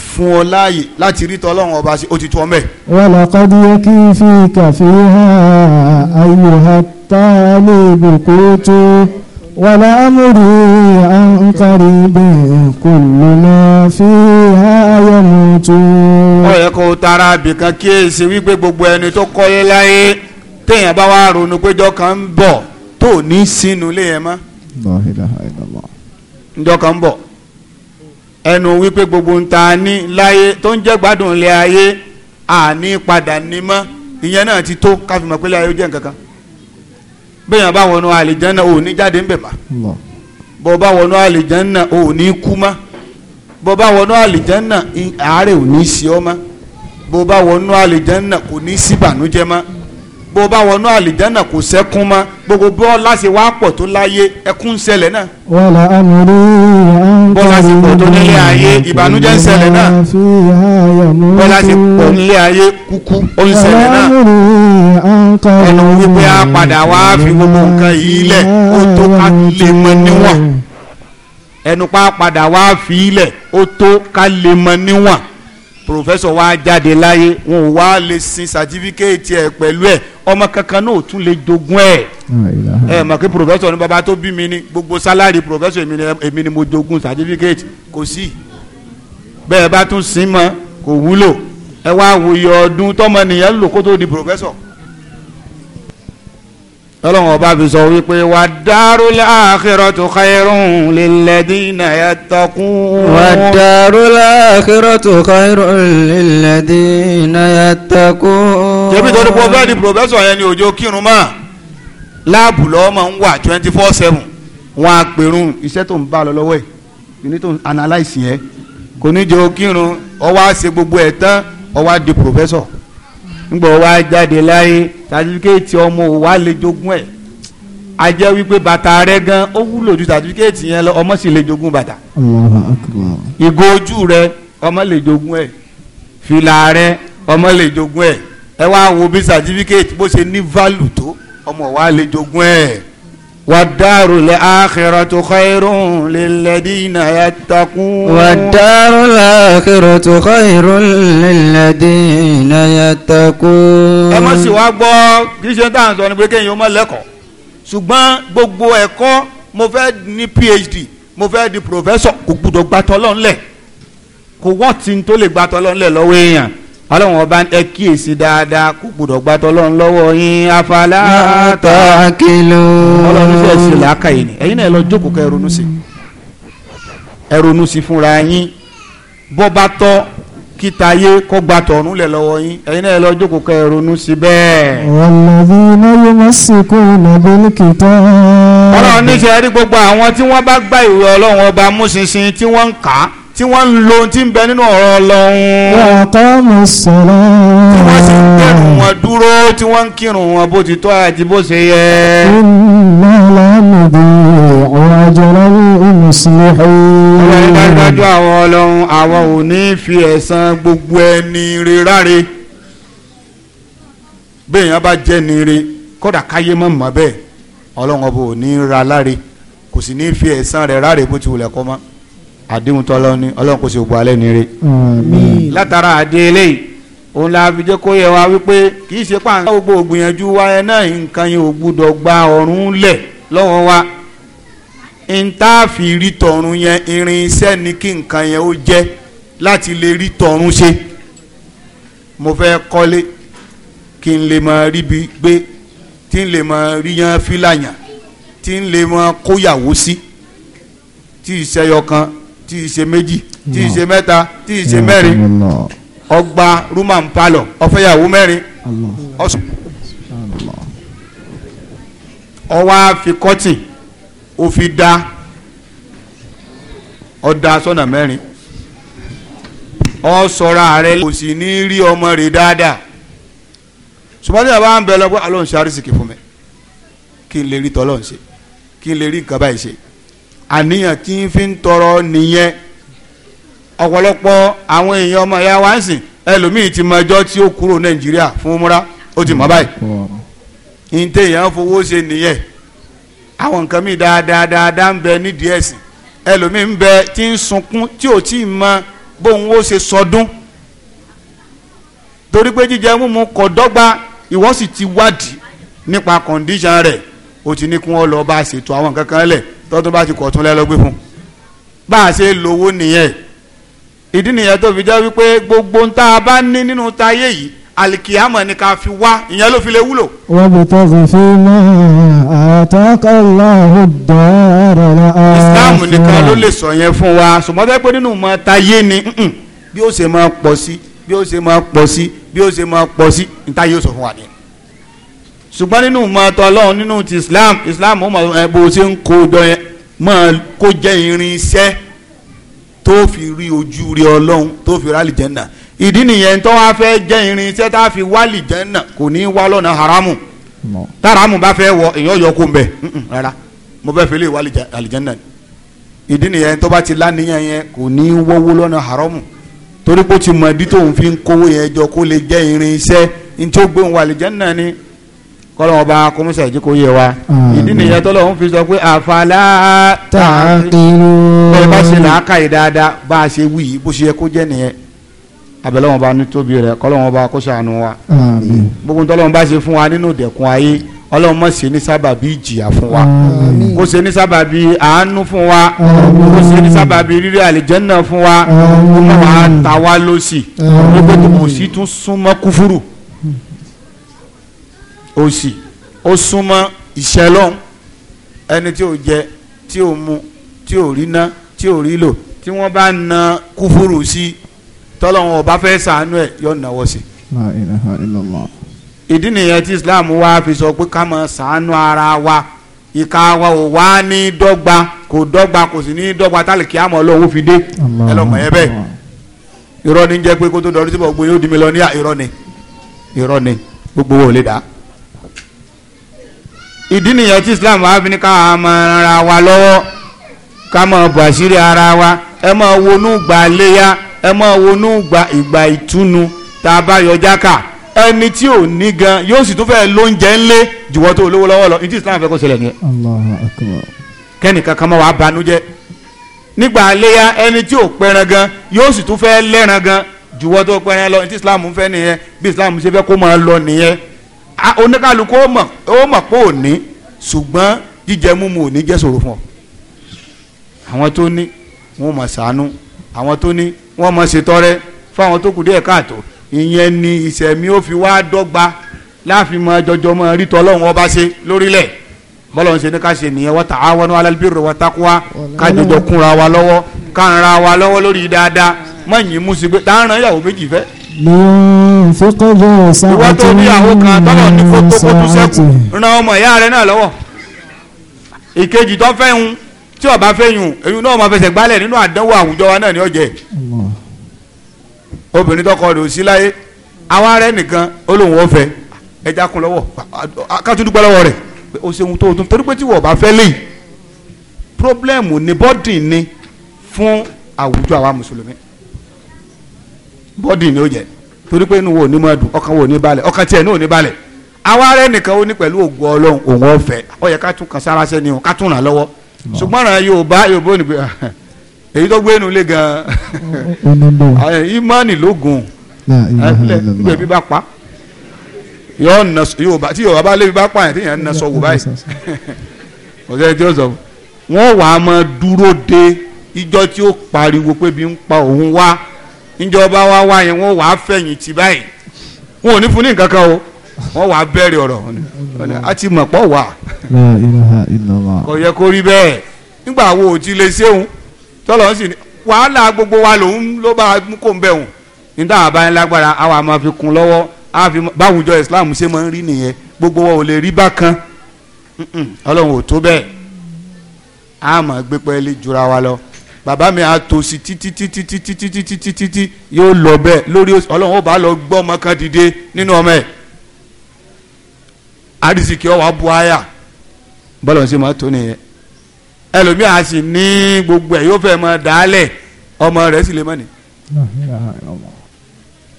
fún ọ láàyè láti rí tọ́lọ́run ọba sí òtítù ọmọ ẹ̀. wàlá kọ́dí yẹ kí n fi kàfé ha ayò ha tá a lè bòkó tó wàlá amúrí à ń kárí bẹ́ẹ̀ kò ló lọ fi ayọ̀ mú tó. ó yẹ kó tara abìkan kíyèsí wípé gbogbo ẹni tó kọ́lé láyé téèyàn bá wá ronú péjọ kan ń bọ̀ tó ní sínú lé yẹn mọ́. ǹjọ́ ń bọ̀ ẹnu wípé gbogbo ń ta ní láyé tó ń jẹ́ gbádùn ilé ayé àní padà ní mọ́ ìyẹn náà ti tó káfí mọ̀ pé ilé ayé ó jẹ́ nǹkan kan bẹ́ẹ̀yàn bá wọnú àlìjánná ò ní jáde ń bẹ̀ mọ́ bọ́ bá wọnú àlìjánná ò ní kú mọ́ bọ́ bá wọnú àlìjánná àárẹ̀ ò ní sí ọ mọ́ bọ́ bá wọnú àlìjánná kò ní síbànújẹ́ mọ́ bó bá wọnú àlìjánà kò sẹ́kún mọ́ gbogbo bó láti wá pọ̀ tó láyé ẹkún ṣẹlẹ̀ náà. wàlà àmúrí àǹkà bó láti pọ̀ tó nílé ayé ìbànújẹ́ ń ṣẹlẹ̀ náà bó láti pọ̀ nílé ayé kúkú ó ń ṣẹlẹ̀ náà ẹnu wípé a padà wá fi gbogbo nǹkan yìí lẹ̀ ó tó ká lè mọ níwọ̀n ẹnu pa padà wá fi ilẹ̀ ó tó ká lè mọ níwọ̀n professor wa jáde láyé wọn ò wá lè sin certificate ẹ pẹ̀lú ẹ ọmọ kankan náà ò tún lè jogún ẹ ẹ mọ̀ kí professor ní baba tó bí mi ní gbogbo salary professor èmi ni mo jogún certificate kò sí bẹ́ẹ̀ bá tún sin mọ́ kò wúlò ẹ wá wòye ọdún tọmọ nìyẹn lò kó tó di professor ọlọ́run ọba fi sọ wípé wà dárú láàkírọ̀ tó khairun lilladina yattaqun. wà dárú láàkírọ̀ tó khairun lilladina yattaqun. jẹ́bi tó ní pọ̀ bẹ́ẹ̀ ni pòfẹ́sọ̀ yẹn ni òjò kírun mọ́ láàbù lọ́wọ́ ń wà twenty four seven wọn á iṣẹ́ tó ń bá lọ lọ́wọ́ ẹ̀ kìíní tó ń analyse yẹn kò ní jẹ́ òkírun ọwọ́ á ṣe gbogbo ẹ̀ tán ọwọ́ á ńgbọ̀ wa jáde láyé sàtífíkẹ́ẹ̀tì ọmọ ò wá lè jogún ẹ̀ a jẹ́ wípé bàtà rẹ gan ó wúlò ju sàtífíkẹ́ẹ̀tì yẹn lọ ọmọ sì lè jogún bàtà ìgò ojú rẹ ọmọ lè jogún ẹ̀ fìlà rẹ ọmọ lè jogún ẹ̀ ẹ wá wo bí sàtífíkẹ́ẹ̀tì bó ṣe ní válù tó ọmọ wa lè jogún ẹ̀ والدار الآخرة خير للذين يتقون والدار الآخرة خير للذين يتقون ẹ má sì wá gbọ́ christian tán sọ ni pé kéèyàn má lẹ́kọ̀ọ́ ṣùgbọ́n gbogbo ẹ̀kọ́ mo fẹ́ ní phd mo fẹ́ di professor kò gbúdọ̀ gbàtọ́ lọ́nlẹ̀ kò wọ́n ti ń tó lè gbàtọ́ lọ́nlẹ̀ lọ́wọ́ èèyàn ọlọ́run ọba ẹ kíyèsí dáadáa kò gbọdọ̀ gbàtọ́ ọlọ́run lọ́wọ́ yín afala. yàtọ̀ kìlọ̀. ọlọ́run fẹ́ sí làákà yìí ni ẹ̀yin náà lọ jókòó ká ẹ sí ẹ sí fúnra yín bọ́ tọ́ kíta yé kó gba tọ̀ọ̀nù lẹ̀ lọ́wọ́ yín ẹ̀yin náà lọ jókòó kẹ́ ẹ sí bẹ́ẹ̀. ọ̀làdì iná yóò má sìnkú ìnàbẹ́lì kìtà. ọlọ́run níṣẹ́ rí gbogbo àwọn tí wọ́n bá gbá ìwé ọlọ́run ọba tí wọ́n ń lo tí ń bẹ nínú ọ̀rọ̀ Ọlọ́run. wàtá mi sọ̀rọ̀. tí wọ́n sì ń bẹ̀rù wọn dúró tí wọ́n ń kírun wọn bó ti tọ́ àti bó ṣe yẹ. iná lámìdí ọ̀rọ̀ àjọyọ̀ ìmùsùlùmí. ọ̀rọ̀ ìdájọ́ àwọn Ọlọ́run àwọn ò ní fi ẹ̀san gbogbo ẹni rè ráre. béèyàn bá jẹ́ ni rè kódà káyé mọ̀ mọ́ bẹ́ẹ̀ Ọlọ́run ọba ò ní ra láre kò sì ní fi ẹ̀san rẹ̀ ráre bó ti àdéhùn tó ọlọ́run ní ọlọ́run kò sì gbọ́ alẹ́ ní re. látara àdé eléyìí òun la fi jẹ́ kó yẹ wa wípé kì í ṣe pàǹkà gbogbo ògbìyànjú wa ẹ náà nǹkan yẹn ò gbúdọ̀ gba ọ̀run lẹ̀ lọ́wọ́ wa ntaàfi rí tọ̀run yẹn irinṣẹ́ ni kí nǹkan yẹn ó jẹ́ láti lè rí tọ̀run ṣe mo fẹ́ kọ́lé kí n lè máa ríbi gbé tí n lè máa ríyan fílàyàn tí n lè máa kóyàwó sí tí ìṣẹ́yọ kan tí ì ṣe méjì tí ì ṣe mẹ́ta tí ì ṣe mẹ́rin ọgbà rúmà ń palọ̀ ọ̀fẹ́yàwó mẹ́rin ọwọ́ àfikọ́tì òfin da ọ̀dà sọ́nà mẹ́rin ọ sọra kò sì ní rí ọmọ rẹ dáadáa ṣùgbọ́n tí a bá ń bẹ lọ pé alóhùn ṣe àrísìkì fún mi kí n lè rí tọ́lọ́hùn ṣe kí n lè rí nǹkan báyìí ṣe àníyàn tí n fi ń tọrọ nìyẹn ọ̀pọ̀lọpọ̀ àwọn èèyàn ọmọ ya wa ń sìn ẹlòmíì ti mọ ẹjọ́ tí ó kúrò nàìjíríà fún múra ó ti mọ̀ báyìí ní téèyàn fowó ṣe nìyẹn àwọn nǹkan mi dáadáa dáadáa ń bẹ nídìí ẹ̀sìn ẹlòmíì ń bẹ tí ń sunkún tí ò tí ì mọ bóun ó ṣe sọdún torí pé jíjẹ mímu dọ́gba sì ti wádìí nípa kọ̀ǹdíṣàn rẹ̀ ó ti ní kí wọ́n lọ bá ṣètò àwọn lẹ̀ tọ́tún bá ti kọ̀ tún lẹ́lọ́gbé fún bá a ṣe lówó nìyẹn ìdí nìyẹn tó fi jẹ́ wípé gbogbo ntá a bá ní nínú tayé yìí alikiyama ni ká fi wá ìyẹn ló fi lè wúlò. wọ́n bí tọ́sí sí náà àtàkọ́láhùn dọ́rọ̀ lọ́wọ́. islam nìkan ló lè sọ yẹn fún wa ṣùgbọ́n pé nínú mọ tayé ni bí ó ṣe máa pọ̀ sí bí ó ṣe máa pọ̀ sí bí ó ṣe máa pọ̀ sí níta yóò sọ fún wa ni. ṣùgbọ́n nínú mọ tọ́lọ́run nínú ti islam islam ó mọ ẹ bó ṣe ń kó jọ máa kó jẹ́ irinṣẹ́ tó fi rí ojú rí ọlọ́run tó fi rálì jẹ́nà ìdí nìyẹn tó wá fẹ́ jẹ́ irinṣẹ́ tá a fi wálì jẹ́nà kò ní í wá lọ́nà haramu táramu bá fẹ́ wọ èèyàn yọ kó ń bẹ̀ rárá mo fẹ́ fi lè wálì àlìjẹ́nà ìdí nìyẹn tó bá ti lánìyàn yẹn kò ní í wọ́wọ́ lọ́nà haramu torí pé ti mọ ibi tóun fi ń kówó yẹn jọ kó lè jẹ́ irinṣẹ́ ní tí gbóhùn wálì jẹ́nà ni kọ́lọ́wọ́n bá kọ́mísà ìjí kò yé wa ìdí nìyẹn tó lọ́wọ́ fi sọ pé àfàlà tààkìrò bẹ́ẹ̀ bá ṣe làákà yìí dáadáa bá a ṣe wí bó ṣe yẹ kó jẹ́ nìyẹn abẹ́lẹ́wọ̀n bá ní tóbi rẹ̀ kọ́lọ́wọ́n bá kó ṣàánú wa gbogbo tọ́lọ́wọ́n bá ṣe fún wa nínú ìdẹ̀kùn ayé ọlọ́run mọ̀ ṣe ní sábà bí ìjìyà fún wa kó ṣe ní sábà bí àánú fún wa kó ṣe ní sábà bí rírí àlìjẹ́nà fún wa kó mọ̀ wá ta wá lọ́sì gbogbo tó kò sí tún súnmọ́ kúfúrú òsì ó súnmọ́ ìṣẹ́ lọ́hùn ẹni tí ò jẹ tí ò mu tí ò rí ná tí ò rí lò tí wọ́n bá na kúfúrú sí tọ́lọ́wọ́n ọba fẹ́ sàánú ẹ̀ yọ nàwọ́ sí. La ilaha illallah. ìdí nìyẹn tí Islam wá fi sọ pé ká máa sàánú ara wa ìka wa ò wá ní dọ́gba kò dọ́gba kò sì ní dọ́gba tálíkì àmọ́ ọlọ́run fi dé ẹ lọ́mọ yẹn bẹ́ẹ̀ irọ́ jẹ́ pé kó tó dọ̀rí síbọ̀ gbóyè ó di mi lọ ní irọ́ ni gbogbo wo lè dá ìdí nìyẹn tí islam wà fi ní káwọn ọmọ ara wa lọ́wọ́ ká máa bò àṣírí ara wa ẹ máa wonú gbà léyà ẹ máa wonú gbà ìgbà ìtúnu tá a bá yọ jáka ẹni tí ò ní gan yóò sì tún fẹ́ lóúnjẹ ńlé jùwọ́ tó olówó lọ́wọ́ lọ ìdí islam fẹ́ kó ṣẹlẹ̀ nìyẹn. kẹ́nìkan kan máa wà á banújẹ́ nígbà léyà ẹni tí ò pẹran gan yóò sì tún fẹ́ lẹ́ran gan jùwọ́ tó pẹran lọ ìdí islam fẹ́ nìyẹn bí islam ṣe fẹ́ kó máa lọ nìyẹn oníkàlùkù ó mọ̀ ó mọ̀ pé ò ní ṣùgbọ́n jíjẹ múmu ò ní jẹ́ ṣòro fún ọ. àwọn tó ní wọ́n máa ṣàánú àwọn tó ní wọ́n máa ṣètọrẹ fáwọn tó kù díẹ̀ káàtó ìyẹn ni ìṣẹ̀mí ó fi wá dọ́gba láàfin máa jọjọ máa rí tọ́lọ́hún ọba ṣe lórílẹ̀ bọ́lọ̀ ń ṣe ní ká ṣe nìyẹn wa ta'awanu 'alal birri wa ká jọjọ kúnra wa lọ́wọ́ ká ń ra wa lọ́wọ́ lórí dáadáa mọ̀nyí mú sí pé tá à ń ran ìyàwó méjì fẹ́ من فقد ساعة ìwọ tó ní àwọn kan tọ́lọ̀ ní kó tó ọmọ ìyá rẹ náà lọ́wọ́ ìkejì tó fẹ́ hun tí ó fẹ́ yùn èyí náà máa fẹsẹ̀ gbálẹ̀ nínú àdánwò àwùjọ wa náà ní ọ̀jẹ̀ obìnrin tó kọ rè sí láyé àwa rẹ nìkan ó lóun ó ẹja kun lọ́wọ́ akátúndúgbà lọ́wọ́ rẹ̀ ó ṣeun tó o tún torí pé tí wọ́n bá fẹ́ léyìí pírọ́blẹ́mù ní bọ́dì ni fún àwùjọ àwa mùsùlùmí. bọ́dì ni ó jẹ torí pé inú wo ní máa dùn ọkàn wo ní balẹ̀ ọkàn tiẹ̀ ní ò ní balẹ̀ àwa rẹ nìkan ó ní pẹ̀lú ògùn ọlọ́run òun ọ̀fẹ́ ó yẹ ká tún kan sára sẹ́ni o ká tún ràn lọ́wọ́ mm. ṣùgbọ́n ràn ni pé ah, èyí tó gbé inú gan imani lógun bí bá na tí de tí ó pariwo pé bí ìjọba wa wá yẹn wọ́n wàá fẹ̀yìn tì báyìí wọn ò ní fún ní nǹkan kan o wọ́n wàá bẹ̀rẹ̀ ọ̀rọ̀ a ti mọ̀ pọ̀ wà. kò yẹ kó rí bẹ́ẹ̀ nígbà wo ò ti lè ṣéun tọ́lọ̀ ń sì ní wàhálà gbogbo wa lòun ló bá mú kó ń bẹ̀ wọ̀n níta àbánilágbára àwa máa fi kún lọ́wọ́ báwùjọ Islam ṣe máa ń rí nìyẹn gbogbo wa ò lè rí bákan ọlọ́run ò tó bẹ́ẹ̀ a máa gbé pẹ́ẹ́lí jura wa lọ bàbá mi á tó sí títí títí títí títí títí títí yóò lọ bẹ́ẹ̀ lórí ọlọ́run ó bá lọ gbọ́ ọmọ kan dìde nínú ọmọ ẹ̀ arísìkí ọwọ́ abu aya bọ́lọ̀ sí máa tó nìyẹn ẹlòmíì á sì ní gbogbo ẹ̀ yóò fẹ́ mọ dálẹ̀ ọmọ rẹ̀ sì lè mọ̀ ní.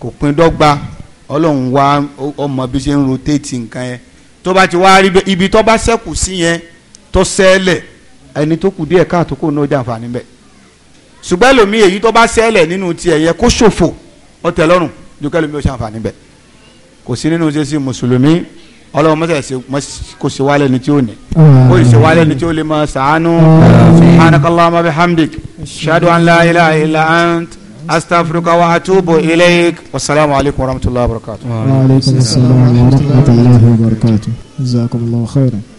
kò pín dọ́gba ọlọ́run wá ọmọ bí ṣe ń rotate nǹkan yẹn tó bá ti wá rí ibi tó bá ṣẹ́kù sí yẹn tó ṣẹlẹ̀ ẹni tó kù díẹ̀ káàtó kò ní ọjà bẹ́ẹ̀ ṣùgbọ́n ẹlòmí èyí tó bá ṣẹlẹ̀ nínú tiẹ̀ yẹ kó ṣòfò ọtẹ lọ́rùn ju kẹlòmí ó ṣàǹfààní bẹ̀ kò sí nínú ṣe sí mùsùlùmí ọlọ́run mọ́tẹ́ kò ṣe wálé ni tí ó ní kò ṣe wálé ni tí ó lè máa ṣàánú subhanakallahumma bihamdik shadu an la ilaha illa ant astaghfiruka atubu ilayk wasalaamu alaykum wa rahmatulahi wa barakatu. wa aleykum salaam wa rahmatulahi wa barakatu.